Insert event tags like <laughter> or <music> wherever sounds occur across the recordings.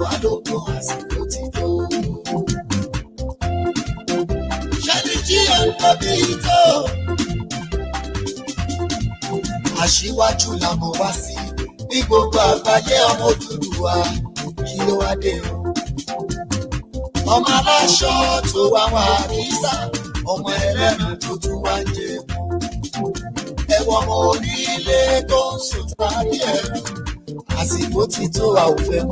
wá dógún àsìkò ti tó. ṣẹ́ni jí ò ń tóbi tó. aṣíwájú la mọ̀ wá sí ní gbogbo àgbáyé ọmọ Odùduwà kí ló wá dé o. ọmọ aláṣọ tó wá wá kìsà ọmọ ẹlẹ́rìn tó tún wá ń jẹ ẹwọ ọmọ onílé tó ń sùn tàbí ẹrù àsìkò ti tó a ò fẹ́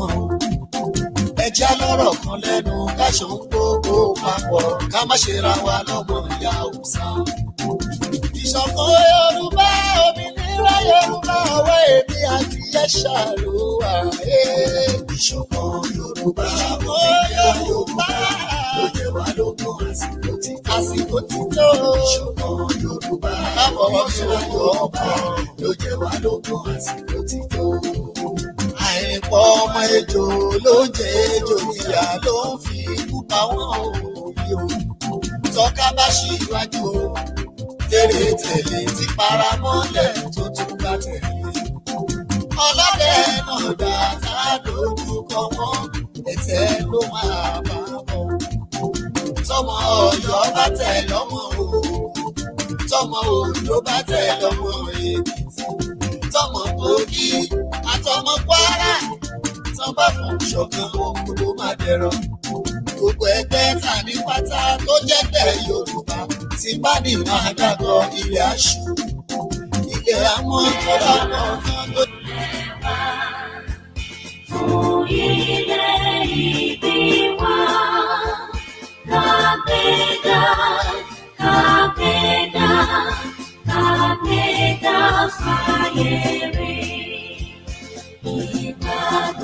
já lọ́rọ̀ kan lẹ́nu káṣán gbogbo papọ̀ ká má ṣe ra wa lọ́mọ ìyá òòsà. ìṣọ̀kan yorùbá òmìnira yorùbá àwa èmi àti ẹ̀ṣà ló wà. ìṣọ̀kan yorùbá òmìnira yorùbá lóde wa lógún àsìkò tí tó. àsìkò tí tó. ìṣọ̀kan yorùbá òmìnira yorùbá lóde wa lógún àsìkò tí tó ọmọ ejò ló ń jẹ ejò níyà ló ń fi ikú pa wọn òbí o tọ́ka bá ṣíwájú o eré tẹ̀lé ti para mọ́lẹ̀ tó tún bá tẹ̀lé ọlọ́dẹ náà dá tá a dojú kọ wọn ẹ̀tẹ́ ló máa bá wọn tọmọ Ọ̀yọ́ bá tẹ̀ lọ́mọ o tọmọ Oǹdó bá tẹ̀ lọ́mọ èkìtì tọmọ Kogi àtọmọ Kwara tán bá fún ṣọ̀kan gbogbo ló máa dẹ̀rọ̀. gbogbo ẹgbẹ́ ta ní pátá tó jẹ́ pẹ̀ yorùbá ti bá ní máa dàgọ́ ilé aṣù. ilé àmọ́ tó bá mọ̀ kan tó. fún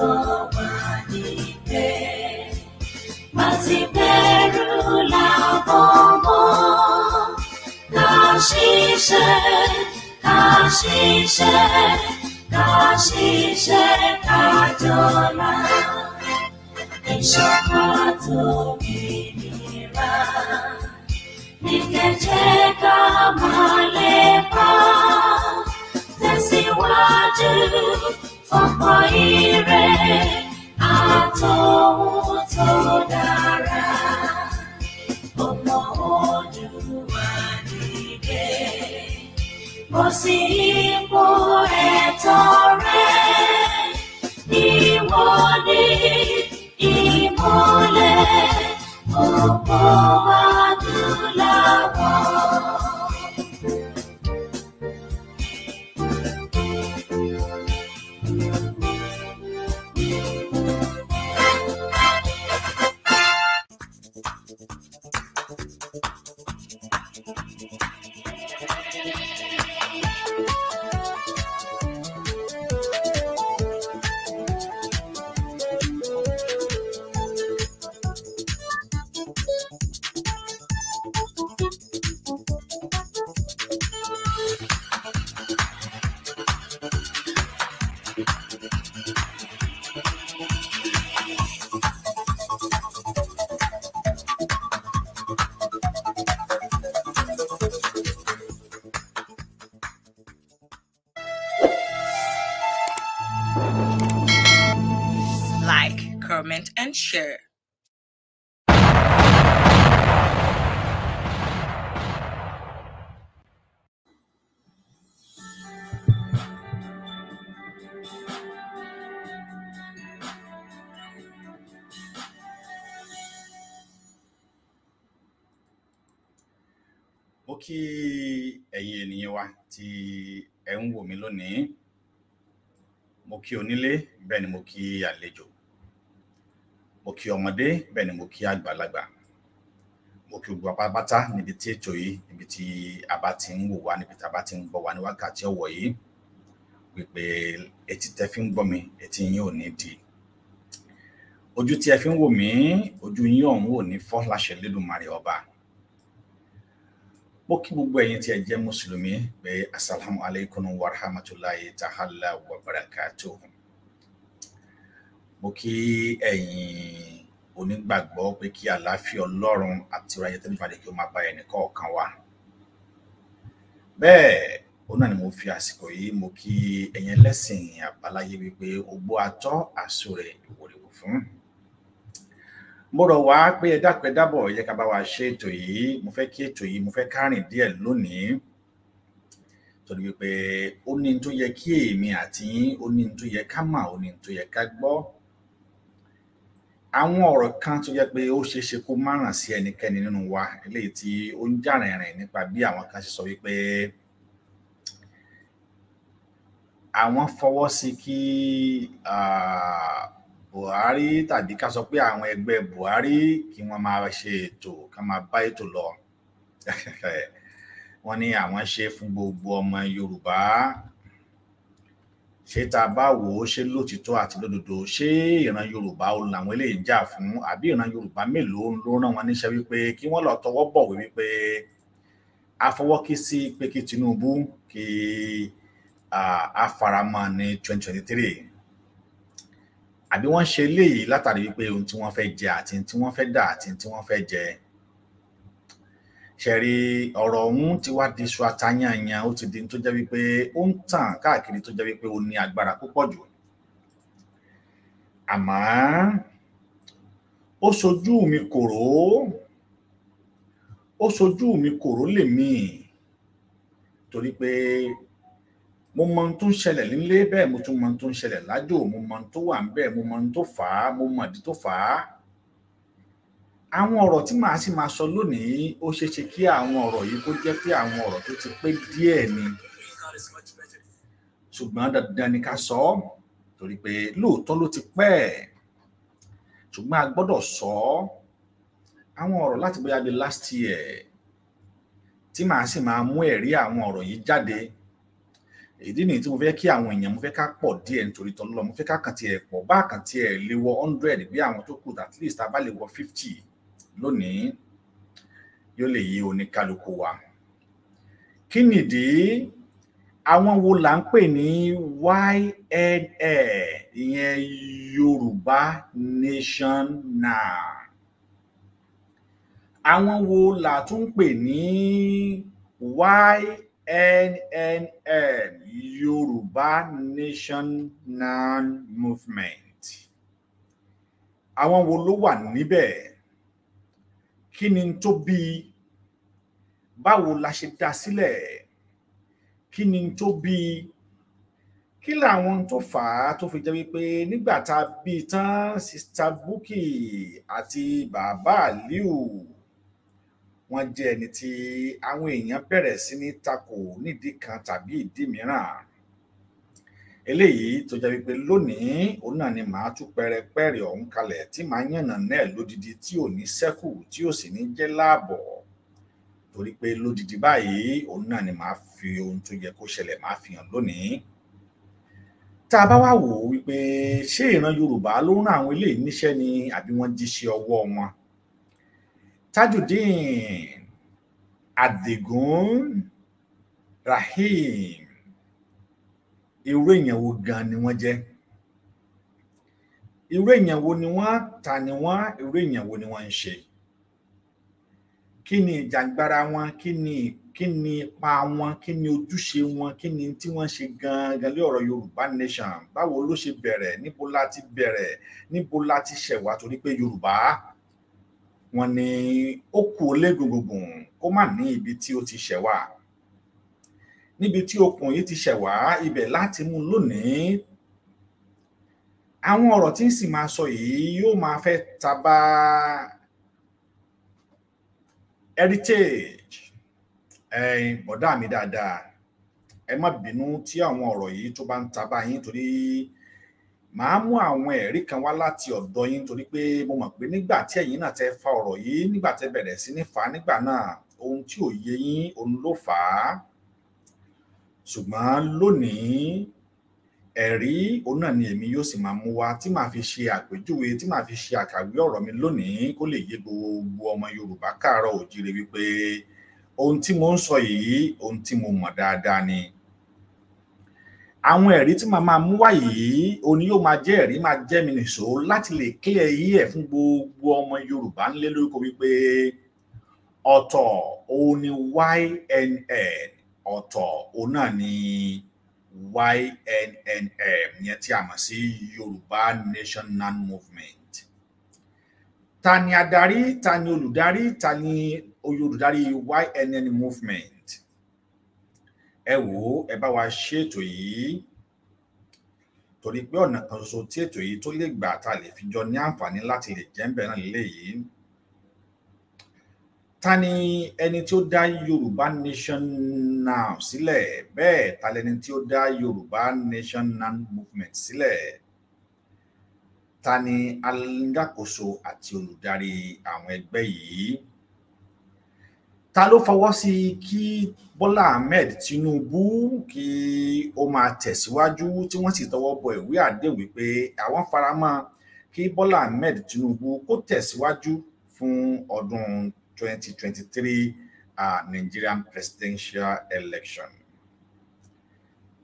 tó wà nígbè má sì bẹ̀rù lábọ̀mọ́ ká ṣiṣẹ́ ká ṣiṣẹ́ ká ọkọ̀ ire àtọ̀hún tó dára ọmọ Odùduwà dìde bó sí ipò ẹ̀tọ́ rẹ ìwọ ni ìmọ́lẹ̀ òpó and share. kí ẹ̀yin ènìyàn wa tí ẹ ń wò mí lónìí mo kí onílé bẹ́ẹ̀ ni mo kí àlejò mo kí ọmọdé bẹ́ẹ̀ ni mo kí àgbàlagbà mo kí gbogbo apápátá níbi tí ètò yìí níbi tí a bá ti ń wò wá níbi tí a bá ti ń gbọ́ wá ní wákàtí ọ̀wọ̀ yìí wípé etí tẹ́ fi ń gbọ́ mi etí yín ò ní di ojú tí ẹ fi ń wò mí ojú yín ọ̀hún ò ní fọ́ láṣẹ lẹ́dùnmarè ọba mo kí gbogbo ẹ̀yin tí ẹ jẹ́ mùsùlùmí pé asalaamualeykum wa rahmatulahi ta'ala wa barakatuhu mo kí ẹ̀yin onígbàgbọ́ pé kí àlàáfíà ọlọ́run àti ọ̀rọ̀ ayé tẹ́lẹ̀ balẹ̀ kí ó máa bá ẹnìkọ̀ọ̀kan wa bẹ́ẹ̀ òun náà ni mo fi àsìkò yìí mo kí ẹ̀yin ẹlẹ́sìn àbáláyé wípé ogbó atọ́ àṣọ rẹ̀ ìwòrìwò fún mo rọ̀ wá pé ẹ dákun ẹ yẹ ká bá wa ṣe ètò yìí mo fẹ́ kí ètò yìí mo fẹ́ kárìn díẹ̀ lónìí torí wípé ó ní tó yẹ kí èmi àti yín ó ní tó yẹ ká mà ó ní tó yẹ ká gbọ́ àwọn ọ̀rọ̀ kan tó yẹ pé ó ṣeé ṣe kó má ràn sí ẹnikẹ́ni nínú wa eléyìí tí ó ń jà rìnrìn nípa bí àwọn kan ṣe sọ wípé àwọn fọwọ́ sí kí Buhari tàbí ká sọ pé àwọn ẹgbẹ́ Buhari kí wọ́n máa ṣe ètò ká máa bá ètò lọ <laughs> wọ́n ní àwọn ṣe fún gbogbo ọmọ Yorùbá ṣé tá bá wò ó ṣe lótìtọ́ àti lódodo ṣé ìran yorùbá ó làwọn eléyìí ń jà fún àbí ìran yorùbá mélòó ló rán wọn níṣẹ́ wípé kí wọ́n lọ tọwọ́ bọ̀wé wípé afọwọ́kí sí pé kí tinubu kí a faramọ́ ní twenty àbí wọ́n ṣe eléyìí látàrí wípé ohun tí wọ́n fẹ́ jẹ àti ohun tí wọ́n fẹ́ dà àti ohun tí wọ́n fẹ́ jẹ ṣẹ̀rí ọ̀rọ̀ ọ̀hún ti wá di iṣu atayanyan ó ti di tó jẹ́ wípé ó ń tàn káàkiri tó jẹ́ wípé ó ní agbára púpọ̀ jù àmọ́ ó sojú mi kòró ó sojú mi kòró lèmi torí pé mo mọ tó ń ṣẹlẹ̀ nílé bẹ́ẹ̀ mo tún mọ tó ń ṣẹlẹ̀ lájò mo mọ tó wà ń bẹ́ẹ̀ mo mọ tó fà á mo mọ ìdí tó fà á àwọn ọ̀rọ̀ tí màá sì máa sọ lónìí ó ṣeé ṣe kí àwọn ọ̀rọ̀ yìí kó jẹ́ pé àwọn ọ̀rọ̀ tó ti pé díẹ̀ ni ṣùgbọ́n dandan ni ká sọ ọ́ torí pé lóòótọ́ ló ti pẹ́ ṣùgbọ́n a gbọ́dọ̀ sọ ọ́ àwọn ọ̀rọ̀ láti bóyá di last year tí màá sì máa mú ẹ̀rí àwọn ọ̀rọ̀ yìí jáde ìdí nìyí tí mo fẹ́ kí àwọn èèyàn mo fẹ́ ká pọ̀ díẹ̀ nítorí tọ́lọ́ mo fẹ́ ká kàn tiẹ̀ pọ̀ bá kàn tiẹ̀ lè wọ hundred bí àwọn tó kù at least a bá lè wọ fifty lónìí yóò lè yí oníkálukú wa kí nìdí àwọn wo là ń pè ní YNA ìyẹn Yorùbá Nation Now àwọn wo là tún ń pè ní YNNM Yorùbá Nation Now Movement àwọn wo ló wà níbẹ̀ kí ni tó bí báwo la ṣe dá sílẹ̀ kí ni tó bí kí làwọn tó fà á tó fi jẹ́ wípé nígbà tá a bí tán sista Bukky àti bàbá Aliu wọ́n jẹ́ ẹni tí àwọn èèyàn bẹ̀rẹ̀ sí ní takò nídìí kan tàbí ìdí mìíràn eléyìí tó jẹ́ wípé lónìí òun náà ni màá tú pẹrẹpẹrẹ ọ̀hún kalẹ̀ tí màá yànnà náà lódidi tí ò ní ṣẹ́kù tí ò sì ní jẹ́ láàbọ̀ torí pé lódidi báyìí òun náà ni màá fi ohun tó yẹ kó ṣẹlẹ̀ màá fi hàn lónìí tá a bá wá wò ó wípé ṣé ìran yorùbá ló ń rán àwọn eléyìí níṣẹ́ ni àbí wọ́n jíṣẹ́ ọwọ́ wọn tajudeen adigun rahim irú èèyàn wo gan ni wọ́n jẹ́ irú èèyàn wo ni wọ́n ta ni wọ́n irú èèyàn wo ni wọ́n ń ṣe kí ni ìjàngbara wọn kí ni kí ni ipa wọn kí ni ojúṣe wọn kí ni tí wọ́n ṣe gangan lé ọ̀rọ̀ Yorùbá nation báwo ló ṣe bẹ̀rẹ̀ níbo la ti níbo la ti torí pé Yorùbá wọ́n ní ó kú olégungungun kó má ní ibi tí ó ti ṣẹ̀wá níbi tí okùn yìí ti ṣẹ̀ wá ibẹ̀ láti mú lónìí àwọn ọ̀rọ̀ tí ń sì máa sọ yìí yóò máa fẹ́ taba heritage ẹyin bọ̀dá mi dáadáa ẹ má bínú tí àwọn ọ̀rọ̀ yìí tó bá ń taba yín torí màá mú àwọn ẹ̀rí kan wá láti ọ̀dọ̀ yín torí pé mo mọ̀ pé nígbà tí ẹ̀yin náà tẹ fa ọ̀rọ̀ yìí nígbà tẹ bẹ̀rẹ̀ sí ní fà nígbà náà ohun tí ò yé yín òun ló fà á ṣùgbọ́n lónìí ẹ̀rí òun náà ni èmi yóò sì máa mú wá tí màá fi ṣe àpèjúwe tí màá fi ṣe àkàwé ọ̀rọ̀ mi lónìí kó lè yé gbogbo ọmọ Yorùbá káàárọ̀ òjíire wípé ohun tí mo ń sọ yìí ohun tí mo mọ̀ dáadáa ni àwọn ẹ̀rí tí màá máa mú wá yìí òun ni yóò máa jẹ́ ẹ̀rí máa jẹ́ mi nìṣó láti lè clear yí ẹ̀ fún gbogbo ọmọ Yorùbá ńlẹ́ lóko wípé ọ̀tọ̀ òun ni YNN ọ̀tọ̀ òun náà ni YNNM yẹn tí a mọ̀ sí Yorùbá Nation non Movement ta ni adarí ta ni olùdarí ta ni olùdarí YNN movement ẹ wò ẹ bá wa ṣètò yìí torí pé ọ̀nà kan ṣoṣo tí ètò yìí tó lè gbà tá a lè fi jọ ní àǹfààní láti lè jẹ́ ń bẹ̀rẹ̀ náà ta ni ẹni tí ó dá yorùbá nation now sílẹ̀ bẹ́ẹ̀ ta lẹni tí ó dá yorùbá nation now movement sílẹ̀ ta ni alákòóso àti olùdarí àwọn ẹgbẹ́ yìí ta ló fọwọ́ sí kí bọ́lá ahmed tinubu kí ó máa tẹ̀síwájú tí wọ́n sì tọwọ́ bọ ìwé àdéhùn wípé àwọn faramọ́ kí bọ́lá ahmed tinubu kó tẹ̀síwájú fún ọdún 2023 uh, Nigerian presidential election.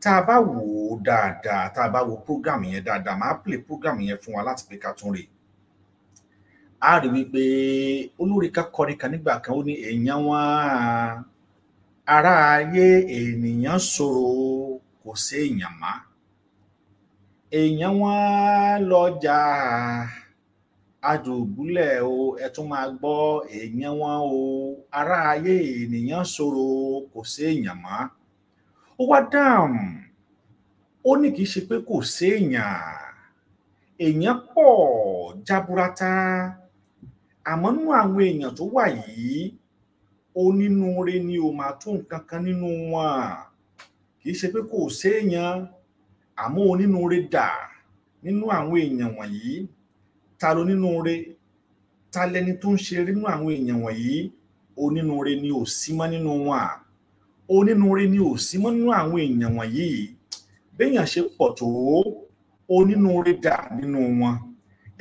Tá a bá wò dáadáa, tá a bá wo program yẹn dáadáa, màá play program yẹn fún wa láti pé ká tún rè. A rí wípé olórí ká kọrin kan nígbà kan ó ní èèyàn wá ará ayé ènìyàn sọ̀rọ̀ kò séèyàn má. Èèyàn wá lọ́jà. Ja adùbúlẹ̀ o ẹ tún máa gbọ́ èèyàn wọn o ará ayé ènìyàn ṣòro kò séèyàn mọ́ ó wá dáhùn ó ní kì í ṣe pé kò séèyàn èèyàn pọ̀ jaburata àmọ́ nínú àwọn èèyàn tó wà yìí onínúure ni o máa tún nǹkan kan nínú wọn kì í ṣe pé kò séèyàn àmọ́ onínúure dà nínú àwọn èèyàn wọ̀nyí ta ló nínú re ta lẹni tó ń ṣe nínú àwọn èèyàn wọ̀nyí onínúure ni ò sí mọ́ nínú wọn à onínúure ni ò sí mọ́ nínú àwọn èèyàn wọ̀nyí béèyàn ṣe pọ̀ tó onínúure dà nínú wọn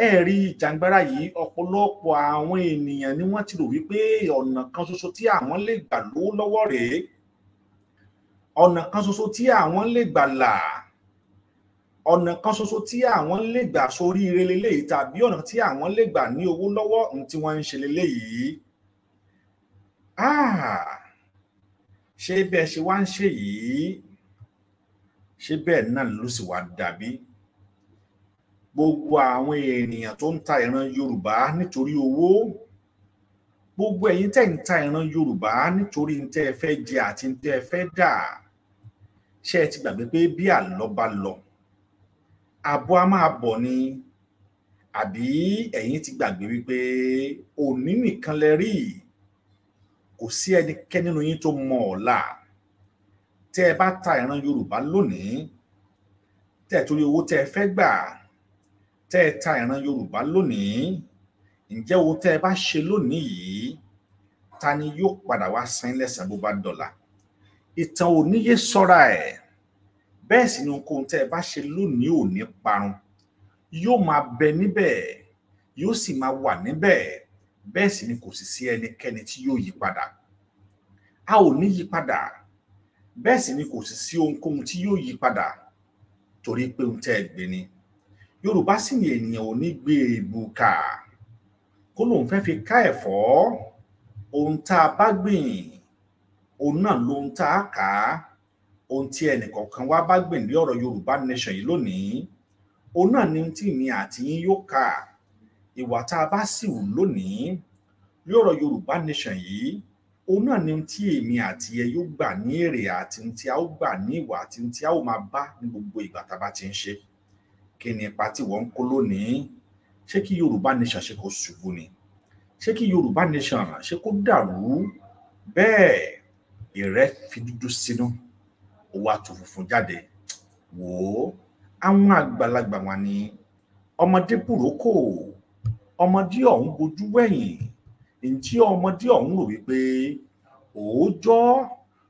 ẹ rí ìjàngbára yìí ọ̀pọ̀lọpọ̀ àwọn ènìyàn ni wọ́n ti rò wípé ọ̀nà kan ṣoṣo tí àwọn lè gbà lówó lọ́wọ́ rèé ọ̀nà kan ṣoṣo tí àwọn lè gbà là á ọ̀nà kan ṣoṣo tí àwọn lè gbà sórí ire leléyìí tàbí ọ̀nà tí àwọn lè gbà ní owó lọ́wọ́ ohun tí wọ́n ń ṣe leléyìí ah! ṣé bẹ́ẹ̀ ṣe wá ń ṣe yìí ṣé bẹ́ẹ̀ náà ló sì wá dàbí gbogbo àwọn ènìyàn tó ń ta ìran Yorùbá nítorí owó gbogbo ẹ̀yin tẹ́ ń ta ìran Yorùbá nítorí ń tẹ́ ẹ jẹ àti ń tẹ́ ẹ dà ṣé ti gbàgbé pé bí àlọ́ bá lọ. Ba lọ abo a máa bọ̀ ni àbí ẹ̀yin ti gbàgbé wípé òní nìkan lẹ rí kò sí ẹnikẹ́ni nínú yín tó mọ ọ̀la tẹ́ ẹ bá ta ìran yorùbá lónìí tẹ́ ẹ torí owó tẹ́ ẹ fẹ́ gbà tẹ́ ẹ ta ìran yorùbá lónìí ǹjẹ́ owó tẹ́ ẹ bá ṣe lónìí yìí ta ni yóò padà wá san lẹ́san bó bá dọ̀la ìtàn ò níye sọ́ra ẹ̀. E bẹ́ẹ̀ sì ni ohunkóhun tẹ́ ẹ bá ṣe lónìí ò ní parun yóò máa bẹ níbẹ̀ yóò sì máa wà níbẹ̀ bẹ́ẹ̀ sì ni kò sì sí ẹnikẹ́ni tí yóò yí padà a ò ní yí padà bẹ́ẹ̀ sì ni kò sì sí ohunkóhun tí yóò yí padà torí pé ohun tẹ́ ẹ gbé ni yorùbá sì ni ènìyàn ò ní gbé ègbò kà kó lóun fẹ́ fi ká ẹ̀fọ́ ohun tá a bá gbìn òun náà lóhun tá a kà á ohun tí ẹnìkọ̀ọ̀kan wa bá gbìn ní ọ̀rọ̀ yorùbá nation yìí lónìí òun náà ni tí mi àti yín yóò kà ìwà tá a bá sì wù lónìí lọ́rọ̀ yorùbá nation yìí òun náà ni tí èmi àti ẹ yóò gbà ní èrè àti tí a ó gbà ní ìwà àti tí a ó máa bá ní gbogbo ìgbà tá a bá ti ń ṣe kí ni ipa tí wọ́n ń kó lónìí ṣé kí yorùbá nation ṣe kó ṣubú ni ṣé kí yorùbá nation ṣe kó dàrú bẹ́ẹ̀ ìrẹ́ fi dúdú sínú. Si ó wá tu funfun jáde wò ó àwọn àgbàlagbà wọn ni ọmọdé burúkú ọmọdé ọ̀hún bojú wẹ̀yìn ntí ọmọdé ọ̀hún rò wípé òójọ́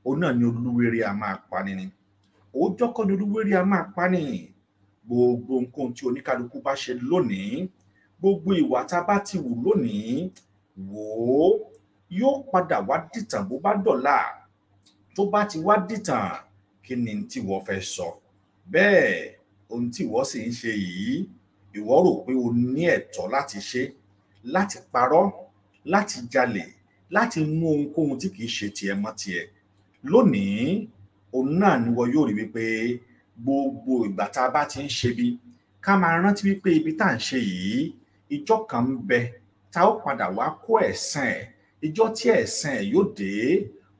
òun ni olúwere a máa pani ni òójọ́ kọ́ ni olúwere a máa pani gbogbo nǹkan tí oníkálukú bá ṣe lónìí gbogbo ìwà tá a ti wù lónìí wò ó yóò padà wá dìtàn bó bá dọ̀la tó ti wá dìtàn kí ni tí wọ́n fẹ́ sọ bẹ́ẹ̀ ohun tí wọ́n sì ń ṣe yìí ìwọ rò pé o ní ẹ̀tọ́ láti ṣe láti parọ́ láti jalè láti mú ohunkóhun tí kìí ṣe tiẹ̀ mọ́ tiẹ̀ lónìí òun náà ni wọ́n yóò rí wípé gbogbo ìgbà tá a bá ti ń ṣe bí ká máa rántí wípé ibi tá à ń ṣe yìí ìjọ kan ń bẹ tá ó padà wá kó ẹ̀san ẹ̀ ìjọ tí ẹ̀san ẹ̀ yóò dé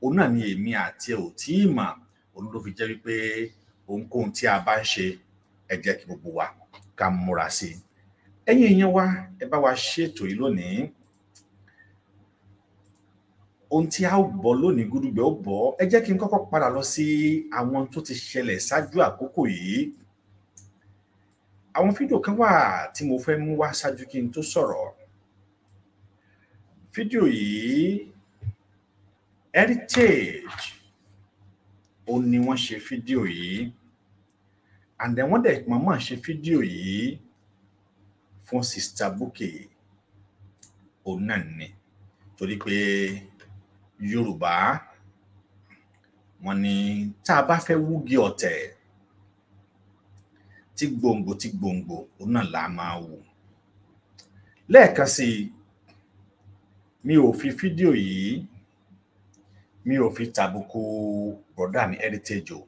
òun náà ni èmi àti ẹ̀ ò tí ì mọ̀ òun ló fi jẹ́ wípé ohunkóhun tí a bá ń ṣe ẹ jẹ́ kí gbogbo wa ká múra sí i ẹ̀yin èèyàn wa ẹ bá wa ṣètò yìí lónìí ohun tí a ó bọ̀ lónìí gúdúgbẹ ó bọ̀ ẹ jẹ́ kí n kọ́kọ́ padà lọ sí àwọn tó ti ṣẹlẹ̀ ṣáájú àkókò yìí àwọn fídíò kan wà tí mo fẹ́ mú wá ṣáájú kí n tó sọ̀rọ̀ fídíò yìí heritage ó ní wọ́n ṣe fídíò yìí and then wọ́n dẹ̀ mama ṣe fídíò yìí fún sista Bukky òun náà ni torí pé Yorùbá wọ́n ní tá a bá fẹ́ wúgi ọ̀tẹ̀ tí gbòǹgbò tí gbòǹgbò òun náà là máa wù lẹ́ẹ̀kan sí i mi ò fi fídíò yìí mi ò fi tàbùkù bọ̀dá mi heritage o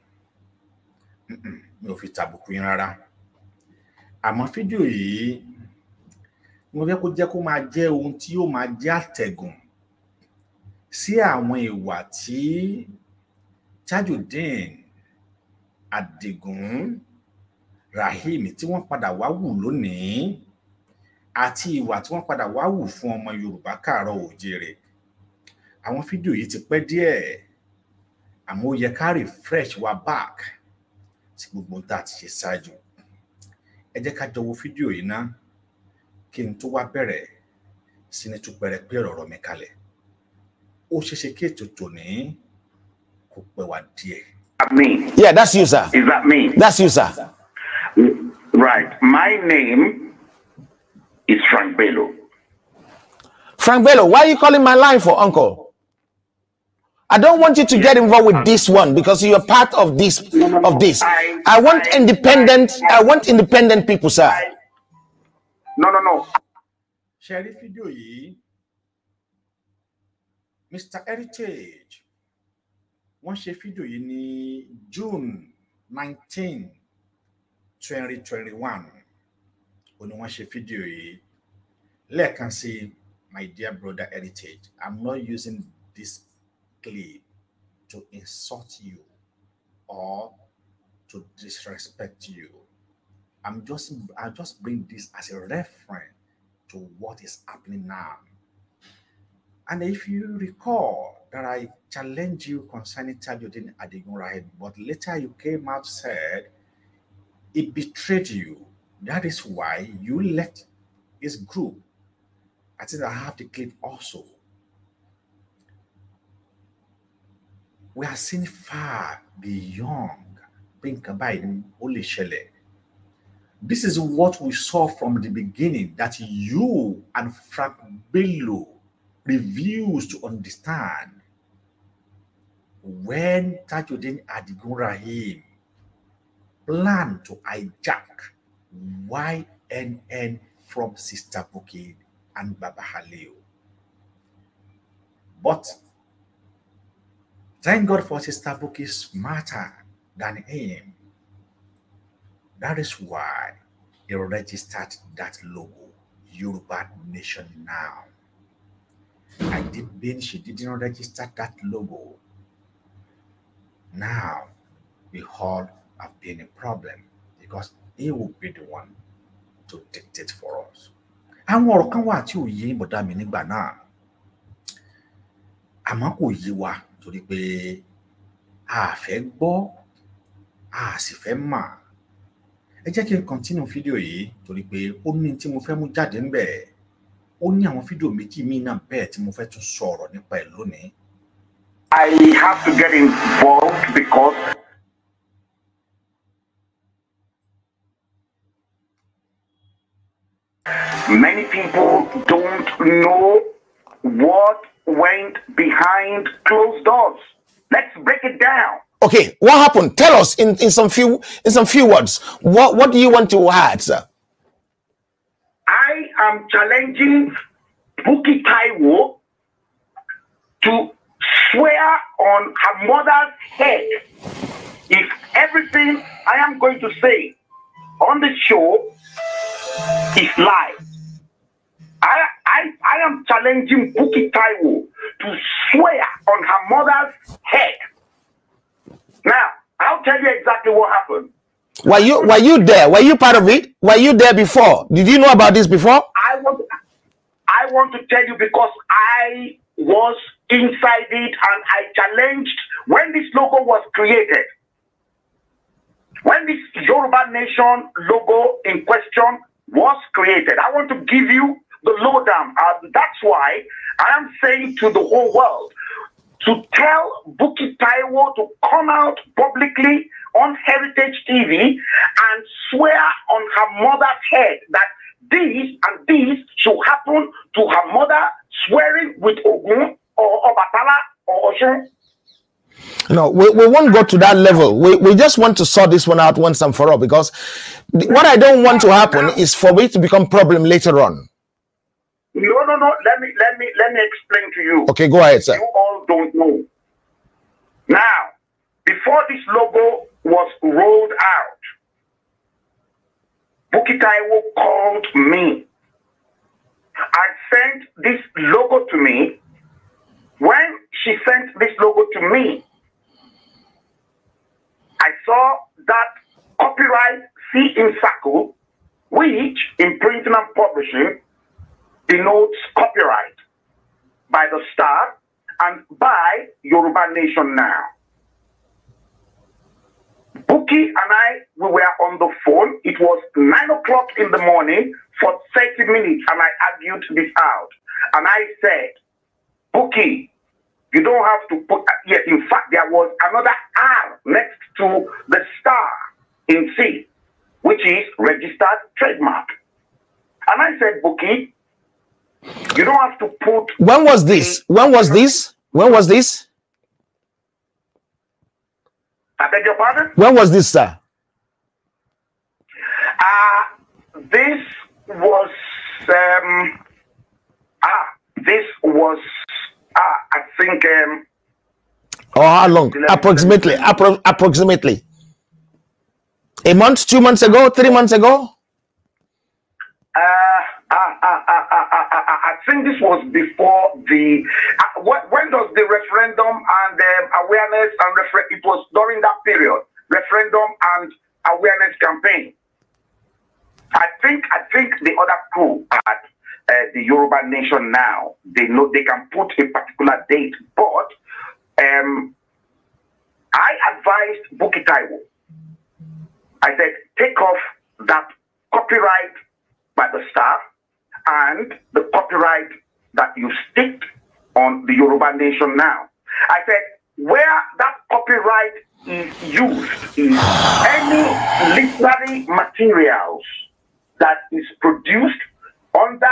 mi ò fi tàbùkù yín rárá àmọ́ fídíò yìí mo fẹ́ kó jẹ́ kó máa jẹ́ ohun tí yóò máa jẹ́ àtẹ̀gùn sí àwọn ìwà tí Tajudeen Adigun Raheem tí wọ́n padà wá wù lónìí àti ìwà tí wọ́n padà wá wù fún ọmọ Yorùbá káàárọ̀ oòjíire àwọn fídíò yìí ti pẹ́ díẹ̀ àmọ́ ó yẹ ká refresh wa back sí gbogbo ohun tá a ti ṣe ṣáájú ẹ jẹ́ ká jọ wo fídíò yìí ná kí n tó wá bẹ̀rẹ̀ sí ní tún pẹrẹpẹ ọ̀rọ̀ mi kalẹ̀ ó ṣeéṣe kí ètò tòní kò pẹ́ wá díẹ̀. Me. Yeah, that's you, sir. Is that me? That's you, sir. Right. My name is Frank Bello. Frank Bello, why are you calling my line for, uncle? I don't want you to get involved with this one because you're part of this of this. I want independent. I want independent people, sir. No, no, no. Sheriff Idoyi, Mr. Heritage, When ṣe fídíò yìí ní June nineteen twenty twenty one ó ní wọ́n let can say, my dear brother Heritage I'm not using this to insult you or to disrespect you. I'm just I just bring this as a reference to what is happening now. And if you recall that I challenged you concerning Tajuddin Adigun Rahim, but later you came out said it betrayed you. That is why you left his group. I think I have the clip also. we are seeing far beyond pé nǹkan báyìí ni this is what we saw from the beginning that you and Frank Bello refused to understand when Tajudeen Adigun Rahim planned to hijack YNN from Sister Buki and Baba Haleo, But Thank God for Sister Bookie's smarter than him. That is why he registered that logo, Yoruba Nation Now. I did mean she didn't register that logo. Now we all have been a problem because he will be the one to dictate for us. And what can wa ti but I mean mi I'm amo ko ye wa torí pé a fẹ́ gbọ́ a sì fẹ́ mà ẹ jẹ́ kí n kọ́ntínú fídíò yìí torí pé ó ní tí mo fẹ́ mú jáde ń bẹ̀ ó ní àwọn fídíò méjì míì náà bẹ́ẹ̀ tí mo fẹ́ tún sọ̀rọ̀ nípa ẹ̀ lónìí. I have to get involved because. Many people don't know what went behind closed doors. Let's break it down. Okay, what happened? Tell us in, in some few in some few words. What what do you want to add, sir? I am challenging Buki Taiwo to swear on her mother's head if everything I am going to say on the show is lies. I I, I am challenging Buki Taiwo to swear on her mother's head. Now, I'll tell you exactly what happened. Were you were you there? Were you part of it? Were you there before? Did you know about this before? I want I want to tell you because I was inside it and I challenged when this logo was created. When this Yoruba Nation logo in question was created, I want to give you the lowdown. Uh, that's why I am saying to the whole world to tell Buki Taiwo to come out publicly on Heritage TV and swear on her mother's head that this and this should happen to her mother swearing with Ogun or Obatala or Oshun. No, we, we won't go to that level. We, we just want to sort this one out once and for all because what I don't want to happen is for it to become problem later on. No, no, no. Let me let me let me explain to you. Okay, go ahead, sir. You all don't know. Now, before this logo was rolled out, Bukit Taiwo called me and sent this logo to me. When she sent this logo to me, I saw that copyright C in Saku, which in printing and publishing denotes copyright by the star and by Yoruba Nation Now. Buki and I, we were on the phone. It was 9 o'clock in the morning for 30 minutes, and I argued this out. And I said, Buki, you don't have to put, uh, yeah, in fact, there was another R next to the star in C, which is registered trademark. And I said, Buki, you don't have to put. When was this? When was this? When was this? I beg your pardon? When was this, sir? Uh, this was. Um, ah, this was. Ah, I think. Um, oh, how long? Approximately. Appro approximately. A month, two months ago, three months ago? Uh, ah, ah, ah. I, I, think this was before the uh, when, when does the referendum and um, awareness and refer- it was during that period referendum and awareness campaign. I think I think the other crew at uh, the Yoruba Nation now they know they can put a particular date, but um, I advised Buki Taiwo. I said take off that copyright by the staff and the copyright that you stick on the Yoruba nation now. I said, where that copyright is used is any literary materials that is produced under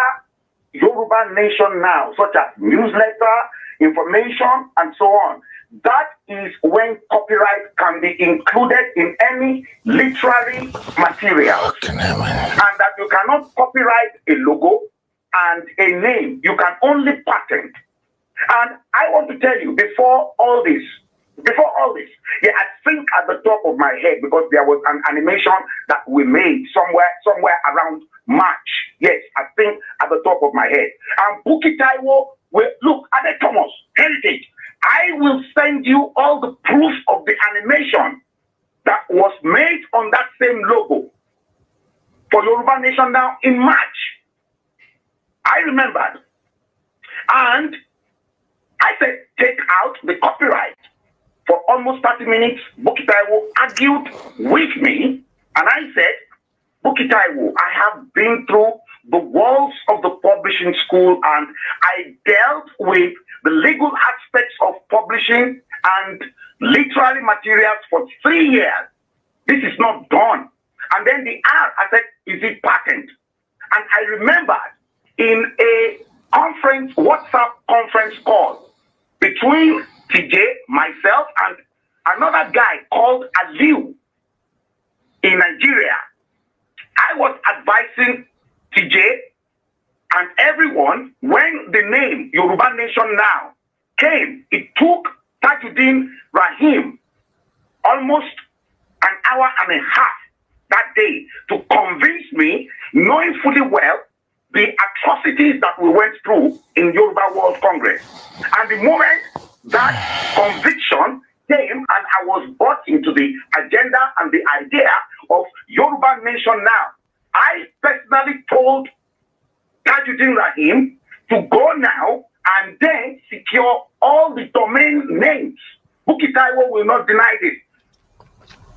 Yoruba nation now, such as newsletter, information, and so on. That is when copyright can be included in any literary material. And that you cannot copyright a logo and a name. You can only patent. And I want to tell you, before all this, before all this, yeah, I think at the top of my head because there was an animation that we made somewhere, somewhere around March. Yes, I think at the top of my head. And Buki Taiwo, we, look, Ade Thomas, Heritage, I will send you all the proof of the animation that was made on that same logo for Yoruba Nation now in March. I remembered. And I said, take out the copyright. For almost 30 minutes, Bukitaiwo argued with me. And I said, Bukitaiwo, I have been through the walls of the publishing school and I dealt with the legal aspects of publishing and literary materials for three years. This is not done. And then the R, I said, is it patent? And I remember in a conference, WhatsApp conference call between TJ, myself, and another guy called Aliu in Nigeria. I was advising TJ, and everyone, when the name Yoruba Nation Now came, it took Tajuddin Rahim almost an hour and a half that day to convince me, knowing fully well the atrocities that we went through in Yoruba World Congress. And the moment that conviction came and I was bought into the agenda and the idea of Yoruba Nation Now, I personally told Tajuddin Rahim to go now and then secure all the domain names. Bukit Taiwo will not deny this.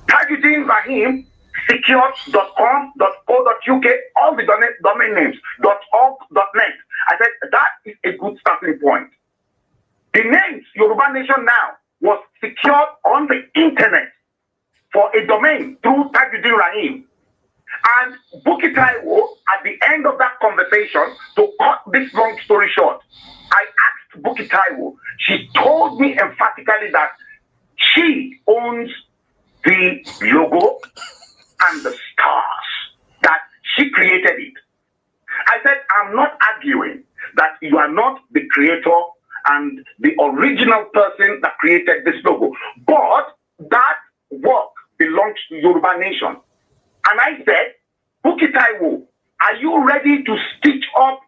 Tajuddin Rahim secured.com.co.uk, all the domain, domain names, .org.net. I said, that is a good starting point. The names Yoruba Nation now was secured on the internet for a domain through Tajuddin Rahim. And Bukitaiwo, at the end of that conversation, to cut this long story short, I asked Bukitaiwo, She told me emphatically that she owns the logo and the stars that she created it. I said, I'm not arguing that you are not the creator and the original person that created this logo, but that work belongs to Yoruba Nation. And I said, Bukky are you ready to stitch up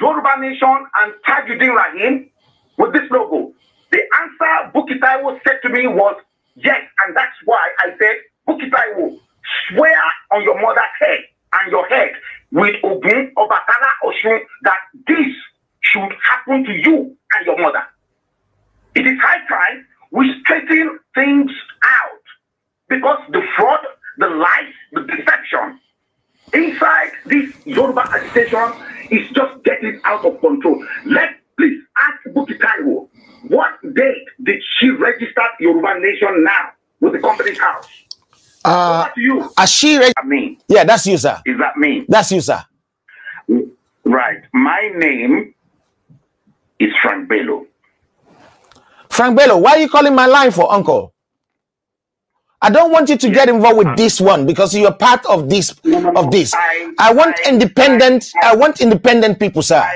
Yoruba Nation and Tajuddin Rahim with this logo? The answer Bukky said to me was yes, and that's why I said, Bukky swear on your mother's head and your head with Ogun Obatala Oshun that this should happen to you and your mother. It is high time we straighten things out because the fraud the lies, the deception inside this Yoruba agitation is just getting out of control. Let please ask Buki Taiwo, what date did she register Yoruba Nation now with the company's house? Uh, so you. As she reg- that mean? Yeah, that's you, sir. Is that me? That's you, sir. Right. My name is Frank Bello. Frank Bello, why are you calling my line for, uncle? I don't want you to get involved with uh-huh. this one because you're part of this no, no, of this. I, I want I, independent. I, I, want independent people, sir.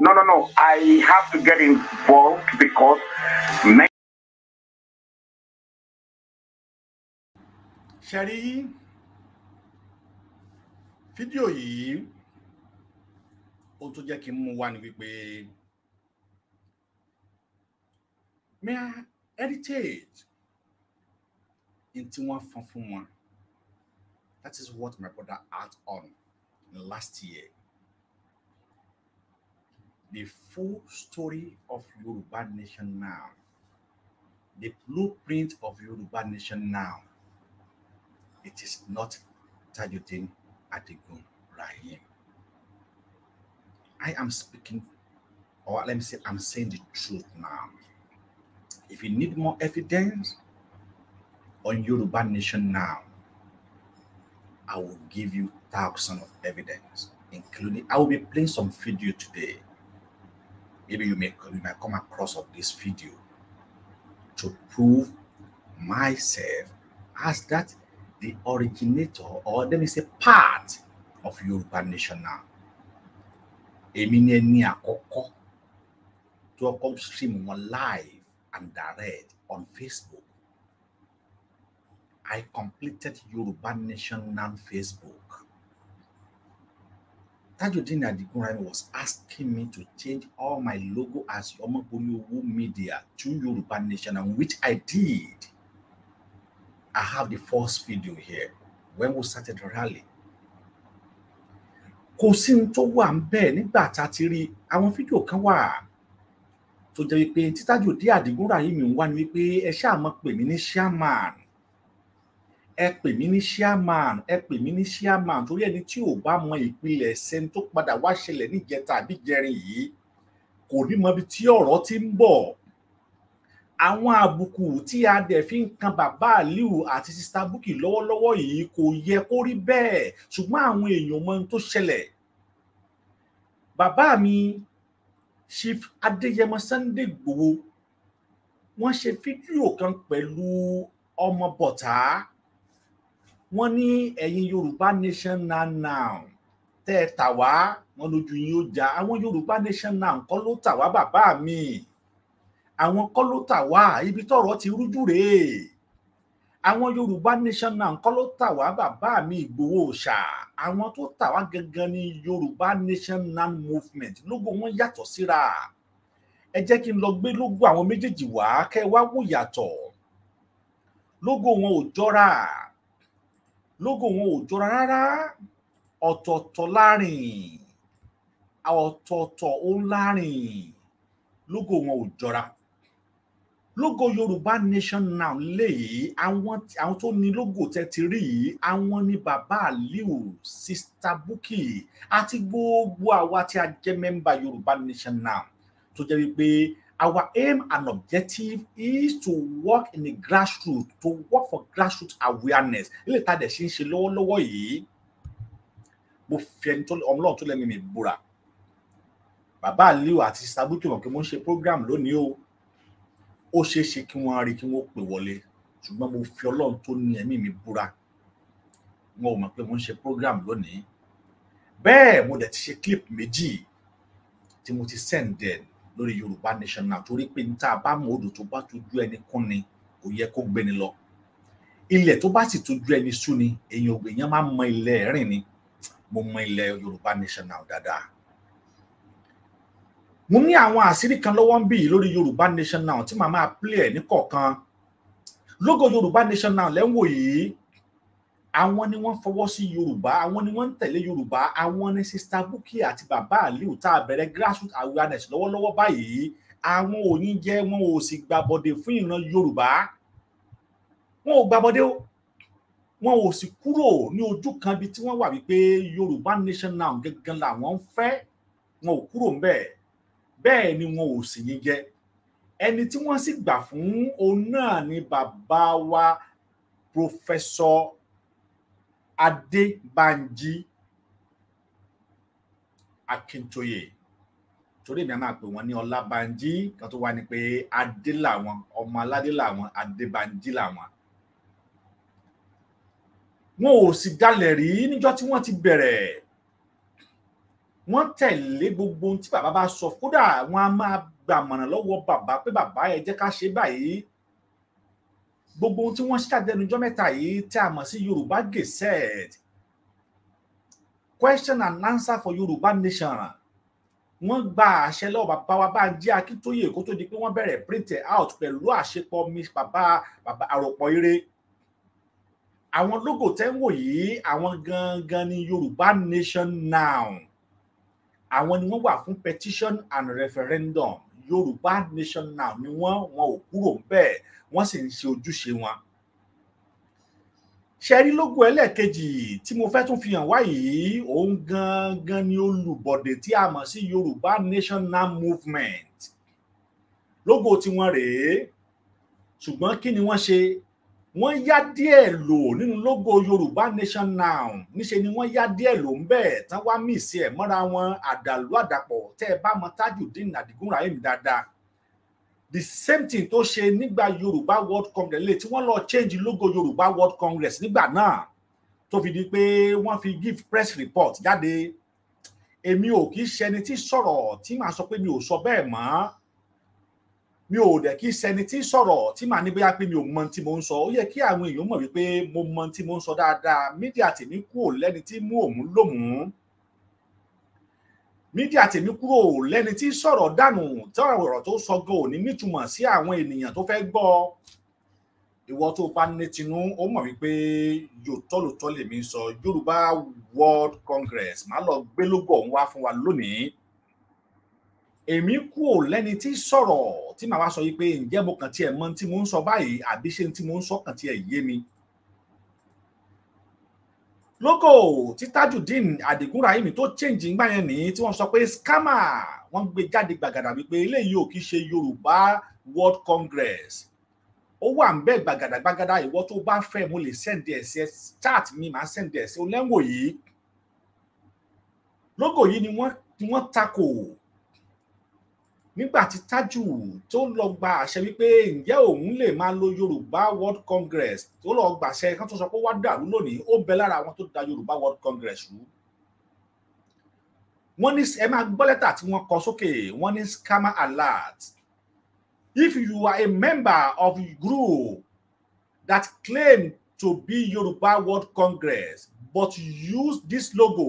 no, no, no. I have to get involved because. Sherry, video. yìí ohun tó jẹ́ kí mú wá ni wípé Heritage tí wọ́n fọn fún wọn that is what my brother act on last year the full story of Yoruba nation now the blueprint of Yoruba nation now it is not Tajudeen Adigun Rahim I am speaking or let me say I'm saying the truth now if you need more evidence on Yoruba Nation now, I will give you thousands of evidence, including I will be playing some video today. Maybe you may you may come across of this video to prove myself as that the originator or let me say part of Yoruba Nation now. Èmi ni tó come stream live and direct on Facebook I completed Yoruba Nation on Facebook. Tajudeen Adigunrami was asking me to change all my logo as Yomoboriowo Media to Yoruba Nation, and which I did. I have the first video here when we started the rally. Kò sí ní tó wà ń bẹ́ẹ̀ nígbà tá a ti rí àwọn fídíò kan wà tó jẹ́ wípé tí Tajudeen Adigunrami mi ń wá ni wípé ẹ ṣáà mọ̀ pè mí ní chairman ẹ pè mí ní chairman ẹ pè mí ní chairman torí ẹni tí ò bá mọ ìpìlẹ̀ ẹsẹ̀ tó padà wá ṣẹlẹ̀ níjẹta àbí jẹrin yìí kò ní mọ ibi tí ọ̀rọ̀ ti ń bọ̀ àwọn àbùkù tí a dẹ̀ fi ń kan bàbá aliu àti sista Bukky lọ́wọ́lọ́wọ́ yìí kò yẹ kó rí bẹ́ẹ̀ ṣùgbọ́n àwọn èèyàn mọ ohun tó ṣẹlẹ̀ bàbá mi Chief Adéyẹmọ Sunday Igboho wọ́n ṣe fídíò kan pẹ̀lú ọmọ bọ̀tá wọ́n ní ẹ̀yin yorùbá nation na now tẹ́ ẹ tà wá wọn lójú yín ó já àwọn yorùbá nation now kọ́ ló tà wá bàbá mi àwọn kọ́ ló tà wá ibi tọ́rọ̀ ti rújú rèé àwọn yorùbá nation now kọ́ ló tà wá bàbá mi ìgbòho ṣá àwọn tó tà wá gangan ni yorùbá nation now movement lógo wọn yàtọ̀ síra ẹ jẹ́ kí n lọ gbé lógo àwọn méjèèjì wá kẹ́ wá wò yàtọ̀ lógo wọn ò jọra lógo wọn ò jọra rárá ọ̀tọ̀ọ̀tọ̀ láàrin ọ̀tọ̀ọ̀tọ̀ ó láàrin lógo wọn ò jọra lógo yorùbá nation now léyìí àwọn àwọn tó ní lógo tẹ ti rí yìí àwọn ní bàbá aliu sista bukki àti gbogbo àwa tí a jẹ mẹmbà yorùbá nation now tó jẹ wípé Our aim and objective is to work in the grassroots, to work for grassroots awareness. Ilé ìta dẹ̀ ṣe ń ṣe lọ́wọ́lọ́wọ́ yìí. Mo fi ẹni tó ọmọlọ́run tó lẹ́nu mi búra. Bàbá Aliu àti Sabuki mọ̀ pé mo ń ṣe program lónìí o. Ó ṣeé ṣe kí wọ́n rí kí wọ́n pè wọlé. Ṣùgbọ́n mo fi ọlọ́run tó ní ẹ̀mí mi búra. Wọn ò mọ̀ pé mo ń ṣe program lónìí. Bẹ́ẹ̀ mo dẹ̀ ti ṣe clip méjì tí mo ti send then lórí yorùbá national torí pé ní tá a bá mọ odò tó bá tún ju ẹni kún ni kò yẹ kó gbéni lọ ilẹ̀ tó bá sì tún ẹni sú ni èèyàn ògbè máa mọ ilẹ̀ rìn ni mo mọ ilẹ̀ yorùbá national dáadáa mo ní àwọn àṣírí kan lọ́wọ́ ń bì yìí lórí yorùbá national tí màá máa play ẹ̀ ní kọ̀ọ̀kan lógo yorùbá national lẹ́wọ̀n yìí àwọn ni wọ́n fọwọ́ sí yorùbá àwọn ni wọ́n ń tẹ̀lé yorùbá àwọn ni sista Bukky àti bàbá aliu tá a bẹ̀rẹ̀ grassroot awareness lọ́wọ́lọ́wọ́ báyìí àwọn òyìn jẹ́ wọn ò sì gbàbọ̀dé fún ìran yorùbá wọn ò gbàbọ̀dé o wọn ò sì kúrò ní ojú kan bí tí wọ́n wà wípé yorùbá nation now gangan làwọn ń fẹ́ wọn ò kúrò ńbẹ̀ bẹ́ẹ̀ ni wọn ò sì yín jẹ ẹni tí wọ́n sì gbà fún òun náà ni bàbá wa professor adébànjí akíntóyè torí mi a máa pè wọn ní ọlábànjí kan tó wá ní pé adé làwọn ọmọ aládé làwọn adébànjí làwọn wọn ò sì dalẹ̀ rí níjọ́ tí wọ́n ti bẹ̀rẹ̀ wọ́n tẹ̀lé gbogbo ohun tí bàbá bá sọ kódà wọn a máa gbàmọ̀ràn lọ́wọ́ bàbá pé bàbá ẹ jẹ́ ká ṣe báyìí gbogbo ohun tí wọ́n ṣàdẹnujọ́ mẹ́ta yìí tí a mọ̀ sí yorùbá gazette question and answer for yorùbá nation wọ́n gba àṣẹ lọ́wọ́ bàbá wa Bánjí Akíntóyè kó tó di pé wọ́n bẹ̀rẹ̀ print out pẹ̀lú àṣepọ̀ mi bàbá bàbá àròpọ̀ eré àwọn logo tẹ́ ń wò yìí àwọn gangan ni yorùbá nation now àwọn ni wọ́n wà fún petition and referendum yorùbá nation now ni wọ́n wọn ò kúrò bẹ́ẹ̀ wọ́n sì ń ṣe ojúṣe wọn. ṣẹ́rí lógo ẹlẹ́ẹ̀kejì tí mo fẹ́ tún fi hàn wá òun gangan ni olùbọ̀dé tí a mọ̀ sí yorùbá nation now movement lógo tiwọn rèé ṣùgbọ́n kí ni wọ́n ṣe wọ́n yá díẹ̀ lò nínú lógo yorùbá nation now níṣe ni wọ́n yá díẹ̀ lò ń bẹ́ẹ̀ tán wá mísì ẹ̀ mọ́ra wọn àdàlú àdàpọ̀ tẹ́ ẹ bá mọ tajudeen adigun rahim dáadáa the same thing tó ṣe nígbà yorùbá world congress lè tí wọ́n lọ change logo yorùbá world congress nígbà náà tó fi di pé wọ́n fi give press report jáde èmi ò kì í ṣẹni tí sọ̀rọ̀ tí màá sọ pé mi ò sọ bẹ́ẹ̀ mọ́ mi ò dẹ̀ kí sẹni tí sọ̀rọ̀ tí màá ní bóyá pé mi ò mọ tí mo ń sọ ó yẹ kí àwọn èèyàn mọ̀ wípé mo mọ tí mo ń sọ dáadáa mídíà tèmi kúrò lẹ́ni tí mú òun lòmùún mídíà tèmi kúrò lẹ́ni tí sọ̀rọ̀ dànù tí ọ̀rọ̀ tó sọ gan ò nítumọ̀ sí àwọn ènìyàn tó fẹ́ gbọ́ ìwọ tó bá ní tinú ó mọ̀ wípé yòótọ́ lòótọ́ lèmi sọ Yorùbá World Congress má lọ gbé lógo ọ̀hún wá fún wa lónìí èmi kú ò lẹ́ni tí sọ̀rọ̀ tí màá wá sọ yìí pé ǹjẹ́ mo kàn tiẹ̀ mọ tí mo ń sọ báyìí àbí ṣé tí mo ń sọ kàn tiẹ̀ yé mi. lókò tí Tajudeen Adigun Raheem tó change ńgbà yẹn ní tí wọ́n sọ pé scammer wọ́n gbé jáde gbàgàdà wípé eléyìí ò kí ṣe Yorùbá World Congress ó wà ń bẹ́ẹ̀ gbàgàdà gbàgàdà ìwọ tó bá fẹ́ mo lè sẹ́ǹdì ẹ̀ sí chat mi màá sẹ́ǹdì ẹ̀ sí olẹ́wò yìí lókò yìí ni wọ́n takò nígbà tájù tó lọ gba àṣẹ wípé ǹjẹ́ òun lè máa lo yorùbá world congress tó lọ gbàṣẹ kán tó sọ pé wá dàrú lónìí ó bẹ lára àwọn tó da yorùbá world congress rú wọ́n ní ẹ máa gbọ́ lẹ́tà tí wọ́n kọ sókè wọ́n ní scammer alert if you are a member of a group that claim to be yorùbá world congress but use this logo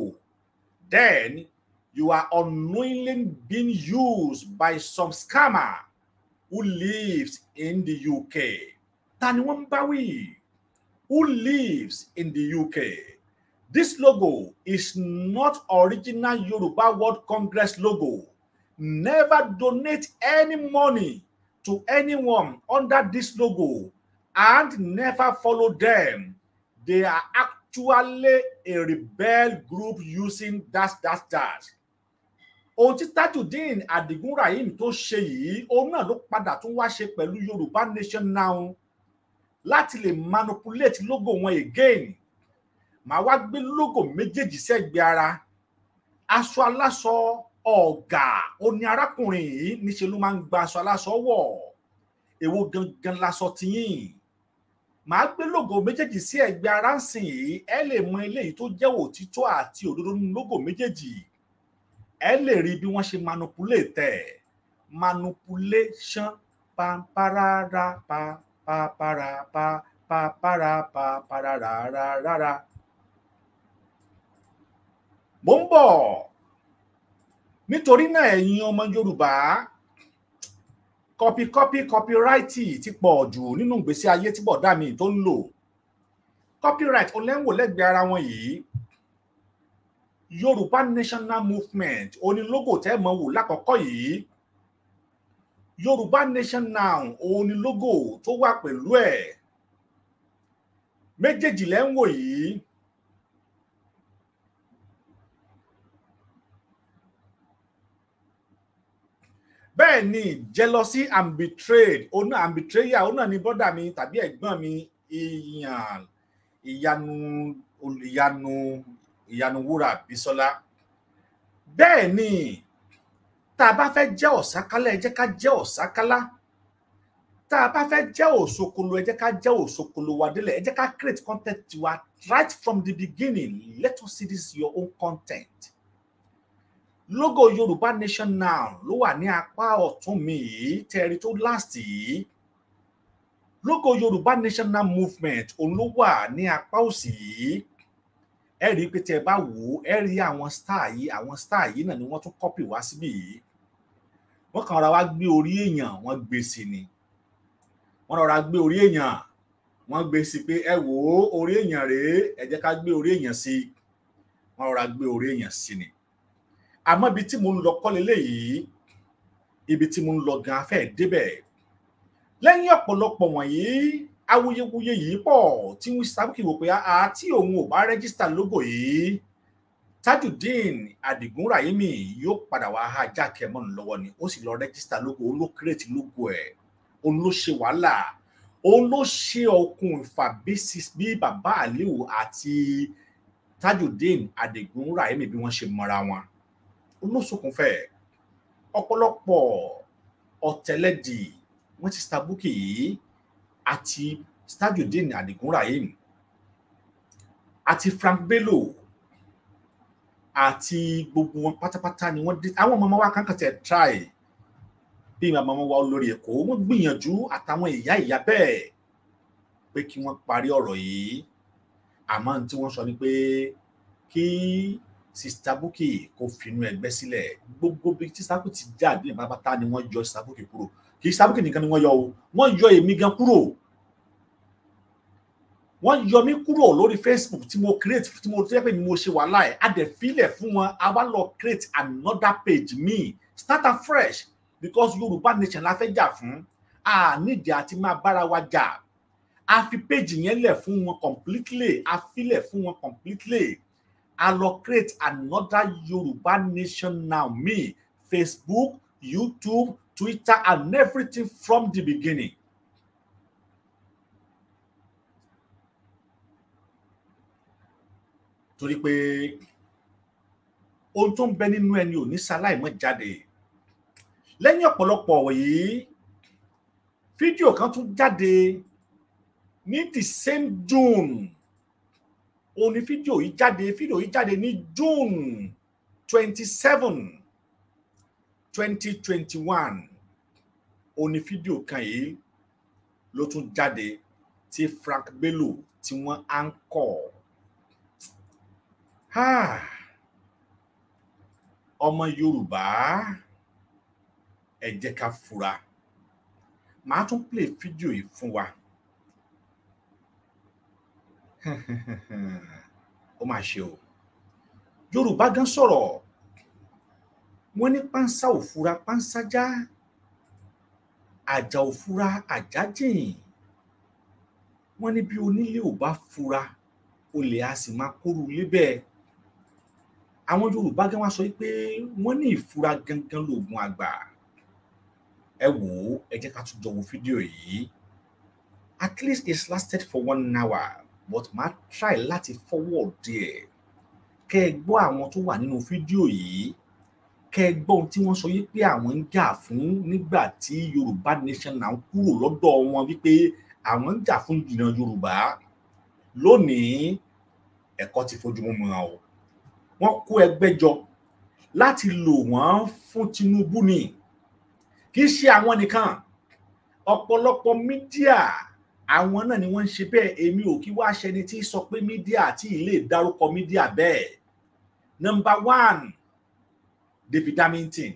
then you are unknowingly being used by some scammer who lives in the UK. Ta ni Who lives in the UK? This logo is not original Yoruba World Congress logo. Never donate any money to anyone under this logo and never follow them. They are actually a rebel group using that that that ohun tí Tajudeen Adigun Raheem tó ṣe yìí òun náà ló padà tún wá ṣe pẹ̀lú Yorùbá Nation Now láti lè manipulate logo wọn again màá wá gbé logo méjèèjì sẹ́gbẹ̀ẹ́ ara aṣọ aláṣọ ọ̀gá oní arákùnrin yìí níṣẹ́ ló máa ń gba aṣọ aláṣọ wọ̀ èwo gangan laṣọ tiyín màá gbé logo méjèèjì sí ẹ̀gbẹ́ ara ń sìn yìí ẹ lè mọ eléyìí tó jẹ́ òtítọ́ àti òdodo nínú logo méjèèjì yìí ẹ lè rí bí wọ́n ṣe manipulate ẹ̀ manipulation pamparara pa papara pa papara pa pararararara. mo ń bọ̀ nítorí náà ẹ̀yin ọmọ Yorùbá copy copy copyright ti pọ̀ jù nínú ìgbésí ayé tí bọ̀dá mi tó ń lò copyright olẹ́wò lẹ́gbẹ̀ẹ́ ara wọn yìí yorùbá national movement òní logo tẹ́ mọ̀ wò lákọ̀ọ́kọ́ yìí yorùbá national òní logo tó wà pẹ̀lú ẹ̀ méjèèjì lẹ́ yìí. bẹ́ẹ̀ ni jealousy and betrayed ona and betrayal ona ni bọ́dà mi tàbí ẹ̀gbọ́n mi ìyàn ìyanu ìyanu ìyanu wúrà àbísọ́lá bẹ́ẹ̀ ni tá a bá fẹ́ jẹ́ ọ̀sákálá ẹ jẹ́ ká jẹ́ ọ̀sákálá tá a bá fẹ́ jẹ́ òṣòkòlò ẹ ká jẹ́ òṣòkòlò wa délẹ̀ ká create content tiwa right from the beginning let us see this your own content logo yorùbá nation now ló wà ní apá ọ̀tún mi yìí tẹ́rí tó last yìí logo yorùbá national movement òun ló wà ní apá òsì yìí ẹ rí i pé tí ẹ bá wò ó ẹ rí àwọn star yìí àwọn star yìí náà ni wọ́n tún kọ́pì wá síbí yìí wọ́n kàn rọra wá gbé orí èèyàn wọ́n gbé sí ni wọ́n rọra gbé orí èèyàn wọ́n gbé sí pé ẹ wò ó orí èèyàn rèé ẹ jẹ́ ká gbé orí èèyàn sí wọ́n rọra gbé orí èèyàn sí ni àmọ́ ibi tí mo ń lọ kọ́ leléyìí ibi tí mo ń lọ gan afẹ́ débẹ̀ lẹ́yìn ọ̀pọ̀lọpọ̀ wọ̀nyí awuyewuye yìí pọ̀ tí wọ́n sábùkì wò pé a tí òun ò bá rẹ́gísítà lógo yìí Tajudeen Adigun Raimi yóò padà wá ajá kẹmọ́n lọ́wọ́ ni ó sì lọ rẹ́gísítà lógo ó ló kírètì lógo ẹ̀ ó ló ṣe wàhálà ó ló ṣe okùn ìfàbísí bí bàbá Aliu àti Tajudeen Adigun Raimi bí wọ́n ṣe mọ́ra wọn ó ló ṣokùnfẹ́ ọ̀pọ̀lọpọ̀ ọ̀tẹ̀lẹ̀dì wọ́n ti sábùkì yìí àti Tajudeen Adigun Raheem àti Frank Bello àti gbogbo wọn pátápátá ni wọn dé àwọn ọmọ wa kankan tẹ try bí màmá wọn wá olórí Èkó wọn gbìyànjú àtàwọn ìyá ìyá bẹ́ẹ̀ pé kí wọn parí ọ̀rọ̀ yìí àmọ́ tí wọn sọ ni pé kí sista Bukky kó finú ẹgbẹ́ sílẹ̀ gbogbo bí sista Bukky ti jáde ní pátápátá ni wọn yọ sista Bukky kúrò kì í sábùkì nìkan ni wọ́n yọ o wọ́n yọ èmi gan kúrò wọ́n yọ mí kúrò lórí Facebook tí mo create tí mo tẹ́ pé mo ṣe wàhálà ẹ̀ adẹ̀fílẹ̀ fún wọn a wá lọ create another page mi start afresh because Yorùbá nation la fẹ́ jà fún a nídìí àti máa bára wa jà a fi page yẹn lẹ̀ fún wọn completely a filẹ̀ fún wọn completely a lọ create another Yorùbá nation now me Facebook YouTube Twitter, and everything from the beginning. torí pé ohun tó ń bẹ nínú ẹni ò ní ṣaláìmọ̀ jáde lẹ́yìn ọ̀pọ̀lọpọ̀ ọ̀rọ̀ yìí fídíò kan tún jáde ní the same June òun ni fídíò yìí jáde fídíò yìí jáde ní June twenty seven twenty twenty one ó ní fídíò kan yìí ló tún jáde tí Frank Bello tí wọ́n á ń kọ̀ ọmọ Yorùbá ẹ jẹ́ ká fura màá tún play fídíò yìí fún wa <laughs> ó mà ṣe o Yorùbá gan sọ̀rọ̀ wọ́n ní pánsá ò fura pánsá já. Ja àjà ò fura àjà jìn ní bí onílé ò bá fura olè a sì máa kóru ilé àwọn Yorùbá gan wá sọ pé wọ́n ní ìfura gangan lóògùn àgbà ẹ wò ó ẹ jẹ́ ká tún jọ wo fídíò yìí at least it's lasted for one hour but màá try láti forward díẹ̀ kẹ́ ẹ gbọ́ àwọn tó wà nínú fídíò yìí kẹgbọ́n tí wọ́n sọ yìí pé àwọn ń jà fún nígbà tí yorùbá nation náà kúrò lọ́dọ̀ wọn wípé àwọn ń jà fún ìdìnnà yorùbá lónìí ẹ̀kọ́ ti fojú mọ́ wọn o wọ́n kó ẹgbẹ́ jọ láti lò wọ́n fún tinubu ni kì í ṣe àwọn nìkan ọ̀pọ̀lọpọ̀ mídíà àwọn náà ni wọ́n ń ṣe bẹ́ẹ̀ èmi ò kí wáá ṣẹni tí sọ pé mídíà àti ilé ìdárúkọ mídíà bẹ́ẹ̀ nọ́mbà one David Hamilton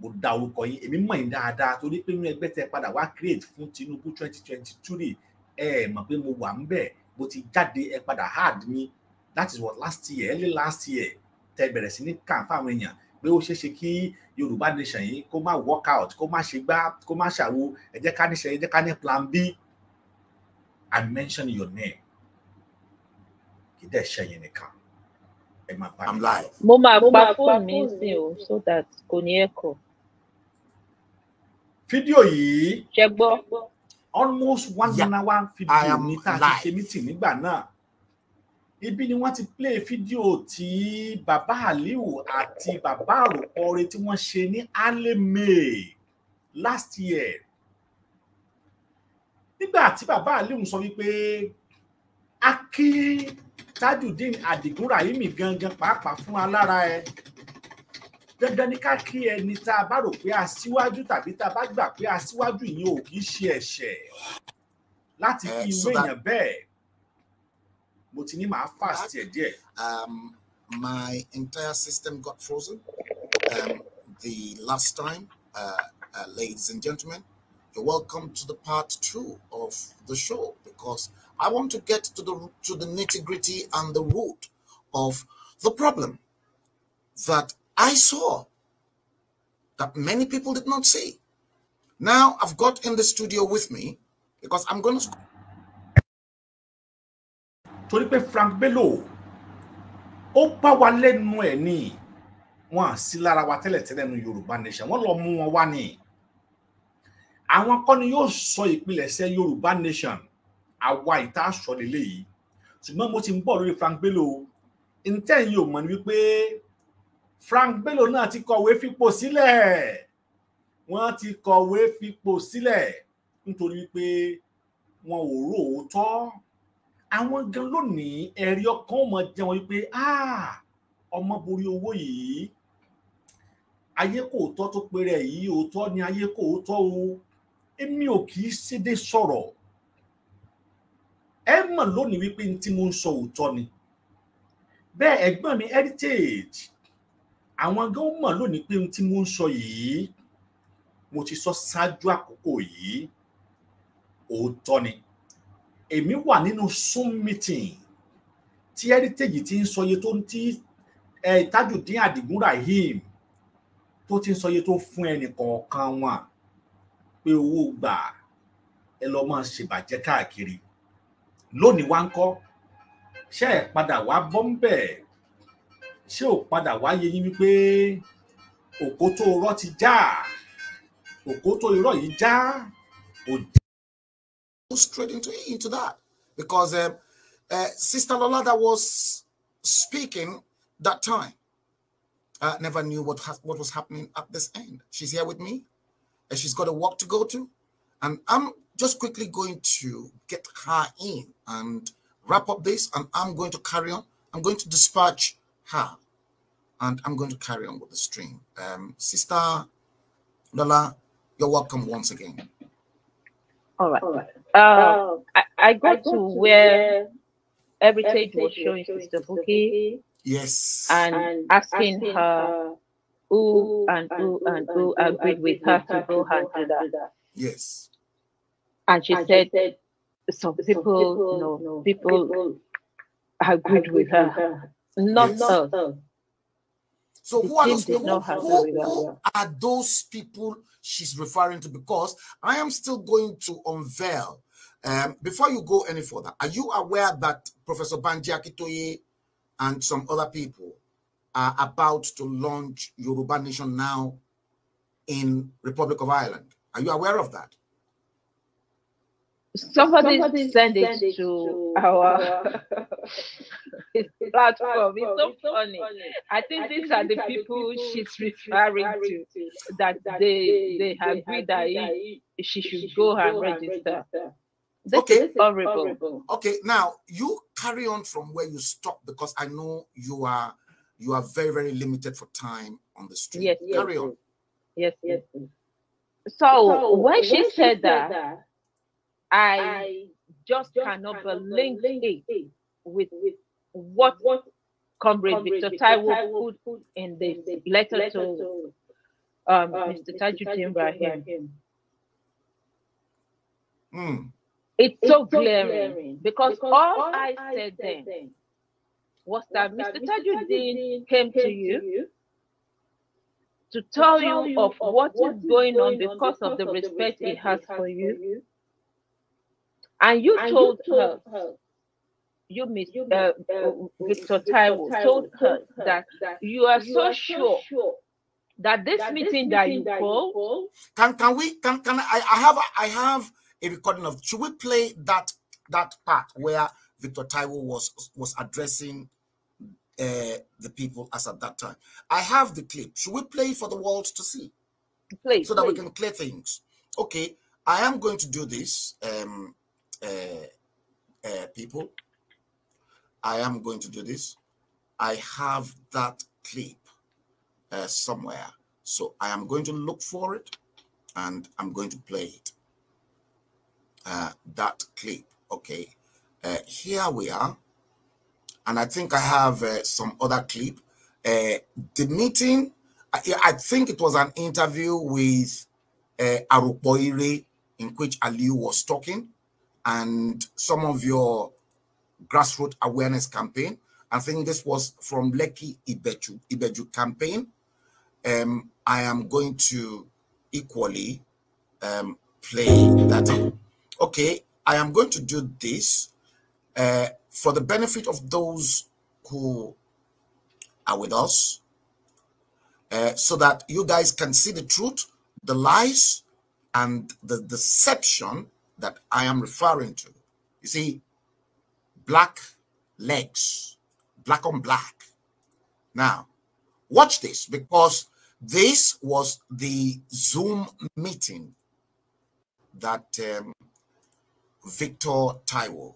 mo da orúkọ yín èmi mọ̀ yín dáadáa torí pé nínú ẹgbẹ́ tẹ padà wá create fún Tinubu twenty twenty three ẹ mọ̀ pé mo wà ń bẹ̀ bó ti jáde ẹ padà hard mi that is what last year early last year tẹ bẹ̀rẹ̀ sí ní kàn fáwọn èèyàn pé ó ṣeéṣe kí Yorùbá nation yìí kó má work out kó má ṣe gbá kó má ṣàwo ẹ jẹ́ ká ní ṣe ẹ jẹ́ ká ní plan B I mention your name kì í dẹ̀ ṣẹ́yìn nìkan. I'm live. pa mi. mo máa pa mi sí o so that kò ní ẹ̀kọ́. fídíò yìí. ṣe gbọ́. almost one hour fídíò ní tá a ti ṣe mítì nígbà náà ibi ni wọ́n ti play fídíò tí bàbá aliu àti bàbá àròpọ̀ ore tí wọ́n ṣe ní aleme last year nígbà tí bàbá aliu sọ wípé aki tajudeen adigun rahimi gangan pàápàá fún alára ẹ dandan ni ká kí ẹni tá a bá rò pé aṣíwájú tàbí tá a bá gbà pé aṣíwájú yìí ò kì í ṣe ẹ̀ṣẹ̀ láti eh, kí irú èèyàn bẹ́ẹ̀ mo ti ní màá fast ẹ díẹ̀. Um, my entire system got frozen um, the last time uh, uh, ladies and gentlemen you're welcome to the part two of the show because. I want to get to the to the nitty-gritty and the root of the problem that I saw that many people did not see. Now I've got in the studio with me because I'm going to. torí pé Frank Bello Opa wale nwe ní wọn à sí lára wa nu Yorùbá nation wọ́n lọ mú wọn wá ní àwọn kọ́ni yóò sọ ìpilẹ̀ṣẹ̀ Yorùbá nation àwa ìta aṣọ lélẹ̀ yìí ṣùgbọ́n mo ti ń bọ̀ lórí Frank Bello ntẹ́yìn ò mọ̀ ni wípé Frank Bello náà ti kọ̀wé fipò sílẹ̀ wọ́n ti kọ̀wé fipò sílẹ̀ nítorí pé wọn ò rò ó tọ́ àwọn gan lónìí ẹ̀rí ọkàn ọmọ jẹun wípé ọmọ borí owó yìí ayé kò tọ́ tó péré yìí òótọ́ ni ayé kò tọ́ o èmi ò kì í ṣédé sọ̀rọ̀ ẹ mọ̀ lónìí wípé ní tí mo ń sọ òótọ́ ni bẹ́ẹ̀ ẹ̀gbọ́n mi heritage àwọn gan mọ̀ lónìí pé ní tí mo ń sọ yìí mo ti sọ ṣáájú àkókò yìí òótọ́ ni èmi wà nínú zoom meeting tí heritage ti ń sọ iye tó ń tí ẹ Tajudeen Adigun Raheem tó ti ń sọ iye tó fún ẹnì kọ̀ọ̀kan wọn pé owó gbà ẹ lọ máa ṣèbàjẹ́ káàkiri lónìí wá ń kọ́ ṣé ẹ̀ padà wá bọ́ ń bẹ̀ ṣé ò padà wá yé yín wípé òkótó irọ́ ti já òkótó irọ́ yìí já go straight into into that because um, uh, Sister Lola that was speaking that time uh, never knew what what was happening at this end. She's here with me, and she's got a walk to go to, and I'm just quickly going to get her in and wrap up this and I'm going to carry on. I'm going to dispatch her and I'm going to carry on with the stream. Um, Sister Lola, you're welcome once again. All right. All right. Uh, uh, I, I, got, I got to, to where everything was showing Sister Buki. Yes. And, and asking, asking, her who and who and who agreed with her to go and do that. Yes. And she and said, said so people, people you know, no, people, people with her. her. Not, her. So who are those people? who are those people she's referring to? Because I am still going to unveil. Um, before you go any further, are you aware that Professor Banji Akitoye and some other people are about to launch Yoruba Nation now in Republic of Ireland? Are you aware of that? somebody, somebody send, it, send it to, to our, our <laughs> platform. It's so, it's funny. funny. I think I these are the people, people she's referring, to, that, that they, they, they agree that he, she, should she go, go and register. register. This okay. Horrible. horrible. Okay, now you carry on from where you stopped because I know you are you are very very limited for time on the street. Yes, carry yes, on. Yes, yes. So, so when, when she, said, said that, that I, I just, just cannot, cannot link it with, with what, what Comrade Victor Taiwo put, put in the, letter, letter to um, um, Mr. Tajuddin Brahim. Mm. It's, it's so, so glaring, glaring because, because all, all I said then, was that Mr. Tajuddin came, came to you, to tell you of, what is going on because, because of the respect he has for you, and you, and told, you told her, her you miss you uh, uh, Victor Taiwo told her that, that you are you so are sure, sure that this that meeting this that you called can can we can can I, I have I have a recording of should we play that that part where Victor Taiwo was was addressing uh, the people as at that time. I have the clip. Should we play for the world to see? Play so play. that we can clear things. Okay, I am going to do this. Um, uh, uh, people. I am going to do this. I have that clip uh, somewhere. So I am going to look for it and I'm going to play it. Uh, that clip. Okay, uh, here we are. And I think I have uh, some other clip. Uh, the meeting, I, I, think it was an interview with uh, Arupoire in which Aliu was talking and some of your grassroots awareness campaign. I think this was from Leki Ibeju, Ibeju campaign. Um, I am going to equally um, play that. Okay, I am going to do this uh, for the benefit of those who are with us uh, so that you guys can see the truth, the lies, and the deception that I am referring to. You see, black legs, black on black. Now, watch this because this was the Zoom meeting that um, Victor Taiwo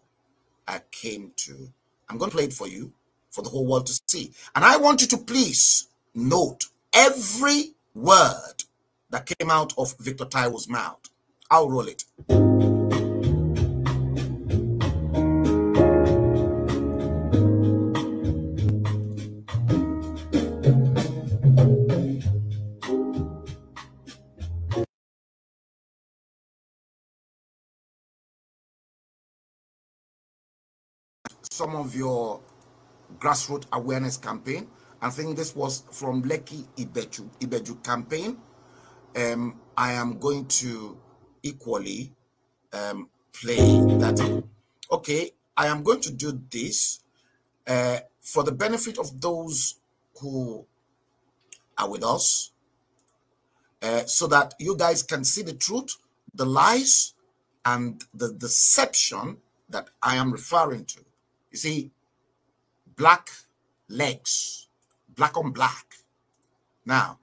uh, came to. I'm going to play it for you, for the whole world to see. And I want you to please note every word that came out of Victor Taiwo's mouth. I'll roll it. some of your grassroots awareness campaign. I think this was from Leki Ibeju, Ibeju campaign. Um, I am going to equally um, play that Okay, I am going to do this uh, for the benefit of those who are with us uh, so that you guys can see the truth, the lies, and the deception that I am referring to. You see, black legs, black on black. Now,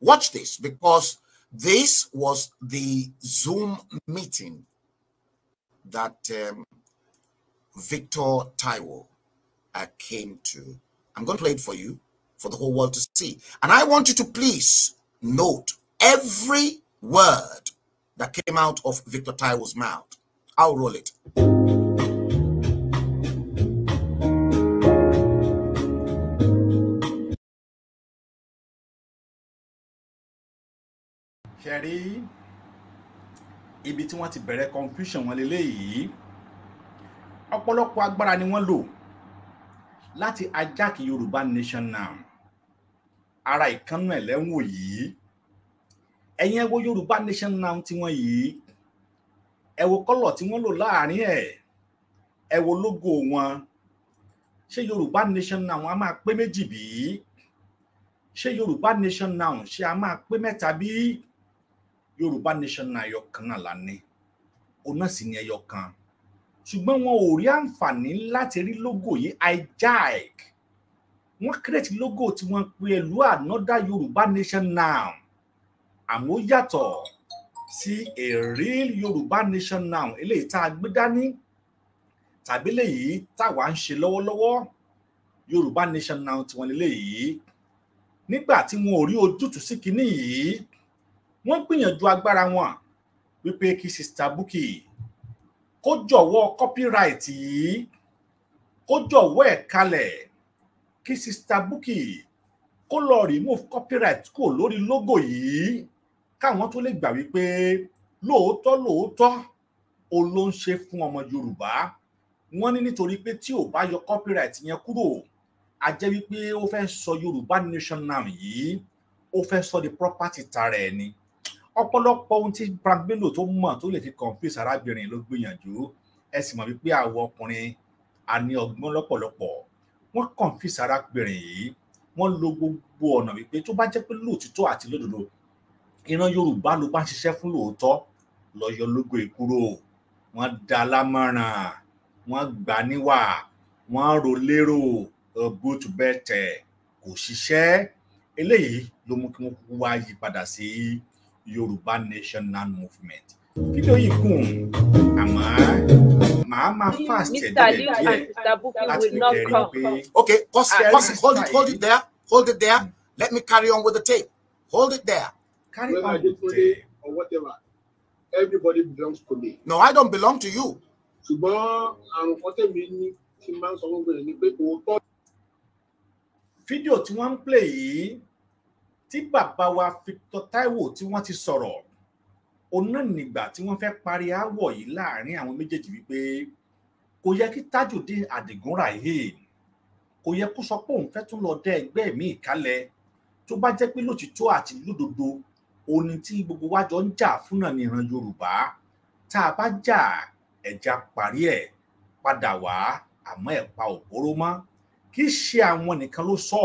watch this because this was the Zoom meeting that um, Victor Taiwo uh, came to. I'm going to play it for you, for the whole world to see. And I want you to please note every word that came out of Victor Taiwo's mouth. I'll roll it. ṣe rí ibi tí wọ́n ti bẹ̀rẹ̀ confusion wọn lélẹ́yìí ọ̀pọ̀lọpọ̀ agbára ni wọ́n lò láti ajáàkì Yorùbá nation now ara ìkànnù ẹ̀lẹ́wò yìí ẹ̀yin ẹ wo Yorùbá nation now tiwọn yìí ẹ wo kọ́lọ̀ tí wọ́n lò láàrin ẹ̀ ẹ wo lógo wọn ṣé Yorùbá nation now a máa pé méjì bí ṣé Yorùbá nation now ṣé a máa pé mẹ́ta bí yorùbá nation náà ẹyọ kan náà la ní òun náà sì ní ẹyọ kan ṣùgbọ́n wọn ò rí àǹfààní láti rí logo yìí hijack wọn create logo tí wọn pe ẹlú another yorùbá nation now àmọ́ yàtọ̀ sí a real yorùbá nation now eléyìí tá a gbé dání tàbí léyìí táwa ń ṣe lọ́wọ́lọ́wọ́ yorùbá nation now tiwọn léyìí nígbà tí wọn ò rí ojútùú sí kinní yìí wọ́n gbìyànjú agbára wọn wípé kí sista Bukky kó jọ̀wọ́ copyright yìí kó jọ̀wọ́ ẹ̀ kalẹ̀ kí sista Bukky kó lọ remove copyright kò lórí logo yìí káwọn tó lè gbà wípé lóòótọ́ lóòótọ́ o ló ń ṣe fún ọmọ Yorùbá wọ́n ní nítorí pé tí ò bá yọ copyright yẹn kúrò a jẹ́ wípé ó fẹ́ sọ Yorùbá nation now yìí ó fẹ́ sọ di property tara ẹ̀ ọ̀pọ̀lọpọ̀ ohun tí Frank Bello tó mọ̀ tó lè fi confuse arábìnrin ló gbìyànjú ẹ sì mọ̀ wípé àwọn ọkùnrin a ní ọgbọ́n lọ́pọ̀lọpọ̀ wọ́n confuse arábìnrin yìí wọ́n lo gbogbo ọ̀nà wípé tó bá jẹ́ pé lóòtítọ́ àti lódodo ìran Yorùbá ló bá ń ṣiṣẹ́ fún lóòótọ́ lọ́yọ̀ lógo ìkúrò wọ́n dá a lámọ̀ràn wọ́n gbà níwà wọ́n rò lérò ọgbọ́tù bẹ́ẹ̀ tẹ̀ kò ṣiṣẹ́ eléyìí ló mú kí wọ́n wá yí padà sí i yorùbá nation now movement kí ló yìí kùn àmọ́ màá máa fast ẹ̀dẹ̀dẹ̀ díẹ̀ láti lè kẹrin pé. okay pause there pause hold it hold it there hold it there let me carry on with the tape hold it there. carry on with the tape. everybody belongs to me. no i don't belong to you. ṣùgbọ́n àrùn fídíò tí wọ́n ń play yìí tí bàbá wa Victor Taiwo tí wọ́n ti sọ̀rọ̀ ọ̀nà nígbà tí wọ́n fẹ́ parí aáwọ̀ yìí láàrin àwọn méjèèjì wípé kò yẹ kí Tajudeen Adigun Raheem kò yẹ kó sọ pé òun fẹ́ tún lọ dẹ ẹgbẹ́ mi ìkálẹ̀ tó bá jẹ́ pé lòtítọ́ àti lódodo òní tí gbogbo wa jọ ń jà fún náà ní ìran Yorùbá tá a bá jà ẹ̀já parí ẹ̀ padà wá àmọ́ ẹ̀ pa òpóró mọ́ kì í ṣe àwọn nìkan ló sọ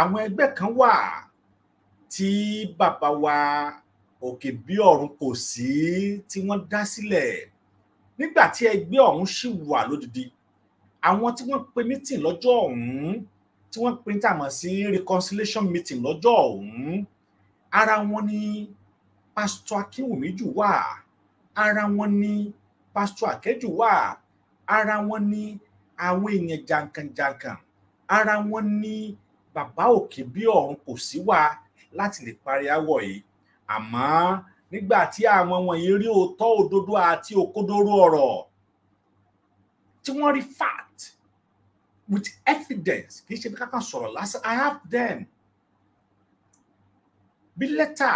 àwọn ẹgbẹ́ kan wà tí bàbá wa òkè bí ọ̀run kò sí tí wọ́n dá sílẹ̀ nígbà tí ẹgbẹ́ ọ̀hún ṣì wà lódìdí àwọn tí wọ́n pe meeting lọ́jọ́ ọ̀hún tí wọ́n pe tá a sí reconciliation meeting lọ́jọ́ ọ̀hún ara wọn ni pásítọ̀ akínwùmí jù wà ara wọn ni pásítọ̀ akẹ́jù wà ara wọn ni àwọn èèyàn jàǹkànjàǹkàn ara wọn ni bàbá òkè bí ọ̀run kò sí wà. Si láti lè parí àwọ̀ yìí àmọ́ nígbà tí àwọn wọ̀nyí rí òótọ́ òdodo àti òkodoro ọ̀rọ̀ tí wọ́n rí fact with evidence kì í ṣe bí kankan sọ̀rọ̀ lásán I have them bí lẹ́tà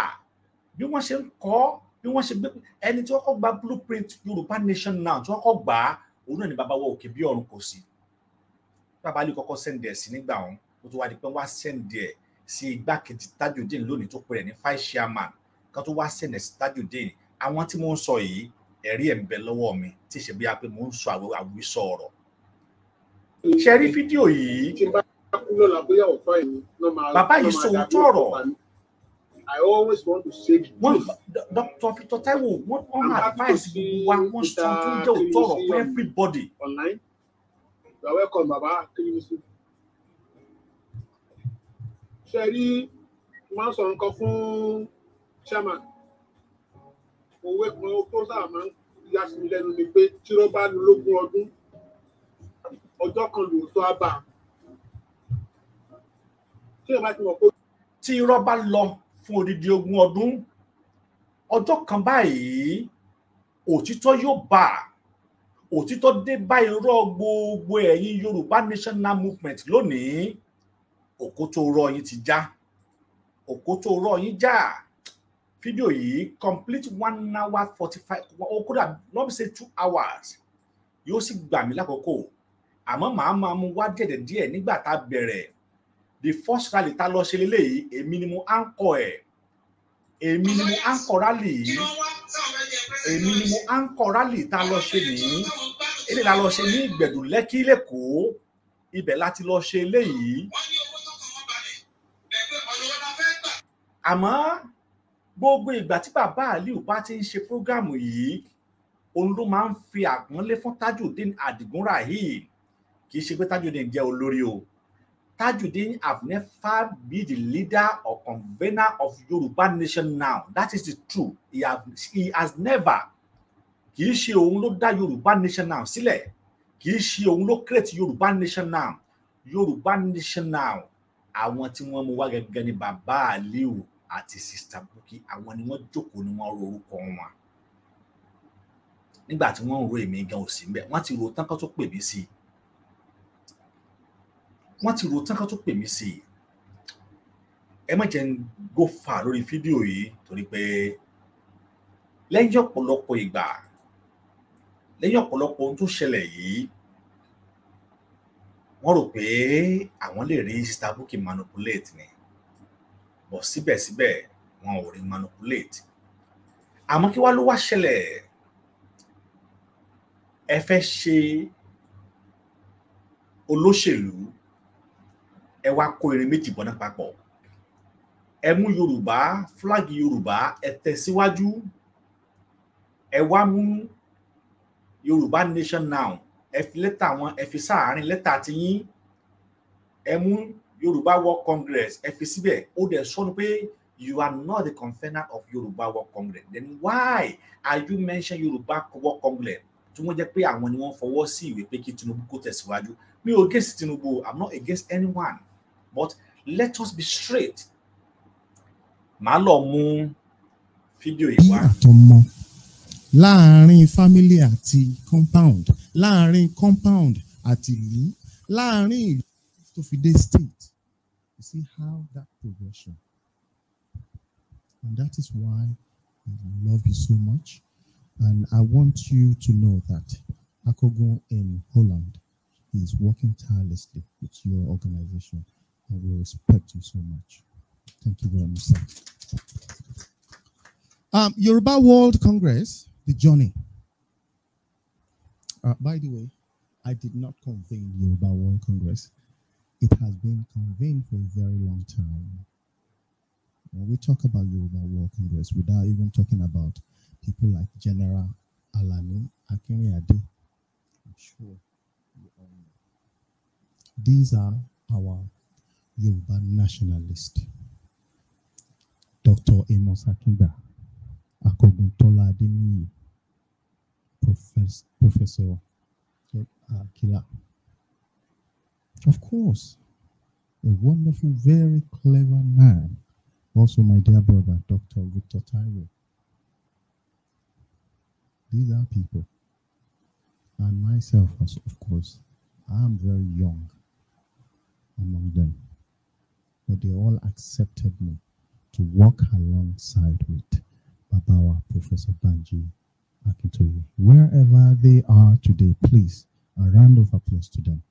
bí wọ́n ṣe ń kọ́ bí wọ́n ṣe gbé ẹni tí wọ́n kọ́ gba blueprint Yorùbá nation now tí wọ́n kọ́ gbà á òun náà ni bàbá wa òkè bí ọ̀run kò sí bàbá lè kọ́kọ́ sẹ́ndẹ̀ẹ́ sí nígbà wọn ó tún wá di pé wọ́n á sẹ́ndẹ̀ẹ́ sí igbákejì Tajudeen lónìí tó pè rẹ̀ ní five chairman kan tó wá sẹ̀nẹ̀ sí Tajudeen àwọn tí mo ń sọ yìí ẹ̀rí ẹ̀ ń bẹ lọ́wọ́ mi tí ṣe bí a pé mo ń sọ àwọn àwísọ ọ̀rọ̀. ṣe rí fídíò yìí. tí bá kú lọ́la bóyá ọ̀fọ́ yìí ló máa bàbá yìí sọ òótọ́ ọ̀rọ̀. I always want to save you. wọ́n Dr. Victor Taiwo wọ́n wọ́n advice wa wọ́n sọ tó ọ̀rọ̀ for everybody. online you are welcome baba kí ni mo sọ ṣe rí wọ́n sọ nǹkan fún chairman òwe kan tó sáà máa ń yà sí mi lẹ́nu ni pé tíró bá lu lógún ọdún ọjọ́ kan lòótọ́ á bà tí ìrọ̀bá ti mọ̀ pé. tí irọ́ bá lọ fún odidi ogún ọdún ọjọ́ kan báyìí òtítọ́ yóò bà òtítọ́ dé bá irọ́ gbogbo ẹ̀yin Yorùbá National Movement lónìí òkótó rọ yín ti já òkótó rọ yín já fídíò yìí complete one hour forty five ó kódà lọ́n bí ṣe two hours yóò sì gbà mí lákòókò àmọ́ màá máa mú wá dẹ̀dẹ̀ díẹ̀ nígbà tá a bẹ̀rẹ̀ the first rally tá a lọ ṣe lélẹ́yìí èmi ni mo á ń kọ ẹ̀ èmi ni mo á ń kọ rally yìí èmi ni mo á rally tá a lọ ṣe nìyí eléyìí la lọ ṣe ní ìgbẹ̀dùn lẹ́kí lẹ́kọ̀ọ́ láti lọ ṣe eléyìí àmọ́ gbogbo ìgbà tí bàbá Aliu bá ti ń ṣe prógámù yìí òun ló máa ń fi àpọ́nlé fún Tajudeen Adigun Raheem kì í ṣe pé Tajudeen jẹ́ olórí o Tajudeen have never be the leader or convener of Yorùbá nation now that is the truth he, have, he has never kì í ṣe òun ló dá Yorùbá nation now sílẹ̀ kì í ṣe òun ló create Yorùbá nation now Yorùbá nation now àwọn tí wọ́n mú wá gẹ́gẹ́ ní bàbá Aliu àti sista Bukky àwọn ni wọ́n jókòó ni wọ́n ro orúkọ wọn nígbà tí wọ́n ń ro èmi gan òsì ń bẹ wọ́n ti ro tán kó tó pè mí sí i wọ́n ti ro tán kó tó pè mí sí i ẹ má jẹ́ ń go far lórí fídíò yìí torí pé lẹ́yìn ọ̀pọ̀lọpọ̀ ìgbà lẹ́yìn ọ̀pọ̀lọpọ̀ ohun tó ṣẹlẹ̀ yìí wọn rò pé àwọn lè rí sista Bukky manipulate ni bọ síbẹ̀síbẹ̀ wọn ò rí manipulate àmọ́ kí wá ló wá ṣẹlẹ̀ ẹ fẹ́ ṣe olóṣèlú ẹ wá kó irin méjì bọ́ná papọ̀ ẹ mú yorùbá fúláàgì yorùbá ẹ tẹ̀síwájú ẹ wá mú yorùbá nation now ẹ fi lẹ́tà wọn ẹ fi sáàárín lẹ́tà ti yín ẹ mú Yorùbá World Congress ẹ fi síbẹ̀ ó dẹ̀ sọ́nu pé you are not the convener of Yorùbá World Congress then why are you mention Yorùbá World Congress tí wọ́n jẹ́ pé àwọn ni wọ́n fọwọ́ sí ìwé pé kí Tinubu kó tẹ̀síwájú mi ò against Tinubu I'm not against anyone but let us be straight màá lọ mú fídíò yìí wá. láàárín family àti compound láàárín compound àti ìlú láàárín ìlú tó fi dé state you see how that progression and that is why I love you so much and I want you to know that Akogun in Holland is working tirelessly with your organization and we respect you so much. Thank you very much, sir. Um, Yoruba World Congress the journey. Uh, by the way, I did not convene you about World Congress. It has been convened for a very long time. When we talk about Yoruba World Congress without even talking about people like General Alani Akinriade, I'm sure you all know. These are our Yoruba nationalists. Dr. Amos Akinda, akọ̀gùn tọ́lá professor akila uh, of course a wonderful very clever man also my dear brother dr victor Tyro. these are people and myself also, of course i'm very young among them but they all accepted me to walk alongside with Baba I Professor Banji Akintoye. Wherever they are today, please, a round of applause to them.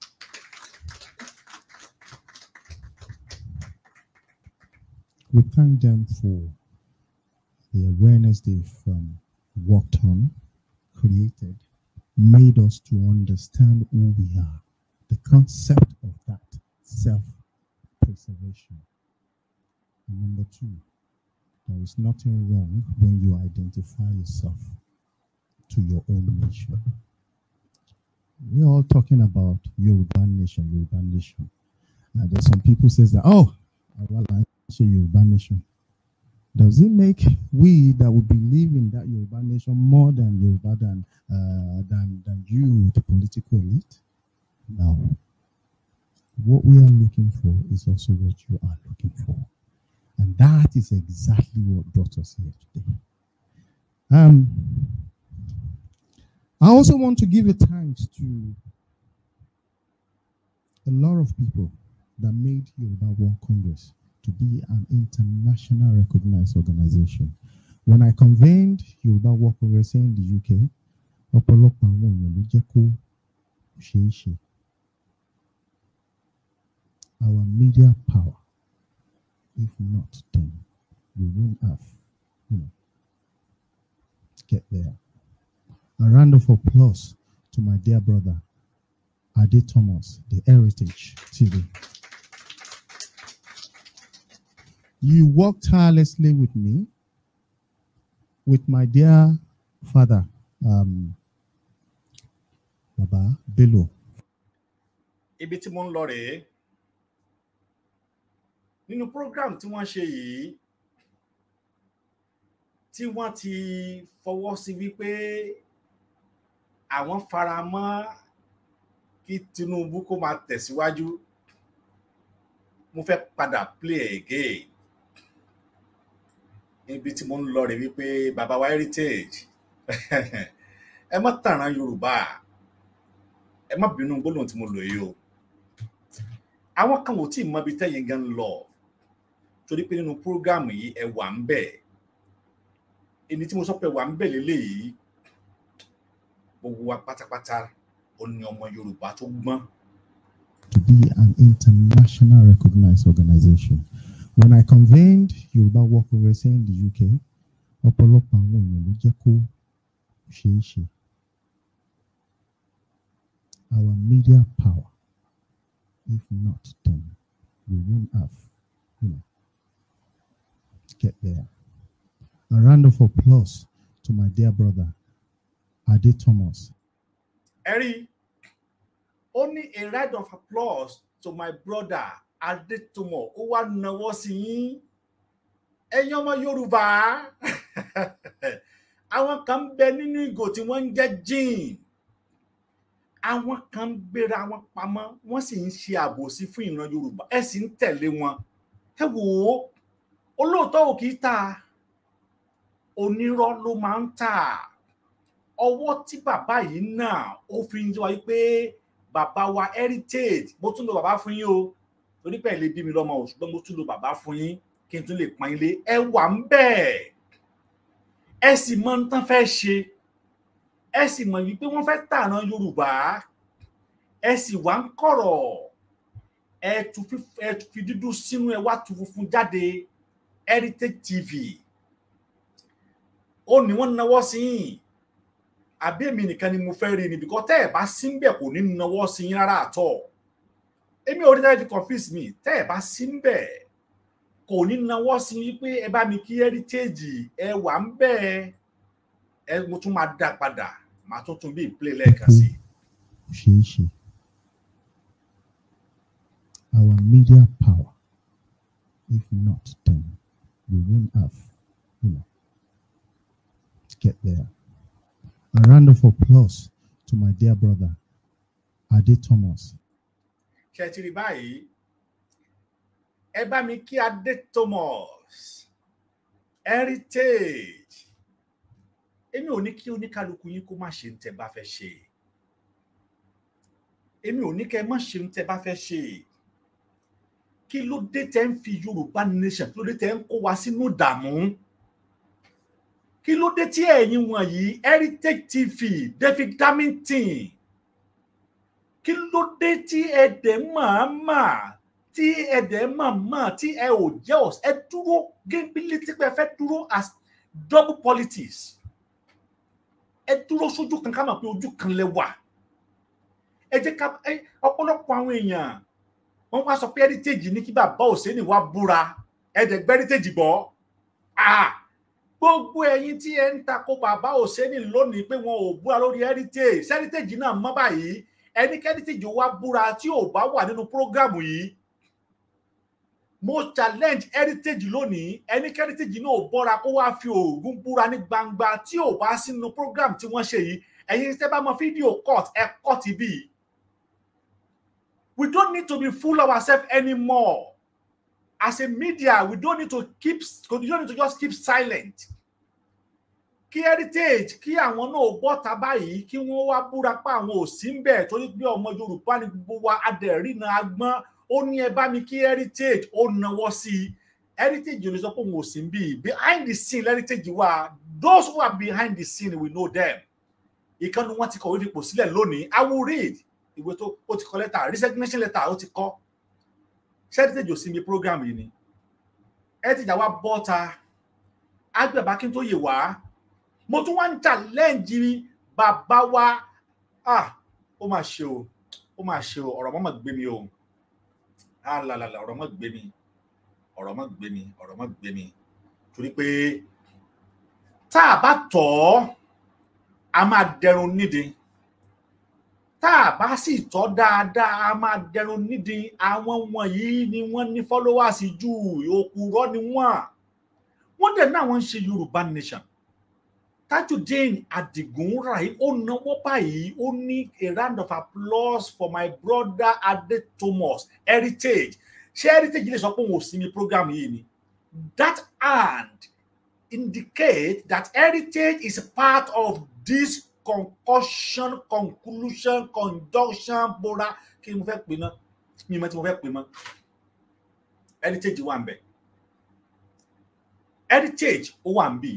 We thank them for the awareness they've um, worked on, created, made us to understand who we are, the concept of that self preservation. And number two, there is nothing wrong when you identify yourself to your own nation. We're all talking about Yoruba nation, Yoruba nation. Now, there's some people says that, oh, Awala say Yoruba nation. Does it make we that would believe in that Yoruba nation more than Yoruba than uh, than than you, the political elite? No. What we are looking for is also what you are looking for. And that is exactly what brought us here today. Um, I also want to give a thanks to a lot of people that made Yoruba World Congress to be an international recognized organization. When I convened Yoruba World Congress in the UK, ọ̀pọ̀lọpọ̀ àwọn èèyàn ló jẹ́ Our media power if not, then we won't have, you know, get there. A round of applause to my dear brother, Ade Thomas, the Heritage TV. You worked tirelessly with me, with my dear father, um, Baba Bello. Ibi tí nínú program tí wọ́n ṣe yìí tí wọ́n ti fọwọ́ sí wípé àwọn fara mọ́ kí Tinubu kó máa tẹ̀síwájú mo fẹ́ padà play again níbi tí mo ń lọ rè wípé baba wa heritage <laughs> ẹ má tàràn Yorùbá ẹ má bínú gbólóhùn tí mo lò yìí o àwọn kan ò tí ì mọbi tẹ́yìn gan lọ torí pé nínú prógámù yìí ẹ wà ń bẹ̀ ẹni tí mo sọ pé wà ń bẹ̀ lélẹ́yìí gbogbo wa pátápátá ó ní ọmọ Yorùbá tó gbọ́n. Be an international recognized organization. When I convened Yoruba work Congress in the UK, ọ̀pọ̀lọpọ̀ àwọn èèyàn ló jẹ́ kó ṣeé ṣe. Our media power, if not then, we won't have, you know, get there. A round of applause to my dear brother, Adi Thomas. Eri, only a round of applause to my brother, Adi Thomas. Ó nawasi, nawọ́ sí yín. Ẹ̀yin ọmọ Yorùbá. <laughs> Àwọn kan ń bẹ nínú ìgò tí wọ́n ń jẹ́ jíìn. Àwọn kan ń gbéra wọn pamọ́, wọ́n sì ń olóòótọ́ ò kì í tà onírọ́ ló máa ń tà ọwọ́ tí bàbá yìí náà ó fi ń wáyé pé bàbá wa heritage mo tún lo bàbá fún yín o torí pé lè bí mi lọ́mọ o ṣùgbọ́n mo tún lo bàbá fún yín kí n tún lè pọn ilé ẹ wà ń bẹ́ẹ̀ ẹ sì mọ ní tán fẹ́ ṣe ẹ sì mọ wípé wọ́n fẹ́ tàná Yorùbá ẹ sì wá ń kọ̀rọ̀ ẹ tún fi dúdú sínú ẹ wá tún funfun jáde Heritage TV ó ní wọ́n náwó sí yìí àbí èmi nìkan ni mo fẹ́ rí ni bíkọ́ tẹ́ ẹ̀ bá síbẹ̀ kò ní náwó sí yín rárá àtọ̀ èmi ò rí dájú confuse mi tẹ́ ẹ̀ bá síbẹ̀ kò ní náwó sí yín pé ẹ bá mi kí Heritage ẹ wà ń bẹ́ ẹ mo tún máa dá padà màá tún tún bí ìpìlẹ̀ lẹ́ẹ̀kan sí. ṣeéṣe our media power if not then we won't have, you know, get there. A round of applause to my dear brother, Ade Thomas. Ṣẹ̀tìrì báyìí, ẹ bá mi Thomas, heritage. Emi ò ní kí oníkálukú yín kó má ṣe ń tẹ́ bá fẹ́ ṣe. Èmi ò ní kẹ́ má ṣe kí ló dé tẹ́ ń fi yorùbá nation kí ló dé tẹ́ ń kó wa sínú ìdààmú kí ló dé tí ẹ̀yin wọ̀nyí heritage tv david damington kí ló dé tí ẹ máa máa tí ẹ máa máa tí ẹ ò jẹ́ ọ̀ ẹ dúró gébílì tí pé fẹ́ dúró as double politics ẹ dúró sójú kan ká mọ̀ pé ojú kan lẹ wà ẹ jẹ́ ká ọ̀pọ̀lọpọ̀ àwọn èèyàn wọ́n wá sọ pé heritage ní kí bàbá Hussein wá búra ẹ̀ẹ́dẹ̀gbẹ́ heritage bọ́ gbogbo ẹ̀yin tí ẹ ń takò bàbá Hussein lónìí pé wọn ò búra lórí heritage heritage náà mọ́ báyìí ẹni heritage wá búra tí ò bá wà nínú prógrámù yìí mo challenge heritage lónìí ẹni heritage náà ò bọ́ra kó wá fi oògùn búra ní gbangba tí ò bá sínú prógrámù tí wọ́n ṣe yìí ẹ̀yin tẹ́ bá mọ fídíò court ẹ̀ court bíi We don't need to be fool ourselves anymore. As a media, we don't need to keep, we don't need to just keep silent. Kí heritage kí àwọn náà bọ́ta báyìí kí wọ́n wá búra pa àwọn ò sí ń bẹ̀ torí pé ọmọ Yorùbá ni gbogbo wa adẹ̀rínà agbọ́n ó ní ẹ bá mi kí heritage ó nawọ́ sí i heritage ò lè sọ pé òun ò ń bì behind the scene heritage wa those who are behind the scene we know them ìkànnì wọn ti kọ̀wé fipò sílẹ̀ lónìí I will read ìwé tó ó ti kọ lẹ́tà resignation letter ó ti kọ́ ṣẹ́dítẹ̀jì òsinmi program yìí ni ẹ̀ẹ́dìjà wa bọ́ta agbẹ̀bá kí n tó yè wá mo tún wá ń challenge bàbá wa ah ó mà ṣe o ó mà ṣe o ọ̀rọ̀ mọ́mọ́ gbé mi o alalala ah, ọ̀rọ̀ mọ́ gbé mi ọ̀rọ̀ mọ́ gbé mi ọ̀rọ̀ mọ́ gbé mi torí pé tá a bá tọ̀ ọ́ a máa dẹrun nídìí tá a bá sì tọ́ dáadáa a máa dẹrun nídìí àwọn wọ̀nyí ni wọ́n ní followers ju òkúrọ́ ni wọ́n wọ́n dẹ̀ náà wọ́n ń ṣe Yorùbá nation Tajudeen Adigun Raheem ó náwó báyìí ó ní a round of applause for my brother Adetomus heritage ṣé heritage lè sọ pé òun ò sinmi program yìí ni that hand indicate that heritage is part of this concussion conclusion conjunction bora kí mo fẹ́ pè náà mi mọ tí mo fẹ́ pè mọ́ heritage wà ń bẹ̀ heritage ó wà ń bì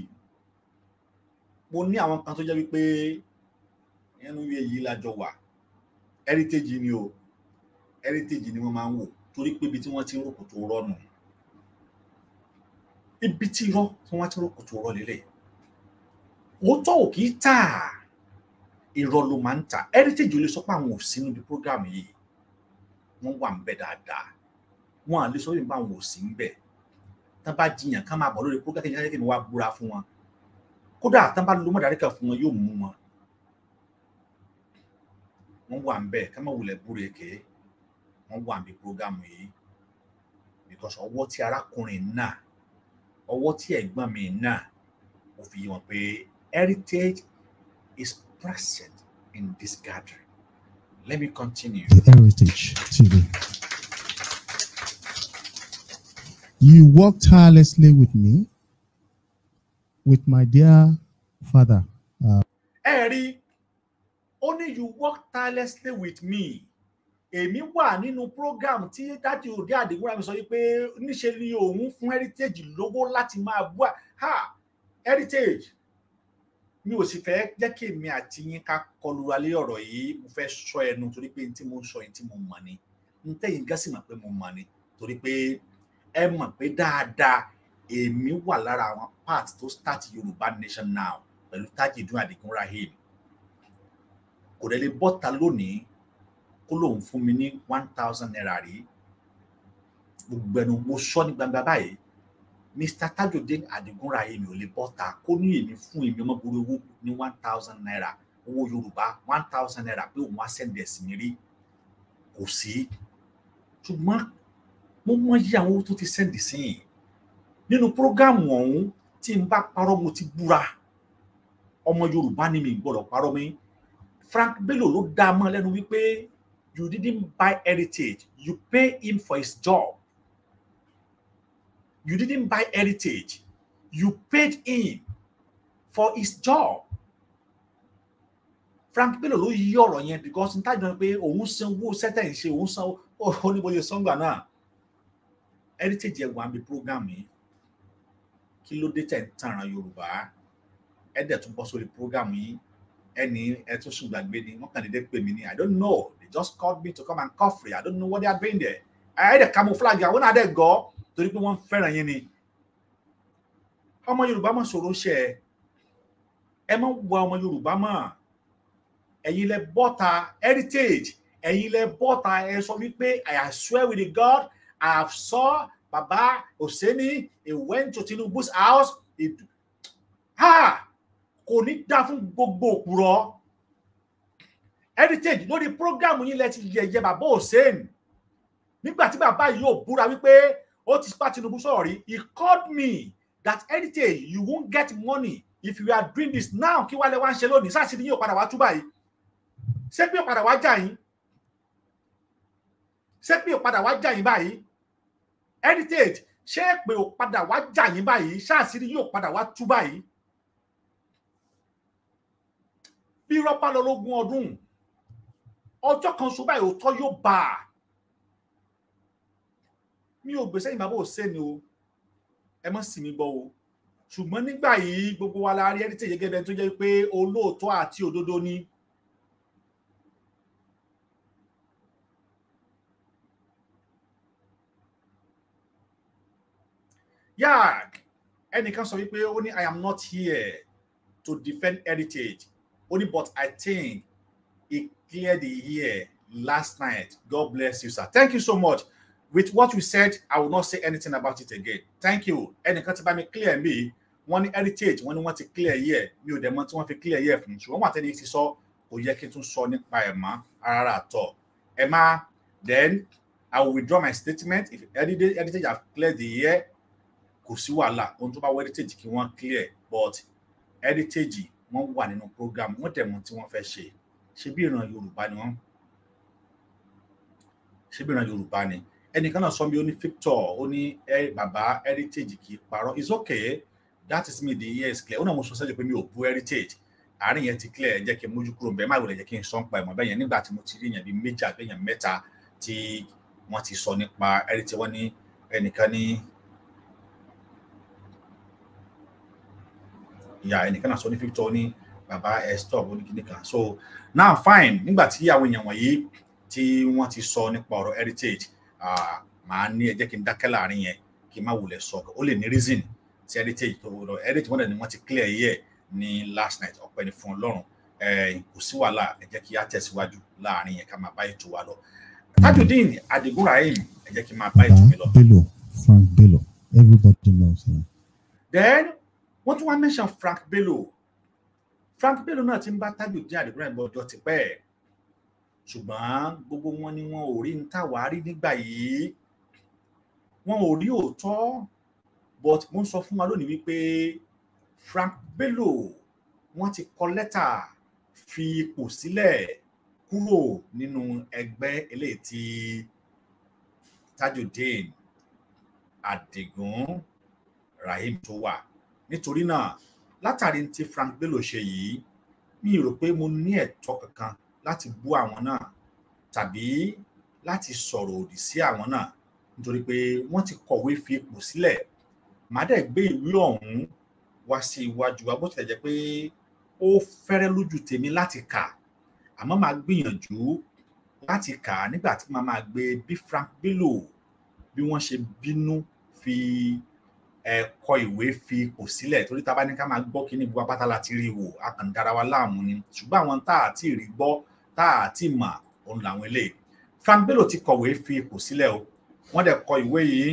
mo ní àwọn kan tó jẹ́ wípé ẹnu yìí lájọ wà heritage ni o heritage ni wọ́n máa ń wò torí pé ibi tí wọ́n ti ń ròkò tó ibi tí wọ́n ti ń ròkò tó lélẹ̀ òótọ́ ò kì í tà á irọ́ ló máa ń tà heritage ò lè sọ pé àwọn ò sí níbi program yìí wọ́n wà ń bẹ dáadáa wọ́n à lè sọ pé àwọn ò sí ń bẹ tán bá jiyàn ká máa bọ̀ lórí program kejì kejì wá búra fún wọn kódà tán bá lo mọ̀dárí kan fún wọn yóò mú wọn wọ́n wà ń bẹ ká má wulẹ̀ búra èké wọ́n wà ń program yìí because ọwọ́ tí arákùnrin náà ọwọ́ tí ẹ̀gbọ́n mi náà ó fi yé pé heritage is Present in this gathering. Let me continue. Heritage TV. You worked tirelessly with me, with my dear father. Uh, Eri, only you worked tirelessly with me. èmi wà nínú program tí you get the mi sọ wípé níṣe ni òun fún heritage logo láti ma bú ha heritage mi ò sì fẹ́ jẹ́ kí èmi àti yín ká kọlu alẹ́ ọ̀rọ̀ yìí mo fẹ́ sọ ẹnu torí pé tí mo ń sọ yìí tí mo mọ̀ ni n tẹ̀yìn gẹ́sì mọ̀ pé mo mọ̀ ni torí pé ẹ mọ̀ pé dáadáa èmi wà lára àwọn part tó start Yorùbá Nation Now pẹ̀lú Tajudeen Adigun Rahim kò dẹ̀ lè bọ́ta lónìí kó lóun fún mi ní one thousand naira rí gbogbo ẹnu mo sọ ní gbangba báyìí mr tajudeen adigunraye mi ò lè bọ́ta kó ní èmi fún èmi ọmọ gbòòrò owó ní one thousand naira owó yorùbá one thousand naira pé òun á sẹ́ndẹ̀sì mi rí kò sí ṣùgbọ́n mo mọ yí àwọn owó tó ti sẹ́ndì sẹ́yìn nínú prógáàmù ọ̀hún tí n bá parọ́ mo ti búra ọmọ yorùbá ni mi gbọ́dọ̀ parọ́ mi frank bello ló dá a mọ́ lẹ́nu wípé you didn't buy heritage you pay him for his job You didn't buy heritage. You paid him for his job. Frank Bello ló yí ọ̀rọ̀ yẹn because níta jọ pé òun sanwó sẹ́tẹ̀ǹ ṣe òun sanwó <laughs> oníbòye sọ́ngbà náà heritage ẹ̀ wà mí program yìí kí ló dé tẹ̀ ń tàràn Yorùbá ẹ̀ dẹ̀ tún bọ́ sórí program yìí any Etoshu Blackbini, what can they pay me? I don't know. They just called me to come and coffee. I don't know what they are doing there. I had a camouflage. When I did go, torí pé wọ́n fẹ́ràn yín ni ọmọ yorùbá mọ̀ sọ̀rọ̀ ṣẹ ẹ mọ̀ wá ọmọ yorùbá mọ̀ ẹ̀yin lẹ bọ́ta heritage ẹ̀yin lẹ bọ́ta ẹ sọ wípé i swear with the god i have saw baba oseni he went to tinubu's house ha kò ní dá fún gbogbo òpùrọ́ heritage lórí programu yín lẹ ti yẹ̀yẹ́ bàbá hussein nígbà Baba bàbá yìí yóò búra wípé ó ti bá Tinubu sọ̀rọ̀ rí he called me that heritage you won't get money if you are doing this now kí wálé wá ń ṣe lónìí sáàsì ni yóò padà wá túbà yìí ṣé pé padà wá jà yín ṣé pé padà wá jà yín báyìí heritage ṣé pé ò padà wá jà yín báyìí sáàsì ni yóò padà wá túbà yìí bí rọpá ọdún ọjọ́ kan ṣùgbọ́n òótọ́ yóò bá a mi ò gbèsè ìmàbò sẹ́ni o ẹ mọ̀ sí mi gbọ́ o ṣùgbọ́n nígbà yìí gbogbo wa la rí ẹni tí ìyẹ́gẹ́ tó jẹ́ pé olóòótọ́ àti òdodo ni. yag ẹnìkan sọ wípé ó ní I am not here to defend heritage ó ní but I think he cleared the year last night God bless you sir thank you so much with what you said, I will not say anything about it again. Thank you. Ẹnìkan ti bá mi clear me? wọ́n ní heritage, wọ́n ní wọ́n ti clear yẹ̀, mi ò dẹ̀ mọ́ tí wọ́n fi clear yẹ̀ fún mi. Ṣùgbọ́n wà tẹ́lẹ̀ ti sọ, kò yẹ kí n tún sọ nípa ẹ̀ mọ́ rárá àtọ̀. Ẹ má then I will withdraw my statement if heritage, heritage have cleared the year, kò sí wàhálà, ohun tó bá wọ heritage kí wọ́n clear but heritage wọ́n wà nínú program, wọ́n tẹ̀ mọ́ tí wọ́n fẹ́ ṣe. Ṣé bí ìran Yorùbá ni wọ́n? Ṣé bí ìran Yorùbá ni? ẹnìkan náà sọ mi ó ní Victor ó ní bàbá heritage kì í parọ́ it's okay that is me the years clear ó náà mo sọ sẹ́jọ́ pé mi ò bu heritage àárín yẹn ti clear jẹ́ kí n mójú kúrò bẹ́ẹ̀ má wọlé jẹ́ kí n sọ ń pa ẹ̀mọ́ bẹ́ẹ̀ yẹn nígbà tí mo ti rí yẹn bíi méjì àbí yẹn mẹ́ta tí wọ́n ti sọ nípa heritage wọ́n ní ẹnìkan ní ìyá ẹnìkan náà sọ ní Victor ní bàbá ẹ stop oníkìníkan so now fine nígbà tí àwọn èèyàn wọ̀nyí tí wọ́n ti sọ nípa ọ̀rọ̀ heritage màá ní ẹ jẹ́ kí n dákẹ́ láàrin yẹn kí n má wulẹ̀ sọ ó lè ní reason ti heritage tó lọ heritage wọn dẹ̀ ni wọ́n ti clear yẹ ní last night ọpẹ́ ni fún ọlọ́run kò sí wàhálà ẹ jẹ́ kí á tẹ̀síwájú láàrin yẹn ká máa bá ètò wa lọ tajudeen adigun rahim ẹ jẹ́ kí n máa bá ètò mi lọ. bello frank bello everybody knows him. then wọ́n tún wá mention frank bello frank bello náà ti ń bá tajudeen adigun rahim bọ̀ ọjọ́ tipẹ́ ẹ̀ ṣùgbọ́n gbogbo wọn ni wọn ò rí ń táwa rí nígbà yìí wọn ò rí òótọ́ but wọ́n sọ fún wa lónìí wípé Frank Bello wọ́n ti kọ lẹ́tà fi ipò sílẹ̀ kúrò nínú ẹgbẹ́ eléyìí Tajudeen Adigun rahim tó wà nítorí náà látàrí tí Frank Bello ṣe yìí mi rò pé mo ní ẹ̀tọ́ kankan láti bú àwọn náà tàbí láti sọ̀rọ̀ òdì sí àwọn náà nítorí pé wọ́n ti kọ̀wé fi ipò sílẹ̀ màá dẹ̀ gbé ìwé ọ̀hún wá sí iwájú wa bó tilẹ̀ jẹ́ pé ó fẹ́rẹ́ lójú tèmi láti kà àmọ́ màá gbìyànjú láti kà á nígbà tí màá gbé bí Frank Bello bí wọ́n ṣe bínú fi ẹ̀kọ ìwé fi ipò sílẹ̀ torí tá a bá ní ká máa gbọ́ kí ní gbogbo apáta láti rí wò a kàn dára wa láàmú ni ṣùgbọ́n àwọn tá a ti rí gbọ́ tá a ti mà òun làwọn eléyìí Frank Bello ti kọ̀wé fi ipò sílẹ̀ o wọ́n dẹ̀ kọ ìwé yìí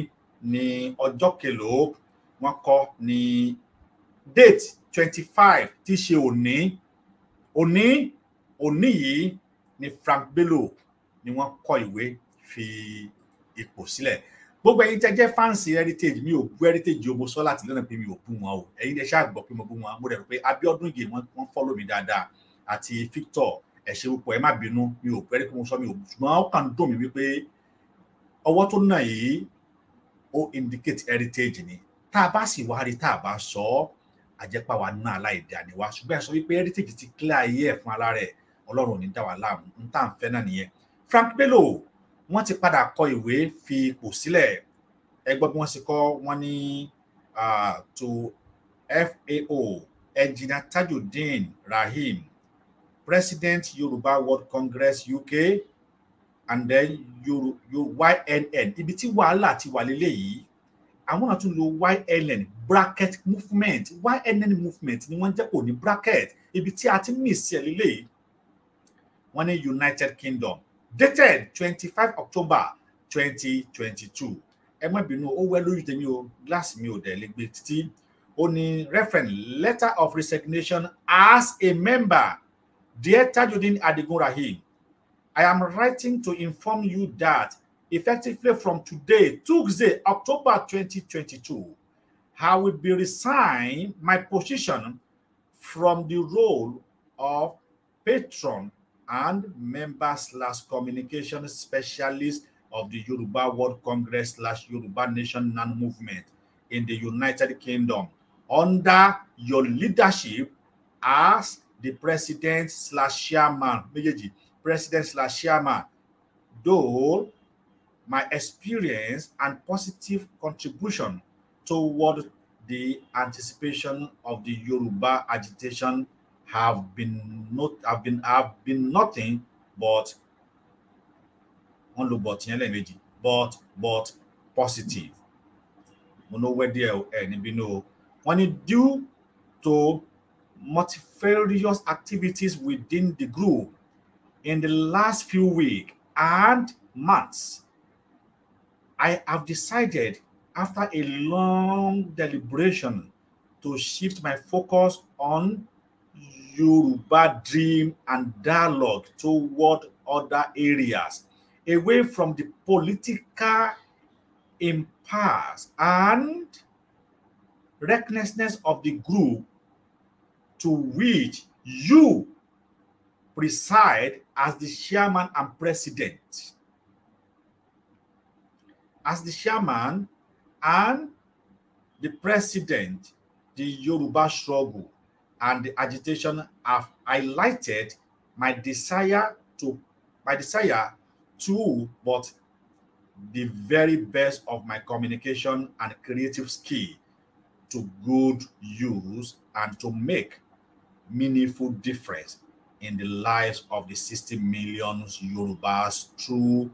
ní ọjọ́ kẹlòó wọ́n kọ ní date twenty five tí í ṣe òní òní òní yìí ni Frank Bello ni wọ́n kọ ìwé fi ipò sílẹ̀ gbogbo ẹ̀yin tẹ́ fáǹsì heritage mi ò bú heritage ọmọ sọlá àti lọ́nà pé mi ò bú wọn o ẹ̀yin tẹ́ ṣáà gbọ́ pé mo bú wọn mo dẹ̀ rò pé Abíọ́dún yìí wọ́n fọ́lọ́ mi dáadáa àti Victor ẹ ṣe púpọ̀ ẹ má bínú mi ò pẹ́ẹ́rẹ́ kí mo sọ mi ò ṣùgbọ́n ó kàn dùn mí wípé ọwọ́ tó nà yìí ó indicate heritage ni tá a bá sì wá rí tá a bá sọ ọ́ àjẹpá wa náà láìdí àníwá ṣùgbọ́n ẹ sọ wípé heritage ti clear ayé ẹ̀ fún ara rẹ̀ ọlọ́run ò ní dá wa láàmú n tá à ń náà nìyẹn Frank Bello wọ́n ti padà kọ ìwé fi ipò sílẹ̀ ẹgbẹ́ bí wọ́n ṣe kọ́ wọ́n ní to FAO engineer Tajudeen Rahim President Yoruba World Congress UK and then Yoru, Yoru, YNN ibi tí wàhálà ti wà lélẹ́yìí àwọn náà tún lo YNN bracket movement YNN movement ni wọ́n jẹ́ kò ní bracket ibi tí a ti miss ẹ̀ lélẹ́yìí wọ́n ní United Kingdom dated twenty five October twenty twenty two ẹ má bínú ó wẹ́ lórí tèmi o glass mi ò dẹ̀ lè gbé títí ó ní reference letter of resignation as a member Dear Tajuddin Adigun Rahim, I am writing to inform you that effectively from today, Tuesday, October 2022, I will be resigning my position from the role of patron and member slash communication specialist of the Yoruba World Congress slash Yoruba Nation Non Movement in the United Kingdom under your leadership as the president slash chairman méjèèjì president slash chairman though my experience and positive contribution toward the anticipation of the Yoruba agitation have been not have been have been nothing but wọn but yẹn lẹ́ẹ̀mejì but but positive mo ló wẹ́ díẹ̀ ẹ̀ níbí ní o wọ́n ní due to multifarious activities within the group in the last few weeks and months. I have decided after a long deliberation to shift my focus on Yoruba dream and dialogue toward other areas, away from the political impasse and recklessness of the group to which you preside as the chairman and president. As the chairman and the president, the Yoruba struggle and the agitation have highlighted my desire to my desire to but the very best of my communication and creative skill to good use and to make meaningful difference in the lives of the 60 million Yorubas through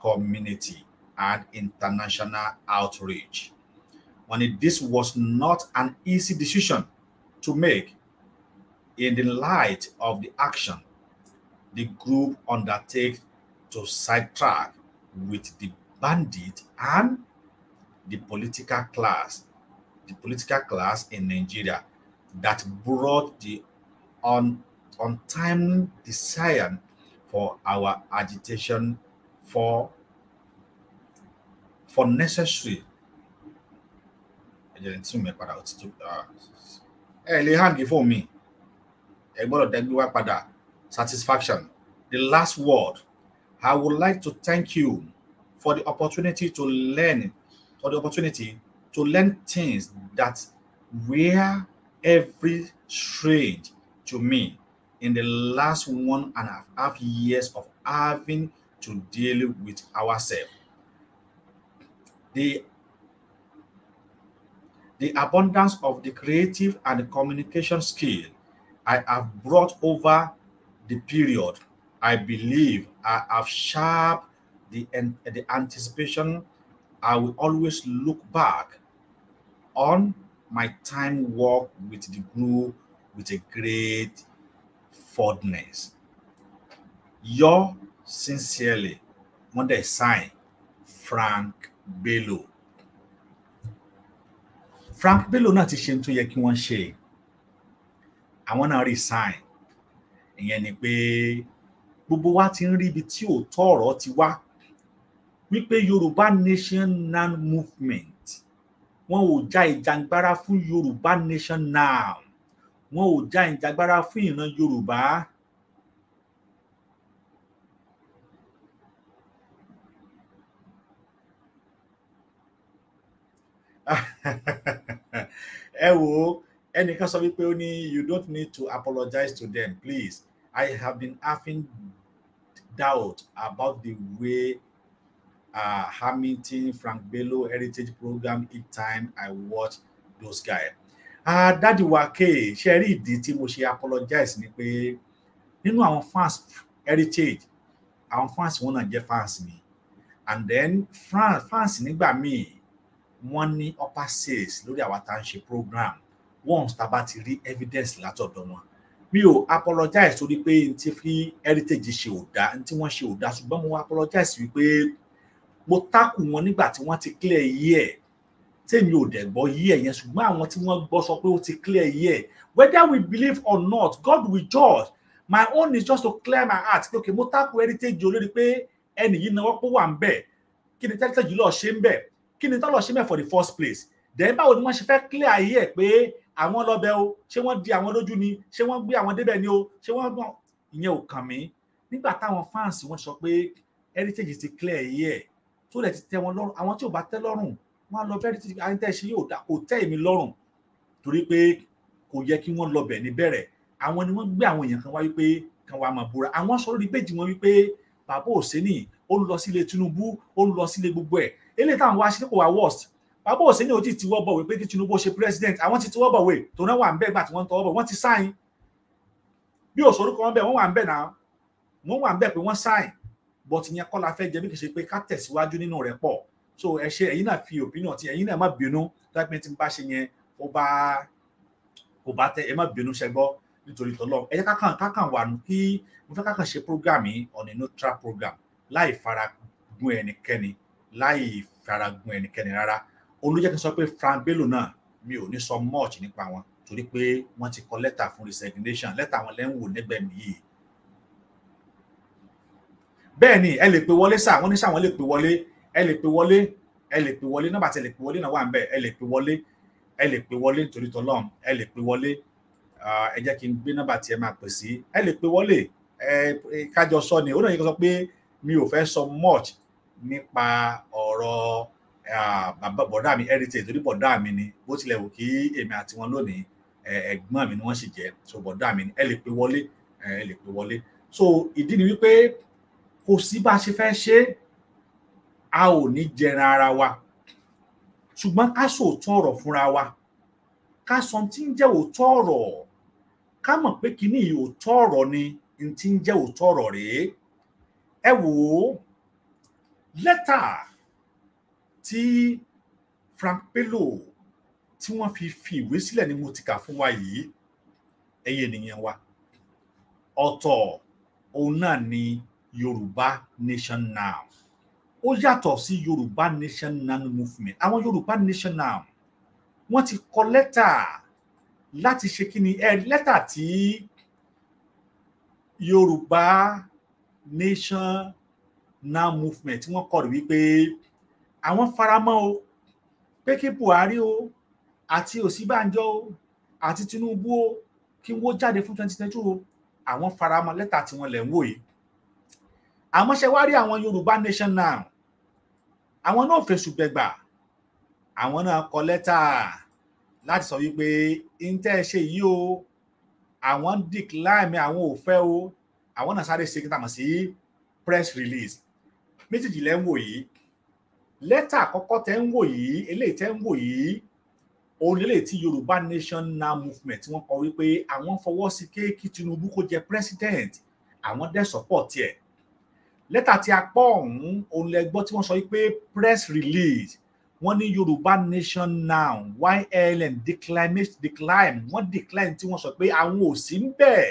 community and international outreach. When this was not an easy decision to make in the light of the action the group undertakes to sidetrack with the bandit and the political class, the political class in Nigeria that brought the on time desire for our agitation for for necessary ẹjẹ tí mi padà ó ti hàn before me ẹ gbọ́dọ̀ dẹ́gbẹ́ satisfaction the last word i would like to thank you for the opportunity to learn for the opportunity to learn things that were every strange to me in the last one and a half years of having to deal with ourselves. The, the abundance of the creative and communication skill I have brought over the period, I believe I have sharp the, the anticipation I will always look back on my time work with the group with a great fondness. Your sincerely, Monday sign, Frank Bello. Frank Bello náà ti ṣe tó yẹ kí wọ́n ṣe àwọn náà resign ìyẹn ni pé gbogbo wa ti ń rí ibi tí òótọ́ ọ̀rọ̀ ti wá Nation Now movement wọn ò ja ìjàngbara fún Yorùbá Nation Now wọn ò já ìjàgbára fún ìran yorùbá <laughs> ẹ wo ẹnìkan sọ wípé ó ní you don't need to apologize to them please I have been having doubt about the way uh, Hamilton Frank Bello Heritage Program each time I watch those guys Ah, dádì wa kéè ṣe rí ìdí tí mo ṣe apologize ni pé nínú àwọn fans heritage àwọn fans wọn náà jẹ́ fans mi and then fans fans nígbà míì wọ́n ní upper sales lórí àwa tá à ń ṣe program once tá bá ti rí evidence látọ̀dọ̀ wọn mi ò apologize torí pé n ti fi heritage ṣe ò dá n tí wọ́n ṣe ò dá ṣùgbọ́n mo apologize wípé mo tákù wọn nígbà tí wọ́n ti clear yìí tèmi ò dẹ̀ gbọ́ yí ẹ̀ yẹn ṣùgbọ́n àwọn tí wọ́n gbọ́ sọ pé ó ti clear yí whether we believe or not God will judge my own is just to clear my heart pé okay mo tako heritage olórí pé ẹnì yìí náwó pọ̀ wà ń bẹ̀ kí ni tẹ́tẹ́ yìí lọ́ọ́ ṣe ń bẹ̀ kí ni tọ́lọ́ ṣe mẹ́ for the first place then báwo ni wọ́n ṣe fẹ́ clear yí ẹ̀ pé àwọn lọ́bẹ̀ o ṣé wọ́n di àwọn lójú ni ṣé wọ́n gbé àwọn débẹ̀ ni o ṣé wọ́n gbọ́n ìyẹn ò kàn mí nígbà táwọn fans wọn sọ pé heritage ti clear yí ẹ̀ tó lẹ̀ ti tẹ́ wọn lọ́rùn àwọn tí ò bá tẹ́ lọ́rùn wọn á lọ bẹ́ẹ̀ tí àyíntà ẹ̀ṣin yóò dá kò tẹ́ èmi lọ́rùn torí pé kò yẹ kí wọ́n lọ bẹ̀ níbẹ̀rẹ̀ àwọn ni wọ́n gbé àwọn èèyàn kan wá wípé kan wá máa búra àwọn sọ lórí péjì wọn wípé bàbá òsínì ó lọ sílé Tinubu ó lọ sílé gbogbo ẹ̀ eléyìí táwọn wá sí kò wá worst bàbá òsínì ò ti tiwọ́ bọ̀wé pé kí Tinubu ṣe president àwọn ti tiwọ́ bọ̀wé tó náà wà ń bẹ́ẹ̀ gbà tí wọ́n ń tọwọ́ bọ̀ wọ́n ti sáyìn bí òsorúkọ wọn bẹ́ẹ̀ wọ́n wà ń bẹ́ẹ̀ náà wọ́n wà ń bẹ́ẹ̀ pé wọ́n sáyìn bọ́tìyẹn kọ́ la fẹ́ jẹ́ bí kì í ṣe pé ká tẹ̀síwájú nínú rẹ̀ pọ̀ so ẹ ṣe ẹ̀yin náà fi opinion ti ẹ̀yin náà má bínú dápẹ́ tí n bá ṣe yẹn ó bá kò bá tẹ ẹ má bínú ṣe gbọ́ nítorí tọ́lọ́ ẹ jẹ́ kákan kákan wà nù kí mo fẹ́ kákan ṣe program yìí on a neutral program láì fara gun ẹnikẹ́ni láì fara gun ẹnikẹ́ni rárá olùjẹ́ kí n sọ pé Frank Bello náà mi ò ní sọ much nípa wọn torí pé wọ́n ti kọ lẹ́tà fún resignation lẹ́tà wọn lẹ́ ń wò nígbẹ̀mí yìí bẹ́ẹ̀ ẹ lè pè wọlé sáà wọ́n ní sáà wọ́n lè pè wọlé ẹ lè pè wọlé ẹ lè pè wọlé nọ́mbà tí ẹ lè pè wọlé náà wà ń bẹ ẹ lè pè wọlé ẹ lè pè wọlé nítorí tọlọ́run ẹ lè pè wọlé ẹ jẹ́ kí n gbé nọ́mbà tí ẹ máa pè sí ẹ lè pè wọlé ẹ kájọ sọ ni ó náà yẹ kó sọ pé mi ò fẹ́ sọ much nípa ọ̀rọ̀ bàbá bọ̀dá mi heritage torí bọ̀dá mi ni bó tilẹ̀ wù kí èmi àti wọn lónìí ẹ̀gbọ́n mi ni wọ́n sì jẹ́ so bọ̀dá mi ni ẹ lè pè wọlé ẹ lè pè wọlé so ìdí ni wípé kò sí bá a ṣe fẹ́ ṣe a ò ní jẹran ara wa ṣùgbọ́n ká sòótọ́ ọ̀rọ̀ fúnra wa ká sọ tí ń jẹ́ òótọ́ ọ̀rọ̀ ká mọ̀ pé kíní yìí òótọ́ ọ̀rọ̀ ni tí ń jẹ́ òótọ́ ọ̀rọ̀ rèé ẹ wò ó lẹ́tà tí Frank Bello tí wọ́n fi fi ìwé sílẹ̀ ni mo ti kà fún wa yìí ẹ̀yẹ ènìyàn wa ọ̀tọ̀ òun náà ni Yorùbá Nation Now ó yàtọ̀ sí yorùbá nation now movement àwọn yorùbá nation now wọ́n ti kọ lẹ́tà láti ṣe kí ni lẹ́tà tí yorùbá nation now movement tí wọ́n kọ rí wípé àwọn faramọ́ o pé kí buhari o àti òsínbàjò o àti tinubu o kí wọ́n jáde fún twenty twenty two o àwọn faramọ́ lẹ́tà tí wọ́n lẹ̀ ń wò yìí àmọ́ ṣe wá rí àwọn yorùbá nation now àwọn náà fèsù gbẹgbà àwọn náà kọ lẹ́tà láti sọ wípé ntẹ́ ẹ ṣe yìí o àwọn decline àwọn ò fẹ́ o àwọn náà sáré ṣe kí n tàmọ̀ sí press release méjèèjì lẹ́ ń wò yìí lẹ́tà àkọ́kọ́ tẹ́ ń wò yìí eléyìí tẹ́ ń wò yìí òun eléyìí tí Yorùbá Nation Now Movement wọ́n kọ wípé àwọn fọwọ́ sí kéèkì Tinubu kó jẹ president àwọn dẹ́ support tiẹ̀ lẹ́tà tí a pọ̀ ọ̀hún òun lẹ gbọ́ tí wọ́n sọ pé press release wọ́n ní Yorùbá nation now YLN decline decline wọ́n decline tí wọ́n sọ pé àwọn ò sí ń bẹ̀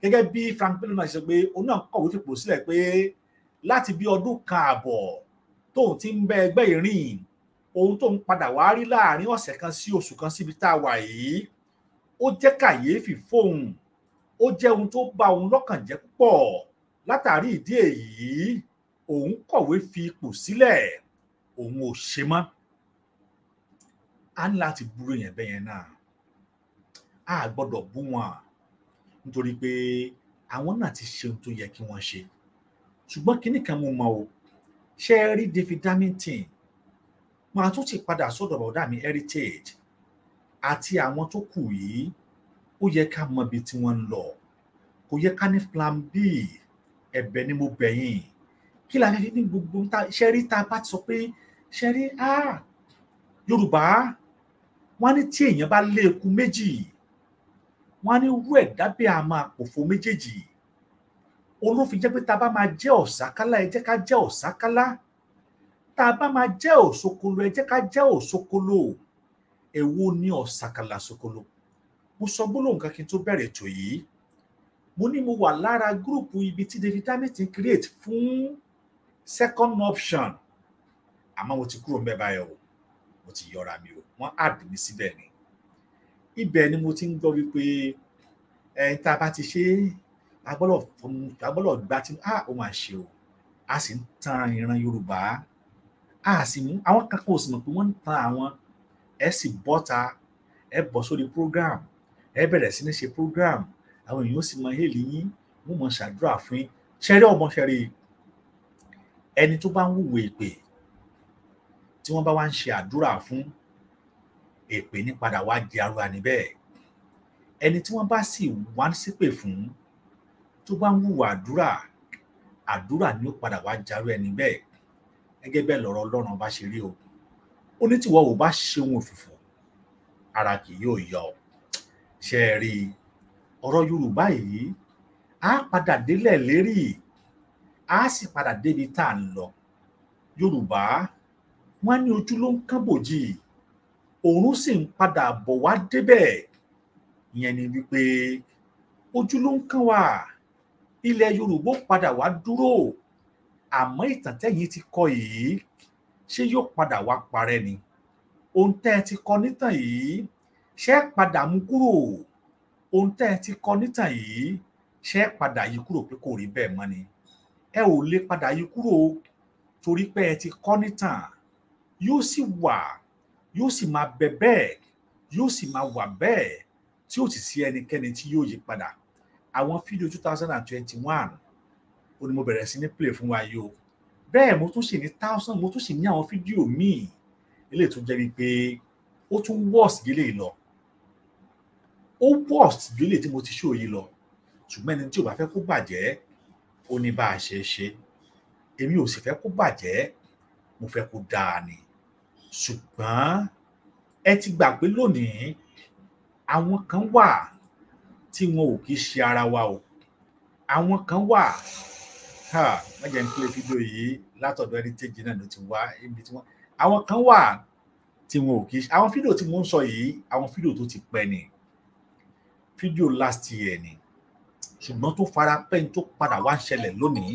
gẹ́gẹ́ bí Frank Bello náà ṣe sọ pé òun náà kọ̀wé fipò sílẹ̀ pé láti bí ọdún kan àbọ̀ tóun ti ń bẹ ẹgbẹ́ ìrìn ohun tóun padà wá rí láàrin ọ̀sẹ̀ kan sí oṣù kan síbi tá a wà yìí ó jẹ́ kàyéfì fóun ó jẹ́ ohun tó bà òun lọ́kàn jẹ́ púpọ̀ látàrí ìdí èyí òun kọ̀wé fi ipò sílẹ̀ òun ò ṣe mọ́ a ní láti burú yẹn bẹ́yẹn náà a gbọ́dọ̀ bú wọn nítorí pé àwọn náà ti ṣe ohun tó yẹ kí wọ́n ṣe ṣùgbọ́n kinní kan mo mọ̀ o ṣe é rí David Damington máa tún ti padà sọ́dọ̀ bọ̀dá mi heritage àti àwọn tó kù yìí ó yẹ ká mọ ibi tí wọ́n ń lọ kò yẹ ká ní plan b ẹ̀bẹ̀ ni mo bẹ̀ yín kí la ní gbogbo ṣe rí tá a bá ti sọ pé ṣe rí yorùbá wọn ní tí èèyàn bá lé eku méjì wọn ní wú ẹ̀dá bí a máa pòfo méjèèjì olófin jẹ́ pé tá a bá máa jẹ́ ọ̀sákálá ẹ jẹ́ ká jẹ́ ọ̀sákálá tá bá máa jẹ́ òṣokolo ẹ jẹ́ ká jẹ́ òṣokolo èwo ni ọ̀sàkàlà ṣokolo mo sọ gbólóhùn kan kí n tó yìí mo ní mo wà lára gúrùpù ibi tí David Damit create fún second option àmọ́ mo ti kúrò ń bẹ̀ báyọ̀ o mo ti yọra mi o wọ́n add mi síbẹ̀ ni ibẹ̀ ni mo ti ń gbọ́ wípé ẹni tá a bá ti ṣe agbọ́dọ̀ agbọ́dọ̀ gba tí a ó máa ṣe o a sì ń tan ìran Yorùbá a sì mú àwọn kankan ò sì mọ̀ pé wọ́n ń tan àwọn ẹ sì bọ́ta ẹ bọ̀ sórí program ẹ bẹ̀rẹ̀ sí ní ṣe program àwọn èèyàn ó sì mọ hélì yín wọn mọ ṣàdúrà fún yín ṣẹrí ọmọ ṣẹrí ẹni tó bá ń wùwò èpè tí wọn bá wá ń ṣe àdúrà fún èpè ní padà wá di arúgbó níbẹ̀ ẹni tí wọn bá sì wá sípè fún tó bá ń wùwò àdúrà àdúrà ni ó padà wá jarú ẹni bẹ́ẹ̀ gẹ́gẹ́ bẹ́ẹ̀ lọ̀rọ̀ Ọlọ́run bá ṣe rí o ó ní tìwọ ò bá ṣe ohun òfìfo ara kì yóò yọ ṣe é rí i ọ̀rọ̀ yorùbá yìí á padà délẹ̀ lérí á sì padà débi tá à ń lọ yorùbá wọn ní ojú ló ń kán òun sì ń padà bọ̀ wá débẹ̀ ìyẹn ni wípé ojú ló ń kán wá ilẹ̀ yorùbá padà wá dúró àmọ́ ìtàn tẹ́yìn ti kọ yìí ṣé yóò padà wá parẹ́ ni ohun tẹ́ ẹ ti kọ nítàn yìí ṣé padà mú kúrò ohun tẹ́ ẹ ti kọ nítàn yìí ṣe é padà yí kúrò pé kò rí bẹ́ẹ̀ mọ́ ni ẹ ò lè padà yí kúrò torí pé ẹ ti kọ nítàn yóò sì wà yóò sì máa bẹ bẹ́ẹ̀ yóò sì máa wà bẹ́ẹ̀ tí ó sì sí ẹnikẹ́ni tí yóò yí padà àwọn fídíò two thousand and twenty one ó ní mo bẹ̀rẹ̀ sí ní play fún wa yìí o bẹ́ẹ̀ mo tún sì ní thousand mo tún sì ní àwọn fídíò míì eléyìí tó jẹ́ wípé ó tún worse gélé lọ ó worst ju ilé tí mo ti ṣó yìí lọ ṣùgbọ́n ẹni tí ò bá fẹ́ kó bàjẹ́ ó ní bá a ṣe ṣe èmi ò sì fẹ́ kó bàjẹ́ mo fẹ́ kó dáa ni ṣùgbọ́n ẹ ti gbà pé lónìí àwọn kan wà tí wọn ò kí ṣe ara wa o àwọn kan wà má jẹ́ ń pé fídíò yìí látọ̀dọ̀ ẹni tẹ́jì náà ló ti wá ibi tí wọ́n àwọn kan wà tí wọn ò kí àwọn fídíò tí mo ń sọ yìí àwọn fídíò tó ti pẹ́ nìyí fídíò last year ni ṣùgbọ́n tó fara pẹ́yìn tó padà wá ṣẹlẹ̀ lónìí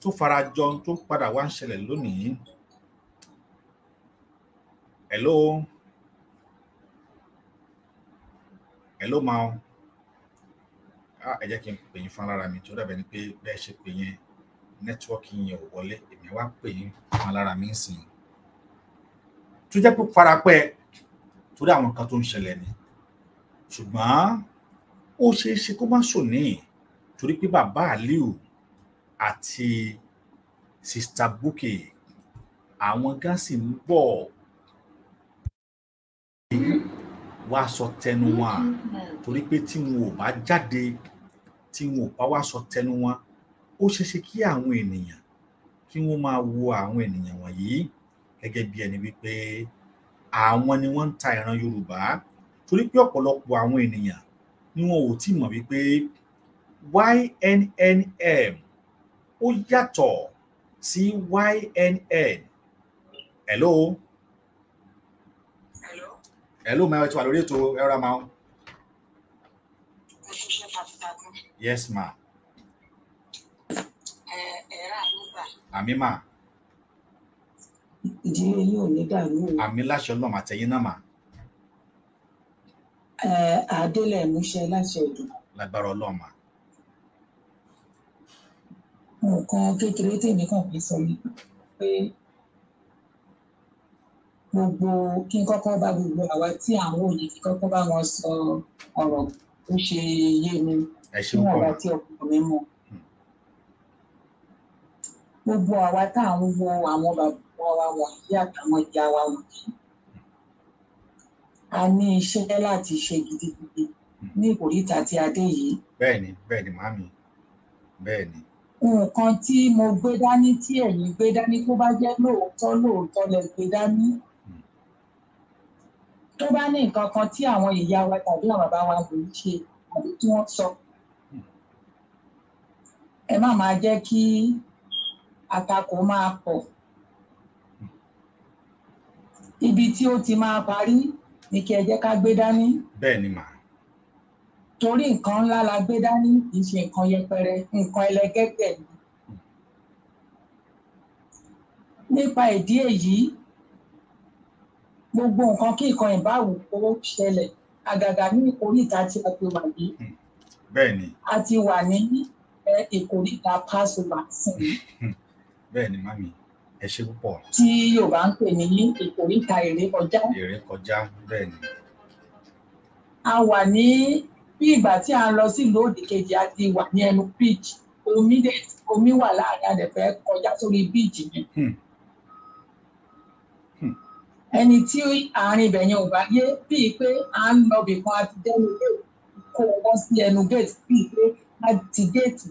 tó fara jọ tó padà wá ṣẹlẹ̀ lónìí hello hello mao ah ẹ jẹ́ kí n pè yín fún alára mi tó dàbẹ̀ ni pé bẹ́ẹ̀ ṣe pè yín nẹ́tíwọ́ọ̀kì yẹn ò wọlé èmi wá pè yín fún alára mi ń sìn tó jẹ́ pé farapẹ́ torí àwọn nǹkan tó ń ṣẹlẹ̀ ni ṣùgbọ́n ó ṣeé ṣe kó má sòní torí pé bàbá Aliu àti sista Bukky àwọn gan sì ń bọ̀ wá sọ tẹnu wọn torí pé tí wọn ò bá jáde tí wọn ò bá wá sọ tẹnu wọn ó ṣeé ṣe kí àwọn ènìyàn kí wọn máa wo àwọn ènìyàn wọ̀nyí gẹ́gẹ́ bí ẹni wípé àwọn ni wọ́n ń ta ìran yorùbá torí pé ọ̀pọ̀lọpọ̀ àwọn ènìyàn ni wọn ò tí mọ̀ wípé YNNM ó yàtọ̀ sí YNN hello hello hello máa ti wà lórí ètò ẹ̀rọ máa yes ma. ẹ ẹ rà ló gbà. àmì máa ìdílé yín ò ní dàrú o. àmì láṣẹ Ọlọ́run àtẹ̀yìn náà mà. àdélé ìmúṣẹ láṣẹ ọdún. lágbára Ọlọ́run mà. nǹkan kékeré tèmi kàn fi sọ ni pé gbogbo kí n kọ́kọ́ bá gbogbo àwa tí à ń wò yìí kí n kọ́kọ́ bá wọn sọ ọ̀rọ̀ tó ṣe yé mi níwọ̀n bá tí ọkùnrin mi mọ̀. Hmm. gbogbo àwa tá à ń wo àwọn bàbá bàbá wa wọ̀nyí àtàwọn ìyá wa wọ̀nyí. a ní iṣẹ́ láti ṣe gidigidi ní ìkòríta tí a dé yìí. bẹ́ẹ̀ni bẹ́ẹ̀ni màmí bẹ́ẹ̀ni. nǹkan tí mo gbé dání tí ẹ̀yin gbé dání tó bá jẹ́ lóòótọ́ lóòótọ́ lẹ gbé dání tó bá ní nǹkan kan tí àwọn ìyá wa tàbí àwọn bàbá wa lòún ṣe àbí tí wọ́n sọ ẹ má máa jẹ́ kí àtakò máa pọ̀ ibi tí ó ti máa parí ni kí ẹ jẹ́ ká gbé dání. bẹ́ẹ̀ ni màá. torí nǹkan ńlá la gbé dání kì í ṣe nǹkan yẹpẹrẹ nǹkan ẹlẹgẹ́gẹ́ ni. nípa ìdí èyí gbogbo nǹkan kí nǹkan ìbáwò kó ṣẹlẹ̀ àgàgà ní ìkórìtà tí a ti wà yìí. Hmm. bẹ́ẹ̀ ni. a ti wà ní ìkórìtà passover sí <laughs> i. mami ẹ ṣe púpọ̀. tí Yorùbá ń pè ní ìkòríta èrè kọjá. èrè kọjá bẹ́ẹ̀ ni. a wà ní bí ìgbà tí a lọ sílùú òdì kejì a ti wà ní ẹnu bridge omi dé omi wà láàrin àdẹ̀fẹ́ kọjá sórí bíìjì yẹn. Hmm. Hmm. ẹni tí àárín ibẹ̀ yẹn ò bá yé bíi pé à ń lọ bìkan àti dẹ́nu ilé kó wọ́n sí ẹnu gate bíi pé láti gate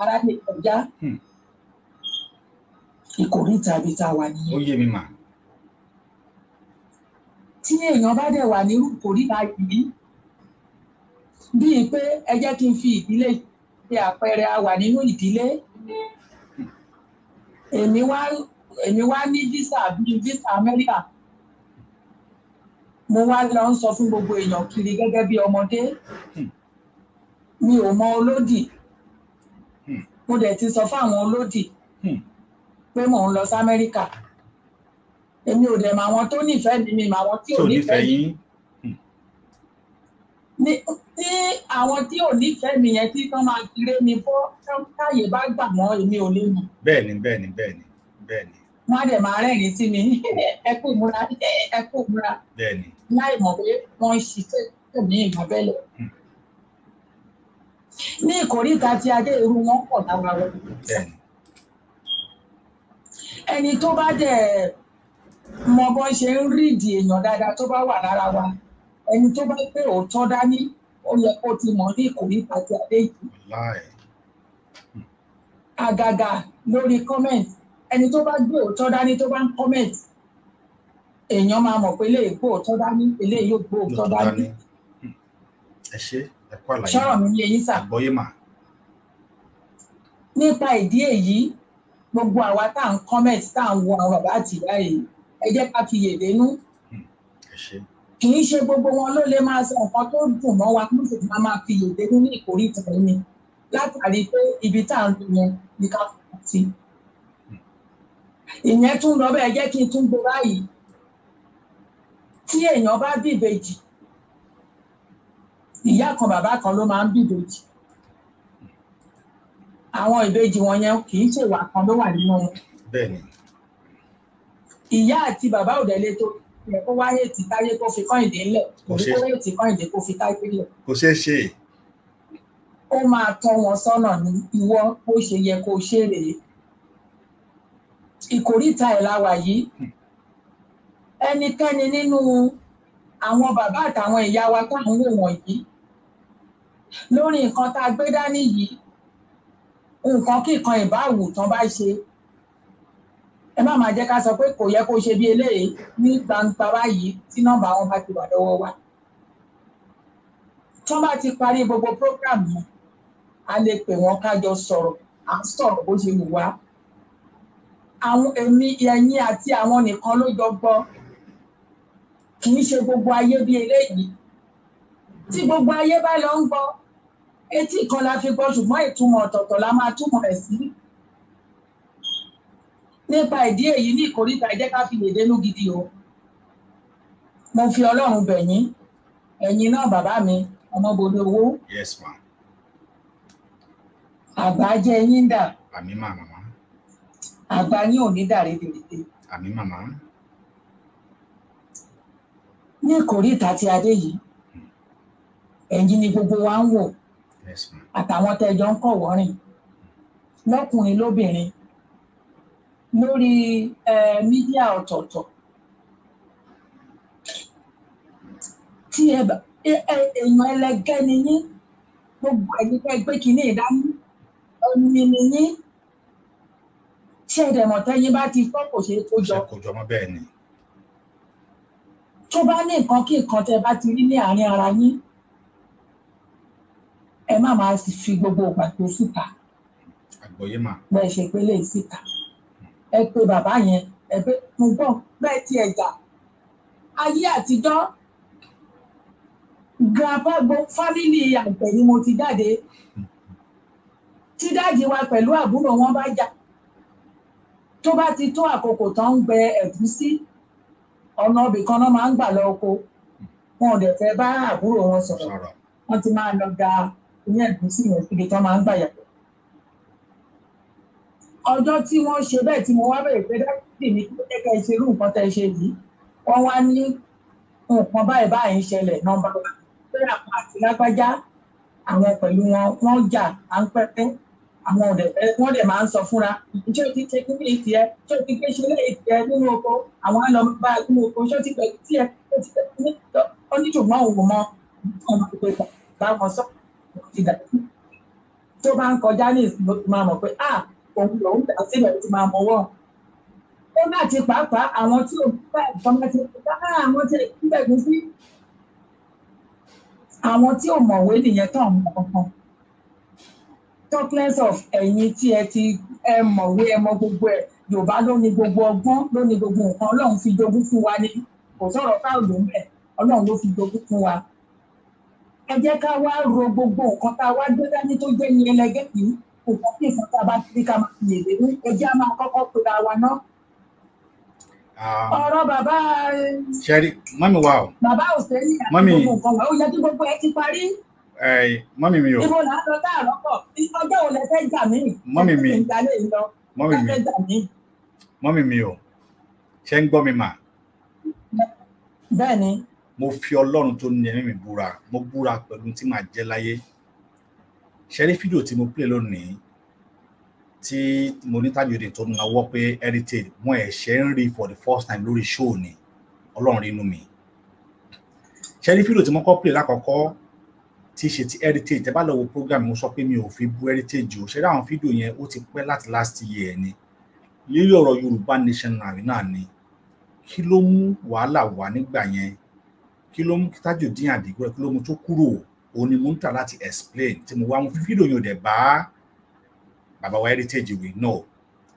ara lè kọjá. Hmm ìkórìtà ibi tá a wà nìyẹn. ó yé mi mà. tí èèyàn bá dẹ̀ wà nírú ìkórìtà yìí bíi pé ẹ jẹ́ kí n fi ìdílé ṣe àpẹẹrẹ a wà nínú ìdílé èmi wá èmi wá ní visa bíi visa Amẹ́ríkà mo wá lọ ń sọ fún gbogbo èèyàn kiri gẹ́gẹ́ bí ọmọdé mi ò mọ olódì hmm. mo dẹ̀ ti sọ fún àwọn olódì. Hmm pé mò ń lọ sí amẹ́ríkà èmi ò dẹ̀ mọ àwọn tó nífẹ̀ẹ́ mi mi mọ àwọn tí ò nífẹ̀ẹ́ yín ní àwọn tí ò nífẹ̀ẹ́ mi yẹn tí wọ́n máa kéré mi bọ́ káyè bá gbà mọ́ èmi ò lè mọ̀. bẹ́ẹ̀ni bẹ́ẹ̀ni bẹ́ẹ̀ni bẹ́ẹ̀ni. wọn á dẹ̀ máa rẹ́rìn sí mi <laughs> ẹ kú múra <laughs> ẹ kú múra láì mọ̀ pé wọ́n ń ṣiṣẹ́ tó ní ìmọ̀bẹ́lẹ̀. Hmm. ní ìkórìíta tí adé irú wọn pọ̀ lára wọn. bẹ́ẹ̀ni ẹni tó bá dẹ̀ mọ bó ṣe ń rídìí èèyàn dáadáa tó bá wà lára wa ẹni tó bá pé òótọ́ dání ó yẹ kó ti mọ̀ ní ìkòríta ti adé yìí. àgàgà lórí comment ẹni tó bá gbé òótọ́ dání tó bá ń comment èèyàn máa mọ̀ pé eléyìí gbó òótọ́ dání eléyìí yóò gbó òótọ́ dání. ẹ ṣe ẹ kó àlàyé sọ̀rọ̀ mi yé yín sà. àgbọ́yé mà. nípa ìdí èyí gbogbo àwa tá à ń comment tá à ń wo àwọn bàbá àti ìyá yìí ẹ jẹ́ ká fi yèdè nú. Hmm, kì í ṣe gbogbo wọn ló lè máa sọ nǹkan tó dùn mọ́ wa kó sì máa máa fi yèdè nú ní ìkórìtà ẹni látàrí pé ibi tá à ń lò yẹn ní ká fọ́ sí. ìyẹn tún lọ bẹ́ẹ̀ jẹ́ kí n tún gbé báyìí tí èèyàn bá bí ìbejì ìyá kan bàbá kan ló máa ń bí àwọn ìbejì wọn yẹn kì í ṣe ìwà kan ló wà nínú wọn. bẹ́ẹ̀ni. ìyá àti bàbá ò délé tó yẹ kó wáyé tí táyé kó fi kọ́hìndé ńlẹ̀ kò ṣe kó wáyé tí kọ́hìndé kó fi táyé ńlẹ̀. kò ṣeé ṣe. ó máa tọ́ wọn sọ́nà ní ìwọ bó ṣe yẹ kó ṣe rèé. ìkòríta ẹ̀ la wà yìí ẹnikẹ́ni nínú àwọn bàbá àtàwọn ìyá wa táwọn wò wọ̀nyí lórí nǹkan tá a gbé dání yìí nǹkan kíkan ìbáwò tán bá ṣe ẹ má máa jẹ́ ká sọ pé kò yẹ kó ṣe bí eléyìí ní gbangba báyìí tí nọ́mbà wọn bá ti wà lọ́wọ́ wa tí wọ́n bá ti parí gbogbo program yìí a lè pè wọ́n kájọ sọ̀rọ̀ à ń sọ̀rọ̀ bó ṣe wù wá àwọn èmi ẹ̀yin àti àwọn nìkan ló jọ gbọ́ kì í ṣe gbogbo ayé bí eléyìí tí gbogbo ayé bá lọ ń gbọ́ etí kan la fi gbọ́ ṣùgbọ́n ìtumọ̀ ọ̀tọ̀ọ̀tọ̀ la máa túmọ̀ ẹ̀ sí. nípa ìdí èyí ní ìkóríta ẹ jẹ́ ká fi lè dénú gidi o mo fi ọlọ́run bẹ̀ yín ẹ̀yin náà bàbá mi ọmọbodè owó. yes ma. àgbà jẹ́ yín dà. àmì màmá. àgbà yín ò ní dàrí dèrèdè. àmì màmá. ní ìkóríta ti adé yìí hmm. ẹ̀yin ni gbogbo wa ń wò àtàwọn tẹjọ ń kọ wọrin lọkùnrin lóbìnrin lórí mídíà ọ̀tọ̀ọ̀tọ̀ tí ẹ bá èèyàn ẹlẹgẹ́ ni yín gbogbo ẹ̀yin tẹ́ gbé kínní ìdání ẹni ni yín tí ẹ̀dẹ̀ mọ̀tẹ́yìn bá ti tọ́ kò ṣe é kójọ. kò jọ mọ́ bẹ́ẹ̀ ni. tó bá ní nǹkan kí nǹkan tẹ́ bá ti rí ní àárín ara yín ẹ má máa fi gbogbo pàtó síta bẹ́ẹ̀ ṣe pé lè síta ẹ pe bàbá yẹn ẹ pé mo gbọ́ bẹ́ẹ̀ ti ẹ̀jà ayé àtijọ́ grandpagbo fámìlì àgbẹ̀ ni mo ti jáde tí dáàdi wa pẹ̀lú àbúrò wọn bá jà tó bá ti tó àkókò tó ń gbẹ ẹ̀gúsí ọ̀nà ibìkan náà máa ń gbà lọ oko wọn ò dẹ̀ fẹ́ bá àbúrò wọn sọ̀rọ̀ wọ́n ti máa lọ ga ní àdìsí yẹn kí lètò máa ń gbà yàtọ̀. ọjọ́ tí wọ́n ṣe bẹ́ẹ̀ tí mo wá bẹ̀rẹ̀ pé dákìtì ní kí ẹ kẹ́ ẹ ṣe irú nǹkan tẹ́ ẹ ṣe yìí wọ́n wá ní nǹkan báyìí báyìí ń ṣẹlẹ̀ nọ́mbà pé àwọn àti lágbájá àwọn pẹ̀lú wọn wọ́n jà à ń pẹ́pẹ́ àwọn ọ̀dẹ̀ wọ́n dẹ̀ máa ń sọ fúnra ṣé o ti ṣe kí ní ìtì ṣé o ti gbé ṣe léyìí tì nínú oko àwọn àlọ́ bá nínú oko ṣé o ti gbẹ̀gbẹ̀ tí ṣé o ti gbẹ̀gbẹ̀ ní ìtọ́ ó ní ṣùgbọ́n òun mọ ọmọ ìpè bá wọn sọ̀rọ̀ tó bá ń kọjá ní ìsinmi tó máa mọ̀ pé à òun lòun dà sílẹ̀ tó máa mọ̀wọ́ ó náà ti pàápàá àwọn tí òun bá ẹ̀fọn bá ti bá àwọn tí ń bẹ̀gùn sí àwọn tí ò mọ̀wé nìyẹn tó ń mọ̀ kankan talkless of ẹ̀yin tí ẹ ti ẹ mọ̀wé ẹ mọ̀ gbogbo ẹ̀ Yorùbá ló ní gbogbo ọgbọ́n ló ní gbogbo nǹkan Ọlọ́run fi jogún fún wa ní kò sọ̀rọ̀ káàdùn bẹ́ẹ̀ Ọlọ́run ló fi jogún fún wa ẹ jẹ́ ká wá ro gbogbo nǹkan tá a wá gbé dání tó jẹ́ ní ẹlẹgẹ́ yìí kò kọ́ sí nǹkan tá a bá ti ká máa lè lérú ẹ jẹ́ a máa kọ́kọ́ pera wa ná. Ah. ọ̀rọ̀ bàbá. sẹ́rí mọ́mí wa o. bàbá ò sẹ́yìn àti gbogbo nǹkan wa ó yẹ kí gbogbo ẹ ti parí. mọ́mí mi o. ibo là ń lọ a rọ́pọ̀ ọjọ́ ò lẹ fẹ́ jà mí. mọ́mí mi mọ́mí mi mọ́mí mi o ṣé ń gbọ́ mi mà. bẹ́ẹ̀ ni mo fi ọlọ́run tó ní ẹ̀mí mi búra mo búra pẹ̀lú tí màá jẹ́ láyé ṣẹ́rí fídíò tí mo play lónìí tí mo ní tajòdè tó nawọ́ pé heritage mo ẹ̀ ṣe ń rí for the first time lórí show ni ọlọ́run rí inú mi ṣẹ́rí fídíò tí mo kọ́ play lákọ̀ọ́kọ́ tí ṣe ti heritage tẹ́ bá lọ wo program mo sọ pé mi ò fi bú heritage o ṣẹ́rí àwọn fídíò yẹn ó ti pẹ́ láti last year ni lílé ọ̀rọ̀ yorùbá nation náà ni kí ló mú wàhálà wà nígbà yẹn kí ló mú kí Tajudeen Adigun kí ló mú tó kúrò òun ni mo ń tà láti explain tí mo wá mú fídíò yẹn ò bá bàbá wa heritage ìwé náà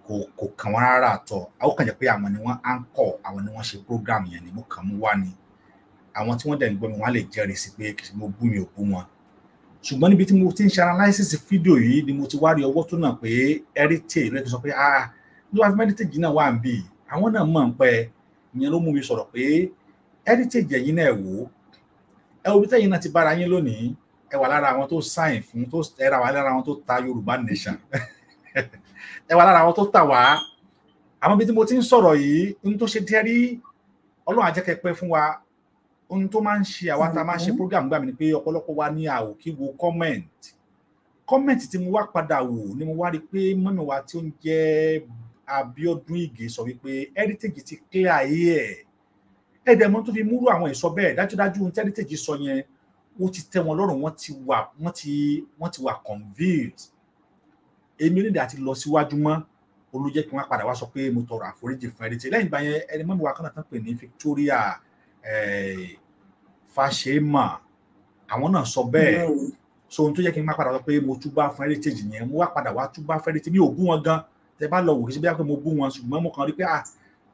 kò kò kàn wọ́n rárá àtọ̀ àwọn kan jẹ́ pé àwọn ni wọ́n á ń kọ̀ àwọn ni wọ́n ṣe program yẹn ni mo kàn mú wá ni àwọn tí wọ́n dẹ̀ ń gbọ́ mi wọ́n á lè jẹ́rìí sí pé kì í mo bú mi ò bú wọn ṣùgbọ́n níbi tí mo ti ń ṣe analysis fídíò yìí ni mo ti wá rí ọwọ́ tó náà pé heritage lẹ́tọ̀ sọ pé ah ló wá fi heritage náà wà ń bì àwọn náà mọ̀ ń pẹ́ ìyẹn ló mú mi sọ̀rọ̀ pé heritage ẹ̀yin náà wò ó ẹ wo bí tẹ́yìn náà ti bára yín lónìí ẹ wà lára àwọn tó sáìn fún tó ẹ wà lára àwọn tó ta Yorùbá nation <laughs> ẹ wà lára àwọn tó tà wá àwọn ibi tí mo ti ń sọ̀rọ̀ yìí ohun tó ṣe díẹ̀ rí Ọlọ́run àjẹkẹ́ pẹ́ fún wa ohun tó máa ń ṣe àwa tá a máa ṣe program gbà mí ni pé ọ̀pọ̀lọpọ̀ wa ní àwò kí wo comment comment tí mo wá padà wò ni mo wá rí i pé mọ́mí wa tí ó ń jẹ́ Abíọ́dún Ìgè sọ wípé heritage ti clear yìí ẹ̀ ẹdẹmọ tó fi múrú àwọn ìsọ bẹ́ẹ̀ dájúdájú tẹrítẹjì sọ yẹn ó ti tẹ́ wọn lọ́rùn wọ́n ti wà wà convinced èmi nídìí àti lọ síwájú mọ́ olójẹ kí wọ́n padà wá sọ pé mo tọrọ àforíjì fún ẹni tí ìgbà yẹn ẹni mọ́mi wa kọ́nà tán pè ní Victoria eh, Fashema àwọn náà sọ bẹ́ẹ̀ hmm. so ohun tó yẹ kí n má padà sọ pé mo túbá fún heritage yẹn mo wá padà wá túbá fún heritage mi ò bú wọn gan tẹ bá lọ wò kí ṣe bí wọ́n bú wọn ṣùgbọ́n mo kàn rí pé ah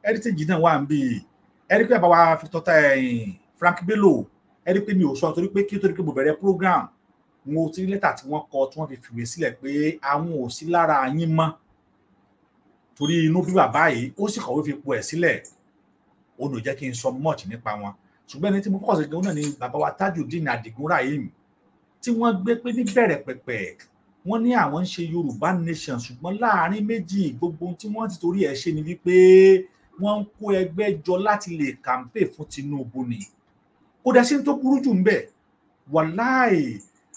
heritage náà wà ń bíi ẹ rí pé bàbá fi tọ́ta ẹ̀yìn Frank Bello ẹ rí pé mi ò sọ torí pé kí torí pé mo bẹ̀rẹ̀ program mo ti rí lẹ́tà tí wọ́n kọ tí wọ́n fi fìwé sílẹ̀ pé àwọn ò sí lára yín mọ́ torí inú bí bàbá yìí ó sì kọ̀wé fi po ẹ̀ sílẹ̀ ó lò jẹ́ kí n sọ much nípa wọn ṣùgbọ́n ẹni tí mo kọ̀ sí gan náà ni bàbá wa Tajudeen Adigun Raheem tí wọ́n gbé pé níbẹ̀rẹ̀ pẹ̀pẹ̀ wọ́n ní àwọn ń ṣe Yorùbá nation ṣùgbọ́n láàárín méjì gbogbo tí wọ́n ti torí ẹ̀ ṣe ni wípé wọ́n ń kó ẹgbẹ́ jọ láti lè kàǹpè fún Tinubu ni kò dẹ̀ sí ní tó burú jù ń bẹ̀ wàláì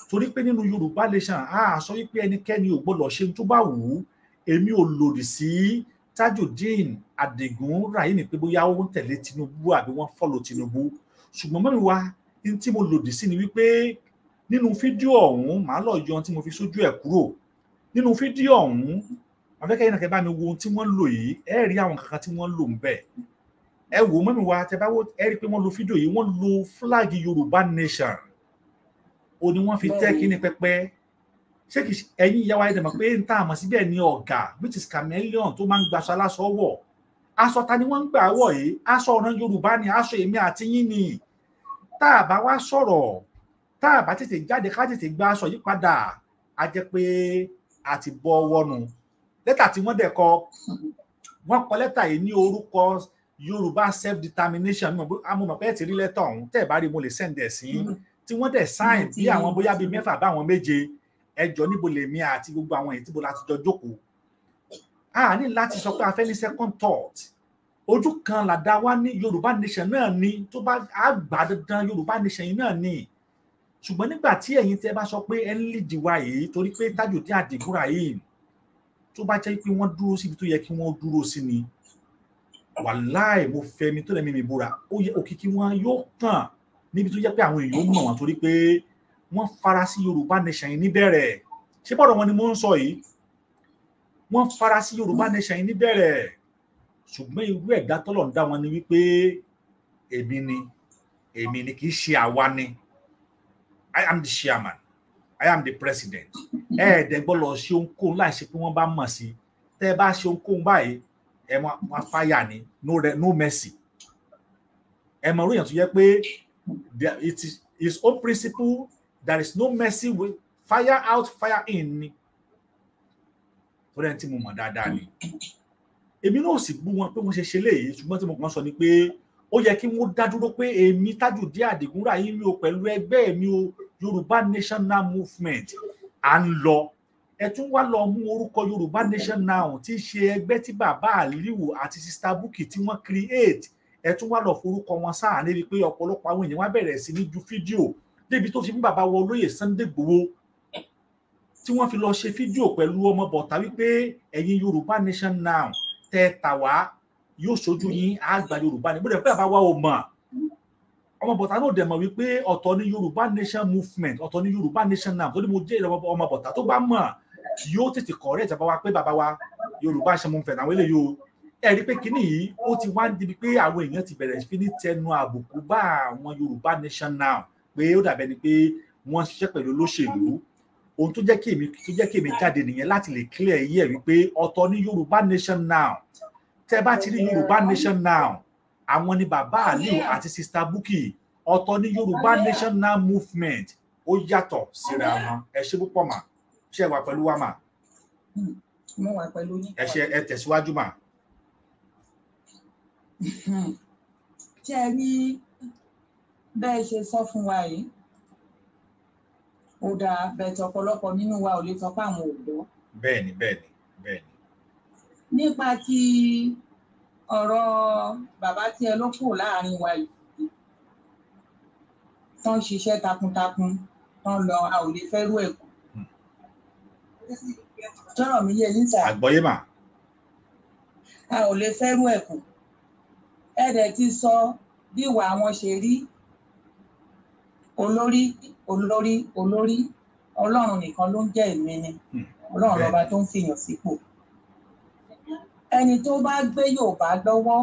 torí pé nínú Yorùbá nation a sọ wípé ẹnikẹ́ni ò gbọ́dọ̀ ṣe tó bá wù ú èmi ò lòdì sí Tajudeen Adigun Raheem pé bóyá ó ń tẹ̀lé Tinubu àbí wọ́n fọ́lọ̀ Tinubu ṣùgbọ́n mọ́mi wa ní tí mo lòdì sí ni wípé nínú fídíò ọ̀hún màá lọ yọ ohun tí mo fi sójú ẹ̀ kúrò nínú fídíò ọ̀hún afẹ́kẹ́ yìí náà kẹ́ bá mi wo ohun tí wọ́n lò yìí ẹ rí àwọn kankan tí wọ́n lò ń bẹ̀ ẹ wò mọ́mí wa tẹ bá wò ẹ rí pé wọ́n lo fídíò yìí wọ́n lo flag Yorùbá nation o ni wọ́n fi tẹ́ kíní pẹpẹ ṣé kì ẹ̀yin ìyá wa yẹn mọ̀ pé n tá àmọ̀ síbẹ̀ ni ọ̀gá which is chameleon tó máa ń gbaṣọ aláṣọ wọ̀ aṣọ ta ni wọ́n ń gbà wọ̀ yìí aṣọ ọ̀ràn Yorùbá ni aṣọ èmi àti yín ni tá a bá wá sọ̀rọ̀ tá a bá tètè jáde ká tètè gba aṣọ yìí padà á jẹ́ pé a ti bọ́ wọ́nu lẹ́tà tí wọ́n dẹ̀ kọ wọ́n kọ lẹ́tà yìí ní orúkọ yorùbá self determination amọ̀mọ̀ pé ẹ ti rí lẹ́tà ọ̀hún tẹ́ ẹ bá rí mo lè send ẹ̀ sí mm-hmm. tí wọ́n dẹ̀ sign bí àwọn bóyá bíi mẹ́fà bá àwọn méje ẹjọ́ níbo lèmi àti gbogbo àwọn èyí tí mo láti jọ jókòó a ní láti sọ pé a fẹ́ ní second thought ojú kan làdá wa ní yorùbá nation náà ni tó bá àgbà dandan yorùbá nation yìí náà ni ṣùgbọ́n nígbà tí ẹ̀yin tẹ́ bá sọ pé ẹ ń lìdí wa yìí torí pé Tajudeen Àdìgúnra yìí tó bá jẹ́ pé wọ́n dúró síbi tó yẹ kí wọ́n dúró sí ni wàláì mo fẹ́ ni tó lẹ́mí mi búra ó yẹ òkìkí wọn yóò kàn níbi tó yẹ pé àwọn èèyàn mọ̀ wọ́n torí pé wọ́n fara sí Yorùbá nation yìí níbẹ̀rẹ̀ ṣé bọ́dọ̀ wọn ni mo ń sọ yìí wọ́n fara sí Yorùbá nation yìí níbẹ̀rẹ̀ ṣùgbọ́n irú ẹ̀dá tọ́lọ̀ ń dá wọn ni wípé èmi ni èmi ni kì í ṣe àwa ni I am the chairman i am the president ẹ ẹ dẹgbọ́ lọ ṣe ohunkóhun láì ṣe pé wọ́n bá mọ̀ sí tẹ́ ẹ bá ṣe ohunkóhun báyìí ẹ máa fáyà ni no re no mercy ẹ mọ̀ orí èèyàn tó yẹ pé it is his own principle there is no mercy We fire out fire in ni tó dẹ́n tí mo mọ̀ dáadáa ni èmi náà sì bú wọn pé wọ́n ṣe ṣe léyìí ṣùgbọ́n tí mo kàn sọ ni pé ó yẹ kí wọ́n dá dúró pé èmi Tajudeen Adigunra yìí mi ò pẹ̀lú ẹgbẹ́ mi o yorùbá National movement à ń lọ ẹ tún wá lọ mú orúkọ yorùbá nation now tí í ṣe ẹgbẹ́ tí bàbá aliu àti sista bukki tí wọ́n create ẹ tún wá lọ forúkọ wọn sáàárín rí i pé ọ̀pọ̀lọpọ̀ àwọn èèyàn wá bẹ̀rẹ̀ sí ní ju fídíò débi tó fi mú bàbá wọ olóyè Sunday Igboho tí wọ́n fi lọ ṣe fídíò pẹ̀lú ọmọ bọ̀tà wípé ẹ̀yin yorùbá nation now tẹ́ yóò ṣojú yín àgbà yorùbá ni bó dẹ̀ pé bàbá wa ò mọ̀ ọmọ bọ̀tà náà dẹ̀ mọ̀ wípé ọ̀tọ̀ ni yorùbá nation movement ọ̀tọ̀ ni yorùbá nation now torí mo jẹ́ ọmọ bọ̀tà tó bá mọ̀ tí yóò tètè correct bàbá wa pé bàbá wa yorùbá nation movement àwọn eléyìí o ẹ rí pé kínní yìí ó ti wá ń dibi pé àwọn èèyàn ti bẹ̀rẹ̀ sí ní tẹnu àbùkù bá àwọn yorùbá nation now pé ó dàbẹ́ ni pé wọ́n ṣiṣẹ́ pẹ̀lú olóṣèlú ohun tó jẹ́ kí èmi tó jẹ́ kí èmi jáde nìyẹn láti lè clear yẹ̀ wípé ọ̀tọ̀ ni yorùbá nation now tẹ́ bá ti rí yorùbá nation now àwọn ni bàbá aliu àti sista bukki ọ̀tọ̀ ní yorùbá national movement ó yàtọ̀ síra wọn ẹ ṣe púpọ̀ mà ṣe wà pẹ̀lú wa mà ẹ ṣe ẹ tẹ̀síwájú mà. tí ẹ ní bẹ́ẹ̀ ṣe sọ fún wa yìí ó dáa bẹ́ẹ̀ tí ọ̀pọ̀lọpọ̀ nínú wa ò lè tọ́ àwọn ọ̀dọ́. bẹ́ẹ̀ni bẹ́ẹ̀ni bẹ́ẹ̀ni. nípa ti. Tí ọ̀rọ̀ bàbá tí ẹ ló kù láàrin wa yìí tán ṣiṣẹ́ takuntakun tán lọ a ò lè fẹ́rú ẹ̀ kù. tọ́rọ̀ mi yé yín sà. àgbọ́yé mà. a ò lè fẹ́rú ẹ̀ kù. ẹ dẹ̀ ti sọ bí ìwà wọn ṣe rí olórí olórí olórí ọlọ́run nìkan ló ń jẹ́ ìmíní hmm. ọlọ́run lọ́ba tó ń fìyàn sípò ẹni tó bá gbé Yorùbá lọ́wọ́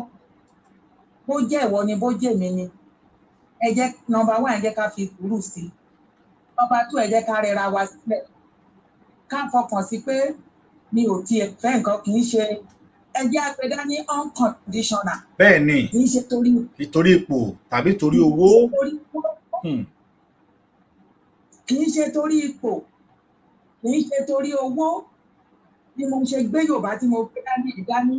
bó jẹ́ ìwọ ni bó jẹ́ mi ni ẹ jẹ́ nọ́mbà wá ẹ jẹ́ ká fi kúrú sí nọ́mbà tó ẹ jẹ́ ká rẹra wa sílẹ̀ ká fọkàn sí pé mi ò tiẹ̀ fẹ́ nǹkan kì í ṣe ẹ jẹ́ àpẹdá ní unconditional. bẹ́ẹ̀ ni kì í ṣe torí ìtorí ipò tàbí torí owó hmm. kì í ṣe torí ipò kì í ṣe torí owó ni mo ṣe gbé Yorùbá tí mo gbé dání dání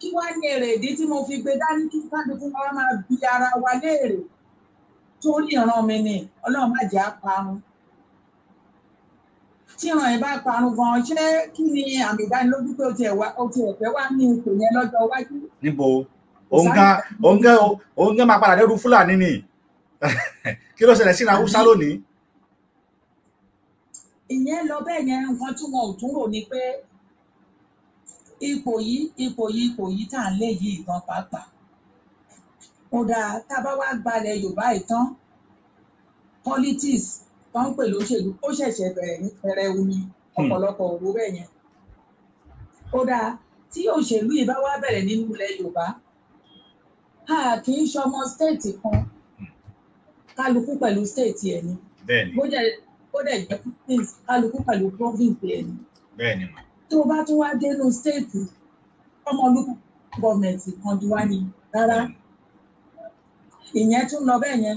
kí wá ní èrè ìdí tí mo fi gbé dání kí káàdì fún wa máa bi ara wa léèrè torí ìran mi ni Ọlọ́run má jẹ́ àparun tí ìran yẹn bá parun gan ṣé kí ni àmì ìdánilójú pé o tiẹ̀ wá o tiẹ̀ fẹ́ wá ní ipò yẹn lọ́jọ́ iwájú. níbo òǹkà òǹkà òǹkà máa padà dẹ́rù Fúlàní ni <laughs> kí ló ṣẹlẹ̀ sí ìnáwó lónìí. ìyẹn lọ bẹ́ẹ̀ yẹn nǹkan tí wọn tún rò ni pé ipò yìí ipò yìí ipò yìí tá à ń lé yìí gan pàápàá ó dáa tá a bá wá gbalẹ̀ yorùbá ìtàn politics tó ń pè lóṣèlú ó ṣẹ̀ṣẹ̀ bẹ̀rẹ̀ ní pẹrẹwu ni hmm. ọ̀pọ̀lọpọ̀ òwò bẹ̀ yẹn ó dáa tí òṣèlú yìí bá wá bẹ̀rẹ̀ nínú ilẹ̀ yorùbá a kì í ṣọmọ stéètì kan kálukú pẹ̀lú stéètì ẹ̀ ni bó dẹ̀ jẹ́ kálukú pẹ̀lú province ẹ̀ ni. bẹ́ẹ̀ ni mà tó o bá tún wá dénú stéètì ọmọlúkú gọọmenti kan ti wá ní rárá ìyẹn tún lọ bẹ́ẹ̀ yẹn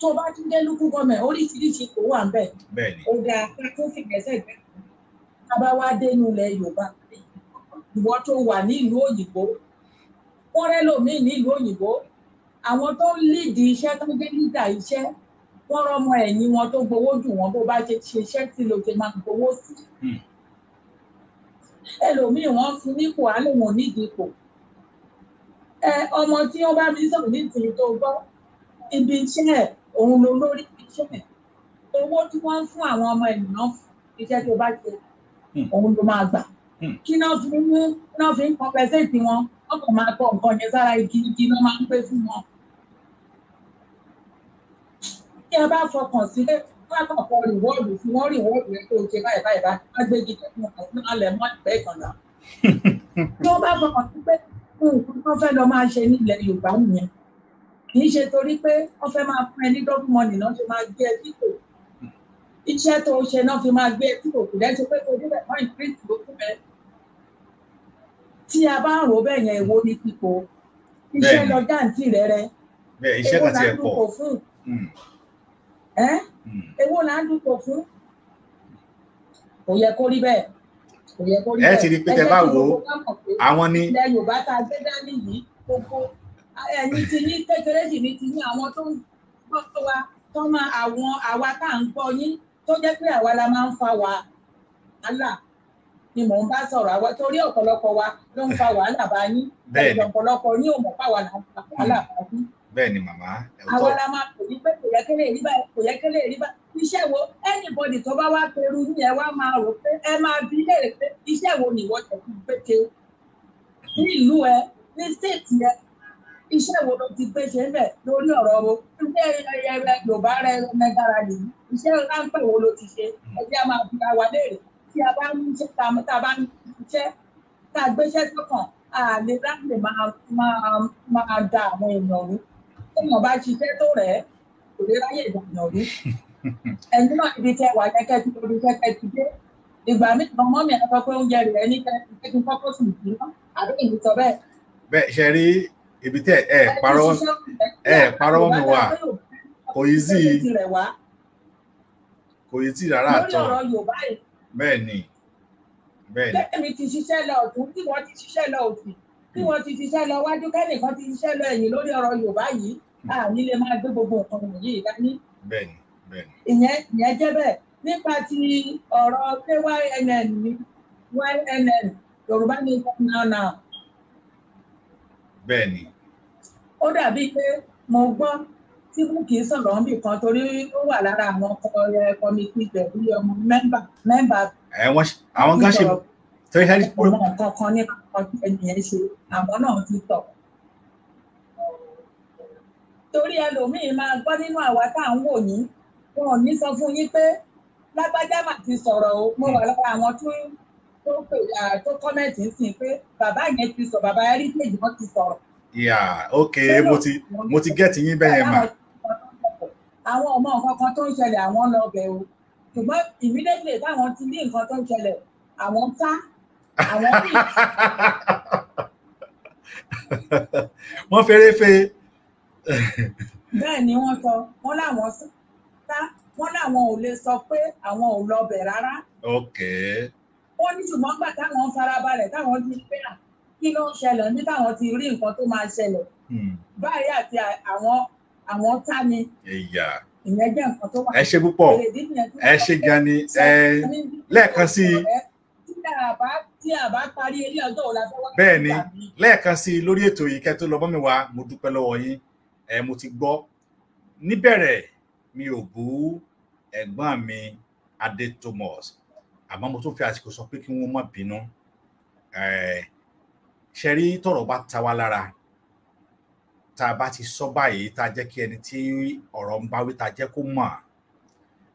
tó o bá tún dé lúkú gọọmenti oríṣiríṣi kò wà ńbẹ̀ ó dáa ká tún fìgbẹ́sẹ̀ gbẹ́ ká bá wá dénú ilẹ̀ Yorùbá ìwọ tó wà ní ìlú òyìnbó wọ́n rẹ́ lòmíì ní ìlú òyìnbó àwọn tó ń lídìí iṣẹ́ tó ń gbé lídà iṣẹ́ wọ́n rọmọ ẹ̀yìn wọn tó gbowó jù wọ́n bó bá ṣe ṣiṣẹ́ tí lo ṣe máa gbowó sí hmm ẹlòmíì wọ́n fún nípò àlòmọ̀ nídìí ipò ẹ ọmọ tí wọ́n bá fi sọ̀rọ̀ nídìí tó gbọ́ ibi iṣẹ́ ẹ̀ òun ló lórí iṣẹ́ ẹ̀ owó tí wọ́n ń fún àwọn ọmọ ènìyàn iṣẹ́ tó bá ṣe hmm. òun ló máa gbà hmm. kí náà fi mú náà fi ń compensate wọn wọ́n kò máa kọ nǹkan yẹn sára igi igi náà máa ń pè fún wọn. tí ẹ bá fọkàn sílé káàkó ọ̀pọ̀ rìwọ́ọ̀dù fún wọn rìwọ́ọ̀dù rẹ tó ṣe báyìí báyìí báyìí wọ́n gbé igi tẹ̀kún ọ̀hún alẹ̀ mọ́ ìpẹ́ ìkànnà. tí wọ́n bá gbọ́kàn sí pé nǹkan tó fẹ́ lọ máa ṣe nílẹ̀ Yorùbá nìyẹn kì í ṣe torí pé wọ́n fẹ́ máa fún ẹ ní dọ́kúmọ̀nì náà ṣe máa gbé ẹ dípò iṣẹ́ tó ṣe náà fi máa gbé ẹ dípò kò dẹ́ ṣe pé kò dé bẹ̀ mọ́ ìpírìtì ẹ hmm. èwo là ń dúpọ̀ fún kò yẹ kó rí bẹ́ẹ̀ kò yẹ kó rí bẹ́ẹ̀ ẹ ti rí pé bá wò àwọn ni ilẹ̀ Yorùbá tá a gbé dání yìí gbogbo ẹ̀yin ti ní kékeré sì ni ti ní àwọn tó ń gbọ́ wa tó máa àwọn àwa tá à ń gbọ́ yín tó jẹ́ pé àwa la máa ń fa wàhálà ni mò ń bá sọ̀rọ̀ àwa torí ọ̀pọ̀lọpọ̀ wa ló ń fa wàhálà bá yín ọ̀pọ̀lọpọ̀ yín ò mọ̀ pàwàlà wàhálà bá yín bẹ́ẹ̀ ni màmá. àwa la máa pè ní pé kò yẹ kẹ́lẹ́ rí báyìí kò yẹ kẹ́lẹ́ rí báyìí iṣẹ́ wo anybody tó bá wá peru yẹn wá máa rò pé ẹ máa bí léèrè pé iṣẹ́ wo nìwọ tẹ̀ fún pété ní ìlú ẹ ní stéètì ẹ iṣẹ́ wo ló ti gbé ṣe bẹ̀ lórí ọ̀rọ̀ wo ilé ẹ̀rẹ̀ yorùbá rẹ mẹ́tara nìyí iṣẹ́ ráńpẹ́ wo ló ti ṣe hmm. ẹ̀jẹ̀ a máa fi àwa léèrè tí a bá ń ṣe tá a bá ń ṣe tá a gbéṣẹ́ tó kàn láti máa máa máa da àwọn èèyàn rú téèyàn bá ṣiṣẹ́ tó rẹ̀ kò lè ráyè ìdàgbà rí ẹni náà ibi tẹ wà kẹkẹ tí o di kẹkẹ ti dé ìgbà mi kan mọ́ mi àtọ́ pé oúnjẹ rẹ̀ ní kẹkẹ tí kọ́kọ́ sùn sí náà àbí ìlú sọ bẹ́ẹ̀. bẹ́ẹ̀ ṣe rí ibi tẹ ẹ parọ́ ẹ parọ́ mi wà kò yí sí kò yí sí rárá àtọ bẹ́ẹ̀ ni bẹ́ẹ̀ ni. bẹ́ẹ̀ mi ti ṣiṣẹ́ lọ òtún tí wọ́n ti ṣiṣẹ́ lọ òtún kí wọ́n ti ṣiṣẹ́ lọ wájú kẹ́nìkan ti ṣiṣẹ́ lọ ẹ̀yìn lórí ọ̀rọ̀ Yorùbá yìí a ní lè máa gbé gbogbo nǹkan wọ̀nyí dání. bẹ́ẹ̀ni bẹ́ẹ̀ni. ìyẹn ìyẹn jẹ́ bẹ́ẹ̀ nípa ti ọ̀rọ̀ pé YNN ni YNN Yorùbá ní nana. bẹ́ẹ̀ni. ó dàbí pé mo gbọ́ tí wọn kì í sọ̀rọ̀ níbì kan torí ó wà lára àwọn kọ́mítì pẹ̀lú ọmọ mẹ́mbà. ẹ àwọn gáṣẹ́ three hundred. ọ̀pọ̀lọpọ̀ kọ̀ọ̀kan nípa ọdún ẹnìyẹn ṣe àwọn náà ti tọ̀. torí ẹlòmíì máa gbọ́ nínú àwa tá à ń wò yín wọn ò ní sọ fún yín pé lágbájá mà ti sọ̀rọ̀ o mo wà lára àwọn tó tó pè tó kọ́mẹ̀tì sí pé bàbá yẹn ti sọ bàbá heritage wọn ti sọ̀rọ̀. yà ok mo ti mo ti gẹ́ẹ̀tì yín bẹ́ẹ̀ yẹn mà. àwọn ọmọ nǹkan kan tó ń ṣẹlẹ̀ àwọn lọ bẹ̀ o ṣùgbọ́n immediately táwọn ti ní nǹkan tó ń ṣẹlẹ̀ àwọn ká wọ́n fèrè fe. bẹ́ẹ̀ ni wọ́n sọ wọ́n láwọn sá wọ́n láwọn ò lè sọ pé àwọn ò lọ bẹ̀ rárá. ok. wọ́n ní ṣùgbọ́n gbà táwọn farabalẹ̀ táwọn ti pé à kí ló ń ṣẹlẹ̀ ní táwọn ti rí nǹkan tó máa ṣẹlẹ̀. báyìí àti àwọn àwọn tá ni. ẹ̀yà ìyẹn jẹ́ nǹkan tó wà. ẹ ṣe púpọ̀ ẹ ṣe gan ẹ lẹ́ẹ̀kan sí i bẹ́ẹ̀ ni lẹ́ẹ̀kan sí i lórí ètò yìí kẹ́ tó lọ bọ́ mi wá mo dúpẹ́ lọ́wọ́ yín ẹ mo ti gbọ́ níbẹ̀rẹ̀ mi ò bú ẹ̀gbọ́n mi Adé Thomas àmọ́ mo tún fi àsìkò sọ pé kí wọ́n má bínú ṣe rí tọ́rọ̀ bá ta wá lára tá a bá ti sọ báyìí tá a jẹ́ kí ẹni tí ọ̀rọ̀ ń bá wí tá jẹ́ kó mọ̀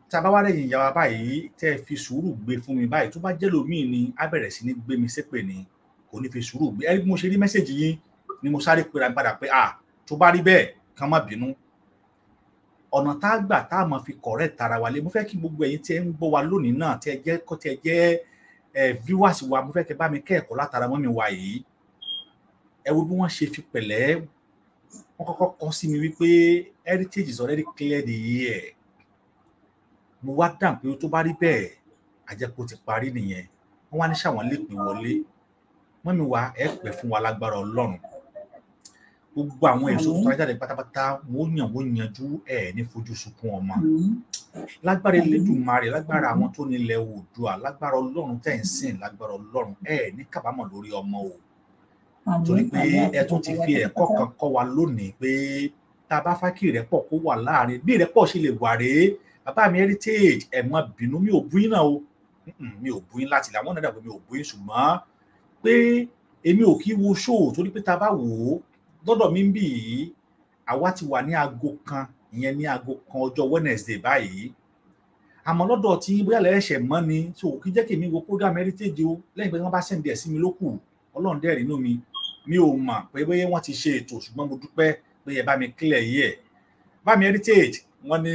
tá a bá wá rẹ̀yìn ìyá wa báyìí tẹ́ ẹ fi sùúrù gbé fún mi báyìí tó bá jẹ́ lómìn ni á bẹ̀rẹ̀ sí ní gbé mi sépè ni kò ní fi sùúrù gbé ẹni mo ṣe rí mẹ́sẹ̀gì yín ni mo sáré pera padà pé à tó bá rí bẹ́ẹ̀ kàn má bínú ọ̀nà tá a gbà tá a máa fi kọ̀rẹ́ tara wa lé mo fẹ́ kí gbogbo ẹ̀yin tí ẹ ń gbọ́ wa lónìí náà tí ẹ jẹ́ kọ́ tí jẹ́ ẹ viewers wa mo fẹ́ kẹ́ bá mi kẹ́ẹ̀kọ́ látara mọ́ mi wà yìí ẹ wo bí wọ́n ṣe fi pẹ̀lẹ́ wọ́n kọ́kọ́ kọ́ sí mi wípé heritage is already clear the year mo wá dàn pé tó bá rí bẹ́ẹ̀ àjẹpọ ti parí nìyẹn wọn wá ní sàwọn lè wọlé wọn mi wá ẹ pẹ fún wa lágbára Ọlọ́run gbogbo àwọn èso tó rájáde pátápátá wọn ó yàn wọn yanjú ẹ ní fojú sunkún ọmọ lágbára Elédùmarè lágbára àwọn tó nílẹ̀ Oòduà lágbára Ọlọ́run tẹ ń sìn lágbára Ọlọ́run ẹ ní kábàámọ̀ lórí ọmọ o torí pé ẹ tún ti fi ẹ̀kọ́ kan kọ́ wa lónìí pé tá a bá fákì rẹ pọ kó wà láàrin bí rẹ pọ ṣe lè wà rèé bàbá mi heritage ẹ má bínú mi ò bú yín náà o mi ò bú yín láti làwọn náà dàgbà mi ò bú yín ṣùgbọ́n pé èmi ò kí wo ṣóò torí pé ta bá wò ó lọ́dọ̀ mi ń bì yìí àwa ti wà ní aago kan ìyẹn ní aago kan ọjọ́ Wednesday báyìí àmọ́ lọ́dọ̀ tí bóyá lẹ́ẹ̀ṣẹ̀ mọ́ ni so kí jẹ́ kí èmi wo program heritage o lẹ́yìn pé wọ́n bá sẹ̀ǹdẹ̀ sí mi lókù ọlọ́run dẹ́rìn inú mi mi ò mọ̀ pé bóyá wọ́n ti ṣe ètò ṣùgbọ́n mo dúpẹ́ pé ẹ bá mi clear yìí ẹ̀ bá mi heritage wọ́n ní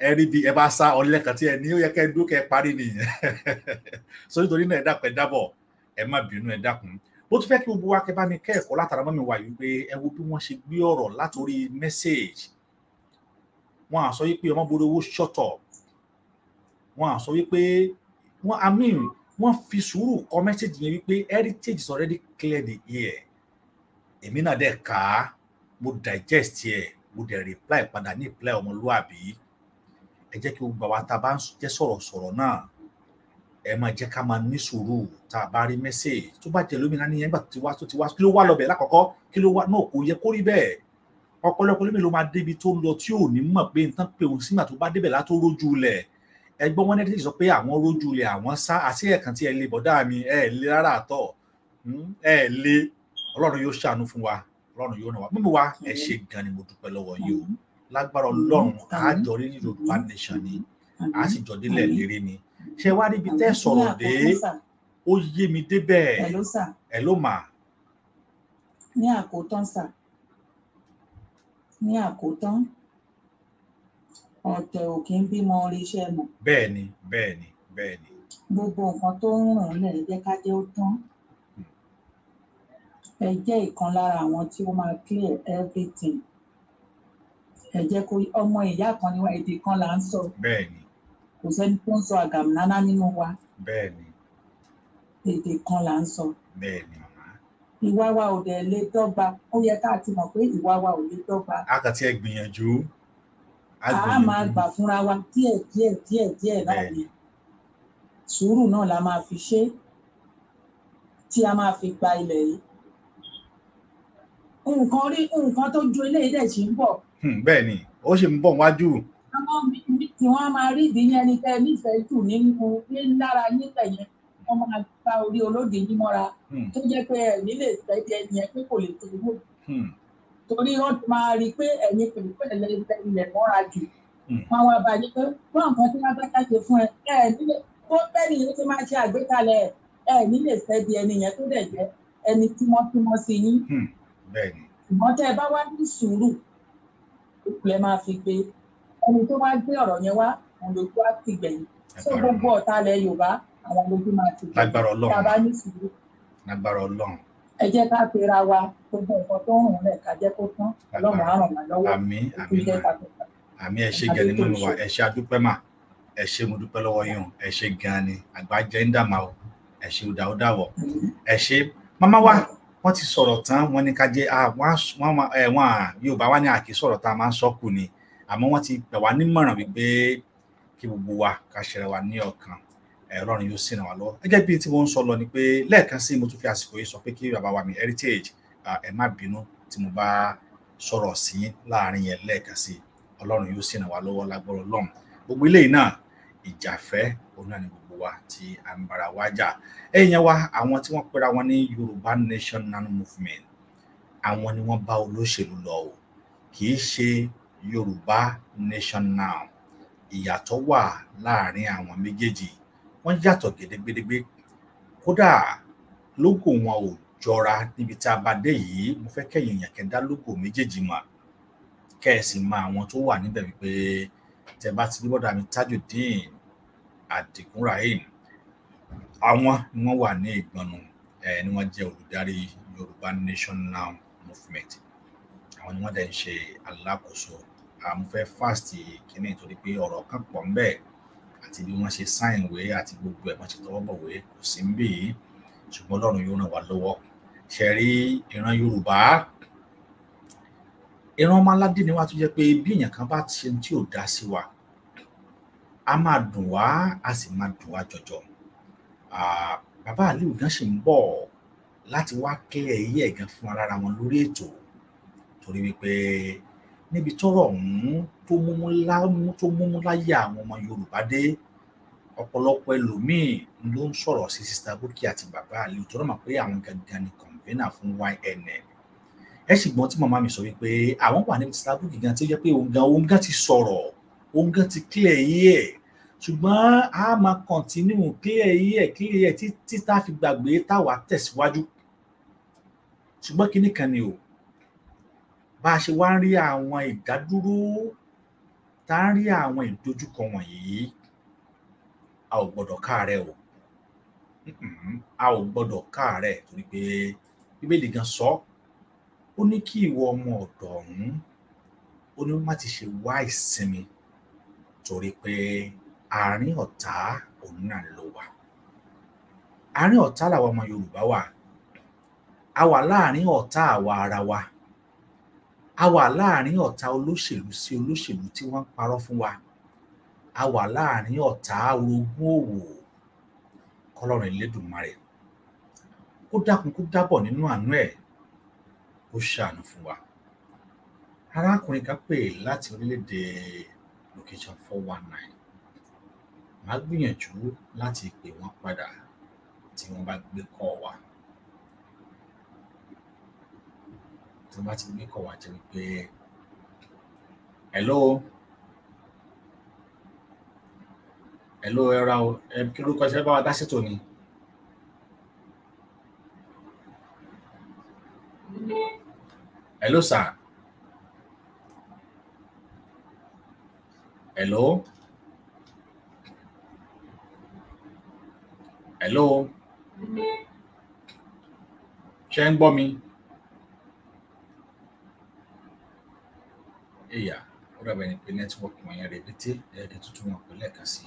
ẹ bi bí ẹ bá sá ọlẹ́ kan tí ẹ ní ó yẹ kẹ́ dúró parí nìyẹn <laughs> so nítorí náà ẹ dákun ẹ dábọ̀ ẹ má bínú ẹ dákun bó tún fẹ́ kí gbogbo wa kẹ́ bá mi kẹ́ẹ̀kọ́ látara mọ́ mi wà yìí pé ẹ wo bí wọ́n ṣe gbé ọ̀rọ̀ látòrí mẹ́sáàgì wọn à sọ wípé ọmọ borí owó shut up wọn à sọ wípé wọn i mean wọn fi sùúrù kọ mẹ́sáàgì yẹn wípé heritage is already clear the air èmi náà dẹ̀ ká mo digest ẹ̀ mo dẹ̀ reply padà ní ìpìlẹ̀ ọmọlúwàbí ẹ jẹ́ kí gbogbo àwa tá a bá ń jẹ́ sọ̀rọ̀sọ̀rọ̀ náà ẹ máa jẹ́ ká máa ní sùúrù tá a bá rí mẹ́sẹ̀ẹ́ tó bá jẹ́ lómìnira nìyẹn nígbà tó ti wá tó ti wá kí ló wá lọ bẹ̀ lákọ̀ọ́kọ́ kí ló wá náà kò yẹ kó rí bẹ́ẹ̀ ọ̀pọ̀lọpọ̀ lómi ló máa débi tó ń lọ tí ò ní mọ̀ pé nǹkan pé òun sígbà tó bá débẹ̀ látó rójú lẹ̀ ẹgbọ́n wọn nẹ́tí sọ pé àwọn rójú lẹ̀ àwọn sá àti ẹ̀kan tí ẹ lè bọ̀dá mi ẹ lè rárá àtọ̀ hmm, ẹ lè ọlọ́run yóò ṣàánú fún wa ọlọ́run yóò ràn wá mímú wa ẹ ṣe gan ni mo dúpẹ́ lọ́wọ́ yìí o lágbára mm-hmm. Ọlọ́run àjọ rí Yorùbá mm-hmm. nation ni mm-hmm. a sì jọ délẹ̀ lérí ni ṣé wá níbi tẹ́ sọ̀rọ̀ dé ó yé mi débẹ̀ ẹ ló mà. ní àkótán sà ní àkótán ọ̀tẹ̀ ò kí ń bímọ orí iṣẹ́ mọ̀. bẹ́ẹ̀ ni bẹ́ẹ̀ ni bẹ́ẹ̀ ni. gbogbo nǹkan tó ń ràn lẹ̀ jẹ́ ká jẹ́ ó tán. Hmm. ẹ jẹ́ ìkan lára àwọn tí ó máa clear everything ẹ jẹ́ kó ọmọ ìyá kan ni wá èdè kan là ń sọ bẹ́ẹ̀ni kò sẹ́ni tó ń sọ àgàmùnáná nínú wa bẹ́ẹ̀ni èdè kan là ń sọ bẹ́ẹ̀ni ìwà wa ò dẹ̀ lè dọ́gba ó yẹ ká ti mọ̀ pé ìwà wa ò lè dọ́gba. a kà tiẹ̀ gbìyànjú. a máa gbà fúnra wa díẹ̀ díẹ̀ díẹ̀ díẹ̀ náà ni sùúrù náà la máa fi ṣe tí a máa fi gba ilẹ̀ yìí. nǹkan rí nǹkan tó ju eléyìí dẹ̀ ṣì ń bọ̀ Hmm, bẹ́ẹ̀ ni ó ṣì ń bọ̀ wájú. àwọn mímí tí wọ́n máa rí ìdí yẹn ni tẹ́ nífẹ̀ẹ́ jù nínú lára yín tẹ̀yẹn wọ́n máa gba orí olóde yín mọ́ra hmm. tó jẹ́ pé ẹ̀mí lè fẹ́ jẹ ẹnìyẹn pé kò lè tó wò. Hmm. torí wọ́n máa rí i pé ẹ̀yin pẹ̀lú pẹ̀lú ilẹ̀ mọ́ra jù. wọn wá bàjẹ́ pé fún àwọn tí wọ́n bá ṣe fún ẹ ẹ̀mí tó bẹ́ẹ̀ nìyẹn ti máa ṣe àgbékalẹ̀ ẹ̀mí lè fẹ́ di ẹnìyẹn tó dẹ̀ jẹ́ ẹni tímọ́tímọ́ sí yín. bẹ́ẹ̀ ni. ìmọ̀tẹ́ bá wá ní sùúrù kù lẹ máa fi gbé ẹni tó wá gbé ọ̀rọ̀ yẹn wá òun ló wá ti gbẹ̀yìn tó gbogbo ọ̀tá ilẹ̀ yorùbá àwọn lójú máa ti gbẹ̀yìn tá a bá ní sùúrù. lágbára ọlọ́run. ẹ jẹ́ ká pera wa gbogbo nǹkan tó ń rùn rẹ̀ ká jẹ́ kó tán ọlọ́run á ràn wá lọ́wọ́ àmín àmín ẹ ṣé gan ni mọ́nu wa ẹ ṣé adúpẹ́ mà ẹ ṣé mo dúpẹ́ lọ́wọ́ yín ẹ ṣé gan ni àgbájẹ́ ń dàmà o ẹ ṣé ó dà ó dà wọ̀ ẹ ṣé màmá wa wọ́n ti sọ̀rọ̀ tán wọ́n ní ká jẹ́ ah, wọ́n eh, Yorùbá wá ní àkè sọ̀rọ̀ tá a máa ń sọ kù ni àmọ́ wọ́n ti gbà wá nímọ̀ràn wípé kí gbogbo wa ká ṣẹlẹ̀ wá ní ọ̀kan eh, Ọlọ́run yóò sì ràn wá lọ́wọ́ gẹ́gẹ́ bí tí wọ́n ń sọ lọ ni pé lẹ́ẹ̀kan sí mo tún fi àsìkò yìí sọ pé kí bàbá wa mi heritage ah, ẹ má bínú tí mo bá sọ̀rọ̀ sí láàrin yẹn lẹ́ẹ̀kan sí Ọlọ́run yóò sì ràn wá lọ́wọ́ lágbọ́rọ̀ lọ́hùn gbogbo gbogbo wa tí à ń bára wa jà ẹ̀yìn wa àwọn tí wọ́n pera wọn ní Yorùbá Nation Movement àwọn ni wọ́n bá olóṣèlú lọ o kì í ṣe Yorùbá Nation Now ìyàtọ̀ wà láàrin àwọn méjèèjì wọ́n yàtọ̀ gédégbédégbé kódà lógò wọn ò jọra níbi tá a bá dé yìí mo fẹ́ kẹ́yìn èèyàn kẹ́ dá méjèèjì mọ̀ kẹ́ ẹ sì mọ àwọn tó wà níbẹ̀ wípé tẹ́ bá ti rí bọ́dà mi Tajudeen àdìgún rahim àwọn ni wọn wà ní ìgbọnnu ẹ eh, ni wọn jẹ olùdarí yorùbá nation movement àwọn ni wọn dẹ ń ṣe alákòóso àwọn fẹ́ fast kínní torí pé ọ̀rọ̀ kan pọ̀ ń bẹ àti bí wọn ṣe sáìn wé àti gbogbo ẹ wọn ṣe tọwọ́ bọ̀wé kò sí ń bì í ṣùgbọ́n Ọlọ́run yóò ràn wá lọ́wọ́ ṣe rí ìran yorùbá ìran ọmọ aládé ni wọn á tún jẹ pé bí èèyàn kan bá ṣe tí ò dá sí wa a máa dùn wá a sì máa dùn wá jọjọ bàbá Aliu gan ṣì ń bọ̀ láti wá kílẹ̀ iye ẹ̀gàn fún ara wọn lórí ètò torí wípé níbi tọ́rọ̀ ọ̀hún tó múmú tó múmú láyé àwọn ọmọ Yorùbá dé ọ̀pọ̀lọpọ̀ ẹlòmíín ló ń sọ̀rọ̀ sí sista Bukky àti bàbá Aliu tó rọmọ pé àwọn gangan ni kọńfẹnà fún YNN ẹ ṣùgbọ́n tí màmá mi sọ wípé àwọn wà níbi sista Bukky gan tí ó yẹ pé òun gan òun gan ti ogán ti clear yìí ẹ̀ ṣùgbọ́n a máa continue clear yìí clear yìí ẹ̀ títí tá a fi gbàgbé táwa tẹ̀síwájú ṣùgbọ́n kinní kan ni o bá a ṣe wá ń rí àwọn ìdádúró tá a ń rí àwọn ìdojúkọ wọ̀nyí a ò gbọ́dọ̀ káàárẹ̀ o a ò gbọ́dọ̀ káàárẹ̀ torí pé bíbélì gan sọ ó ní kí ìwọ ọmọ ọ̀dọ̀ ọ̀hún ó ní má ti ṣe wá ìsinmi torí pé àárín ọ̀tá òun náà ló wà àárín ọ̀tá làwọn ọmọ Yorùbá wà a wà láàárín ọ̀tá àwa ara wa a wà láàárín ọ̀tá olóṣèlú sí olóṣèlú tí wọ́n ń parọ́ fún wa a wà láàárín ọ̀tá orogún òwò kọlọ́run Elédùmarè kó dákun kó dábọ̀ nínú àánú ẹ̀ kó ṣàánú fún wa arákùnrin kan pè láti orílẹ̀-èdè location four one nine màá gbìyànjú láti pè wọ́n padà tí wọ́n bá gbé kọ́ wa tí wọ́n bá ti gbé kọ́ wa jẹ́ wípé hello hello ẹra o ẹ kí ló kọ ṣe bá wa dá ṣètò ni. hello sir. Hello. Hello. Ṣé ń gbọ́ mi? Ìyá, ó dàbẹ̀ ni pé nẹ́tíwọ́ọ̀kì wọ̀nyẹn rẹ̀ bété ẹ̀ẹ́dẹ̀ tuntun wọn pẹ̀lú ẹ̀ka sí.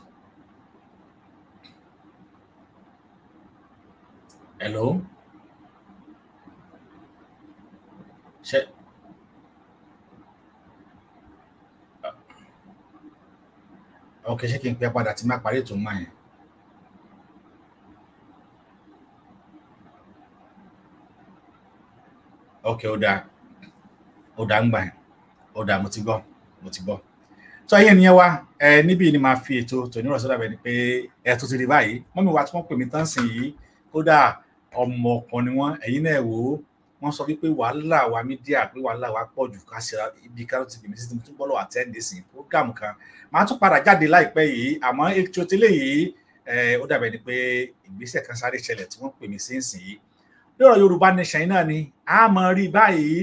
Hello. ok ṣé kí n pẹ́ padà tí má parí ètò mọ́ yẹn. ok ó dáa ó dáa ń gbà yẹn ó dáa mo ti gbọ́ mo ti gbọ́ tó ayé ènìyàn wa ẹ níbí ni màá fi ètò tòní rọ̀ sọ́dọ̀ bẹ́ẹ̀ ni pé ẹ tó ti rí báyìí mọ́mí wa tí wọ́n pè mí tán sìn yìí kódà ọmọ ọkàn ni wọ́n ẹ̀yin náà wò ó wọ́n sọ wípé wàhálà wa mídíà pé wàhálà wa pọ̀ jù ká ṣe ibi Karo TV mi títí tún bọ́lọ̀ àtẹ́ǹdì sí program kan màá tún padà jáde láìpẹ́ yìí àmọ́ ètò tílé yìí ó dàbẹ̀ ni pé ìgbésẹ̀ kan sáré ṣẹlẹ̀ tí wọ́n pè mí sí ìsìn yìí lọ́rọ̀ Yorùbá Nation náà ni a mọ̀ rí báyìí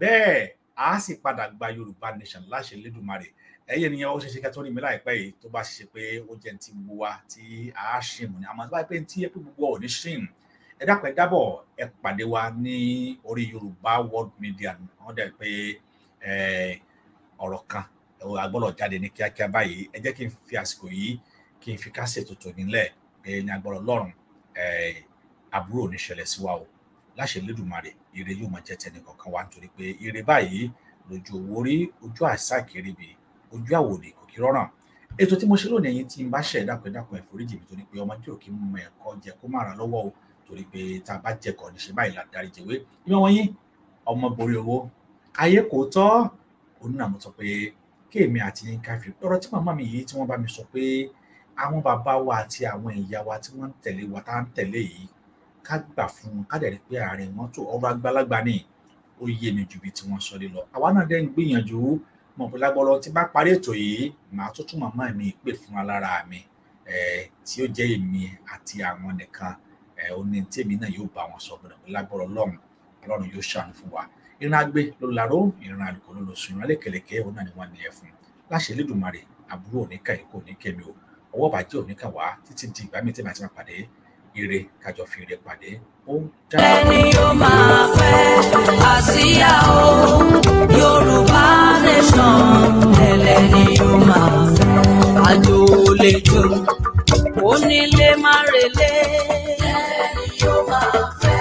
bẹ́ẹ̀ a sì padà gba Yorùbá Nation láṣẹ lẹ́dùnmarè ẹyẹ nìyẹn ó ṣe ṣe kẹtọ ní mi láìpẹ́ yìí tó bá ṣe pé ó jẹ ti gbogbo wa tí a ṣìmù ni àmọ́ báyìí pé tí ẹ pé gbogbo ọ ní ṣìmù ẹ dákun ẹ dábọ̀ ẹ pàdé wa ní orí Yorùbá World Media wọ́n dẹ̀ pé ọ̀rọ̀ kan agbọ́dọ̀ jáde ní kíákíá báyìí ẹ jẹ́ kí n fi àsìkò yìí kí n fi kásẹ̀ tuntun nílẹ̀ pé ní agbọ́dọ̀ lọ́rùn àbúrò oníṣẹ̀lẹ̀ sí wa o láṣẹ lẹ́dùnmarè ire yóò máa jẹ́ tẹnì kọ̀ọ̀kan wa nítorí pé ire báyìí lójú owó rí ojú àṣà kiri bi ojú àwòdì kò kí rọrùn ètò tí mo ṣe lónìí ẹ̀yin tí n bá ṣẹ̀ dákun dákun ẹ̀fọ́ríjì mi tó ní pé ọmọdé ò kí mú jẹ kó má ra lọ́wọ́ o torí pé tá a bá jẹkọ níṣẹ báyìí la darí jẹwé ìmọ̀ wọ̀nyí ọmọ borí owó ayé kò tọ́ onínàmú sọ pé kéèmí àti Yínká fi ọ̀rọ̀ tí màmá mi yìí tí wọ́n bá mi sọ pé àwọn bàbá wa àti àwọn ìyá wa tí wọ́n ń tẹ̀lé wa tá à ń tẹ̀lé yìí ká gbà fún wọn ká dẹ̀rí pé àárín wọn tó ọ̀rọ̀ àgbàlagbà ni ó yé mi ju bí tí wọ́n sọ lé lọ àwa náà dẹ́ gbìyànjú mọ̀bùlágbọ́lọ́ tí bá parí ètò yìí màá tó tún màmá mi pè fún alára mi tí ó jẹ́ èmi àti àwọn nìkan ẹ ò ní tèmi náà yóò bá wọn sọ gbọ́dọ̀ pé lágbọrọ Ọlọ́run Ọlọ́run yóò ṣàánú fún wa ìran ló laró ìran àlùkò ló lọ sùn ìran lékeleke òun náà ni wọn ní ẹ fún láṣẹ Elédùmarè àbúrò oníkà yìí kò ní kẹmi o ọwọ́ bàjẹ́ oníkà wá títí di ìgbà mi tẹmí àti pàdé ire kájọ fi ire pàdé ó dá. ẹni yóò máa fẹ́ àsíá o Yorùbá nation ẹlẹ́ni yóò máa fẹ́ àjò olè jò onílé má àjò máa fẹ́.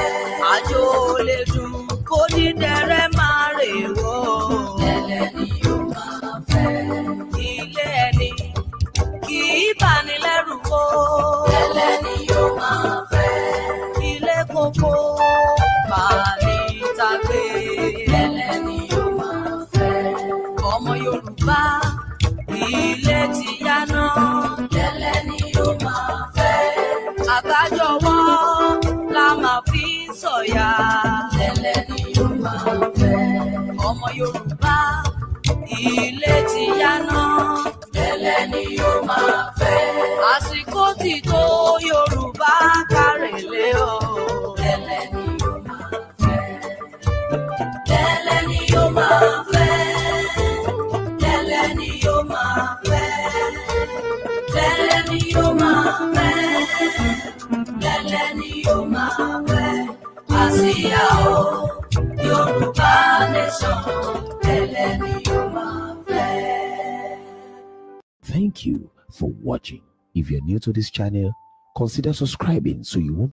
àjò ò dùn kó ní dẹrẹ́ máa rè wọ́. ìlẹ̀ ni yóò máa fẹ́. ilé ẹni kì í bani kó. ìlẹ̀ ni yóò máa fẹ́. ilé kókó bàálí tàgbé. ìlẹ̀ ni yóò máa fẹ́. ọmọ Yorùbá ilé ti yá náà. ìlẹ̀ ni yóò máa fẹ́. lọ́yà. Tẹ́lẹ̀ ni yóò máa fẹ́. Ọmọ Yorùbá ilé ti yáná. Tẹ́lẹ̀ ni yóò máa fẹ́. Àsìkò ti tó Yorùbá kárẹ̀lẹ̀ o. Tẹ́lẹ̀ ni yóò máa fẹ́. Tẹ́lẹ̀ ni yóò máa fẹ́. Tẹ́lẹ̀ ni yóò máa fẹ́. Tẹ́lẹ̀ ni yóò máa fẹ́. Thank you for watching. If you're new to this channel, consider subscribing so you won't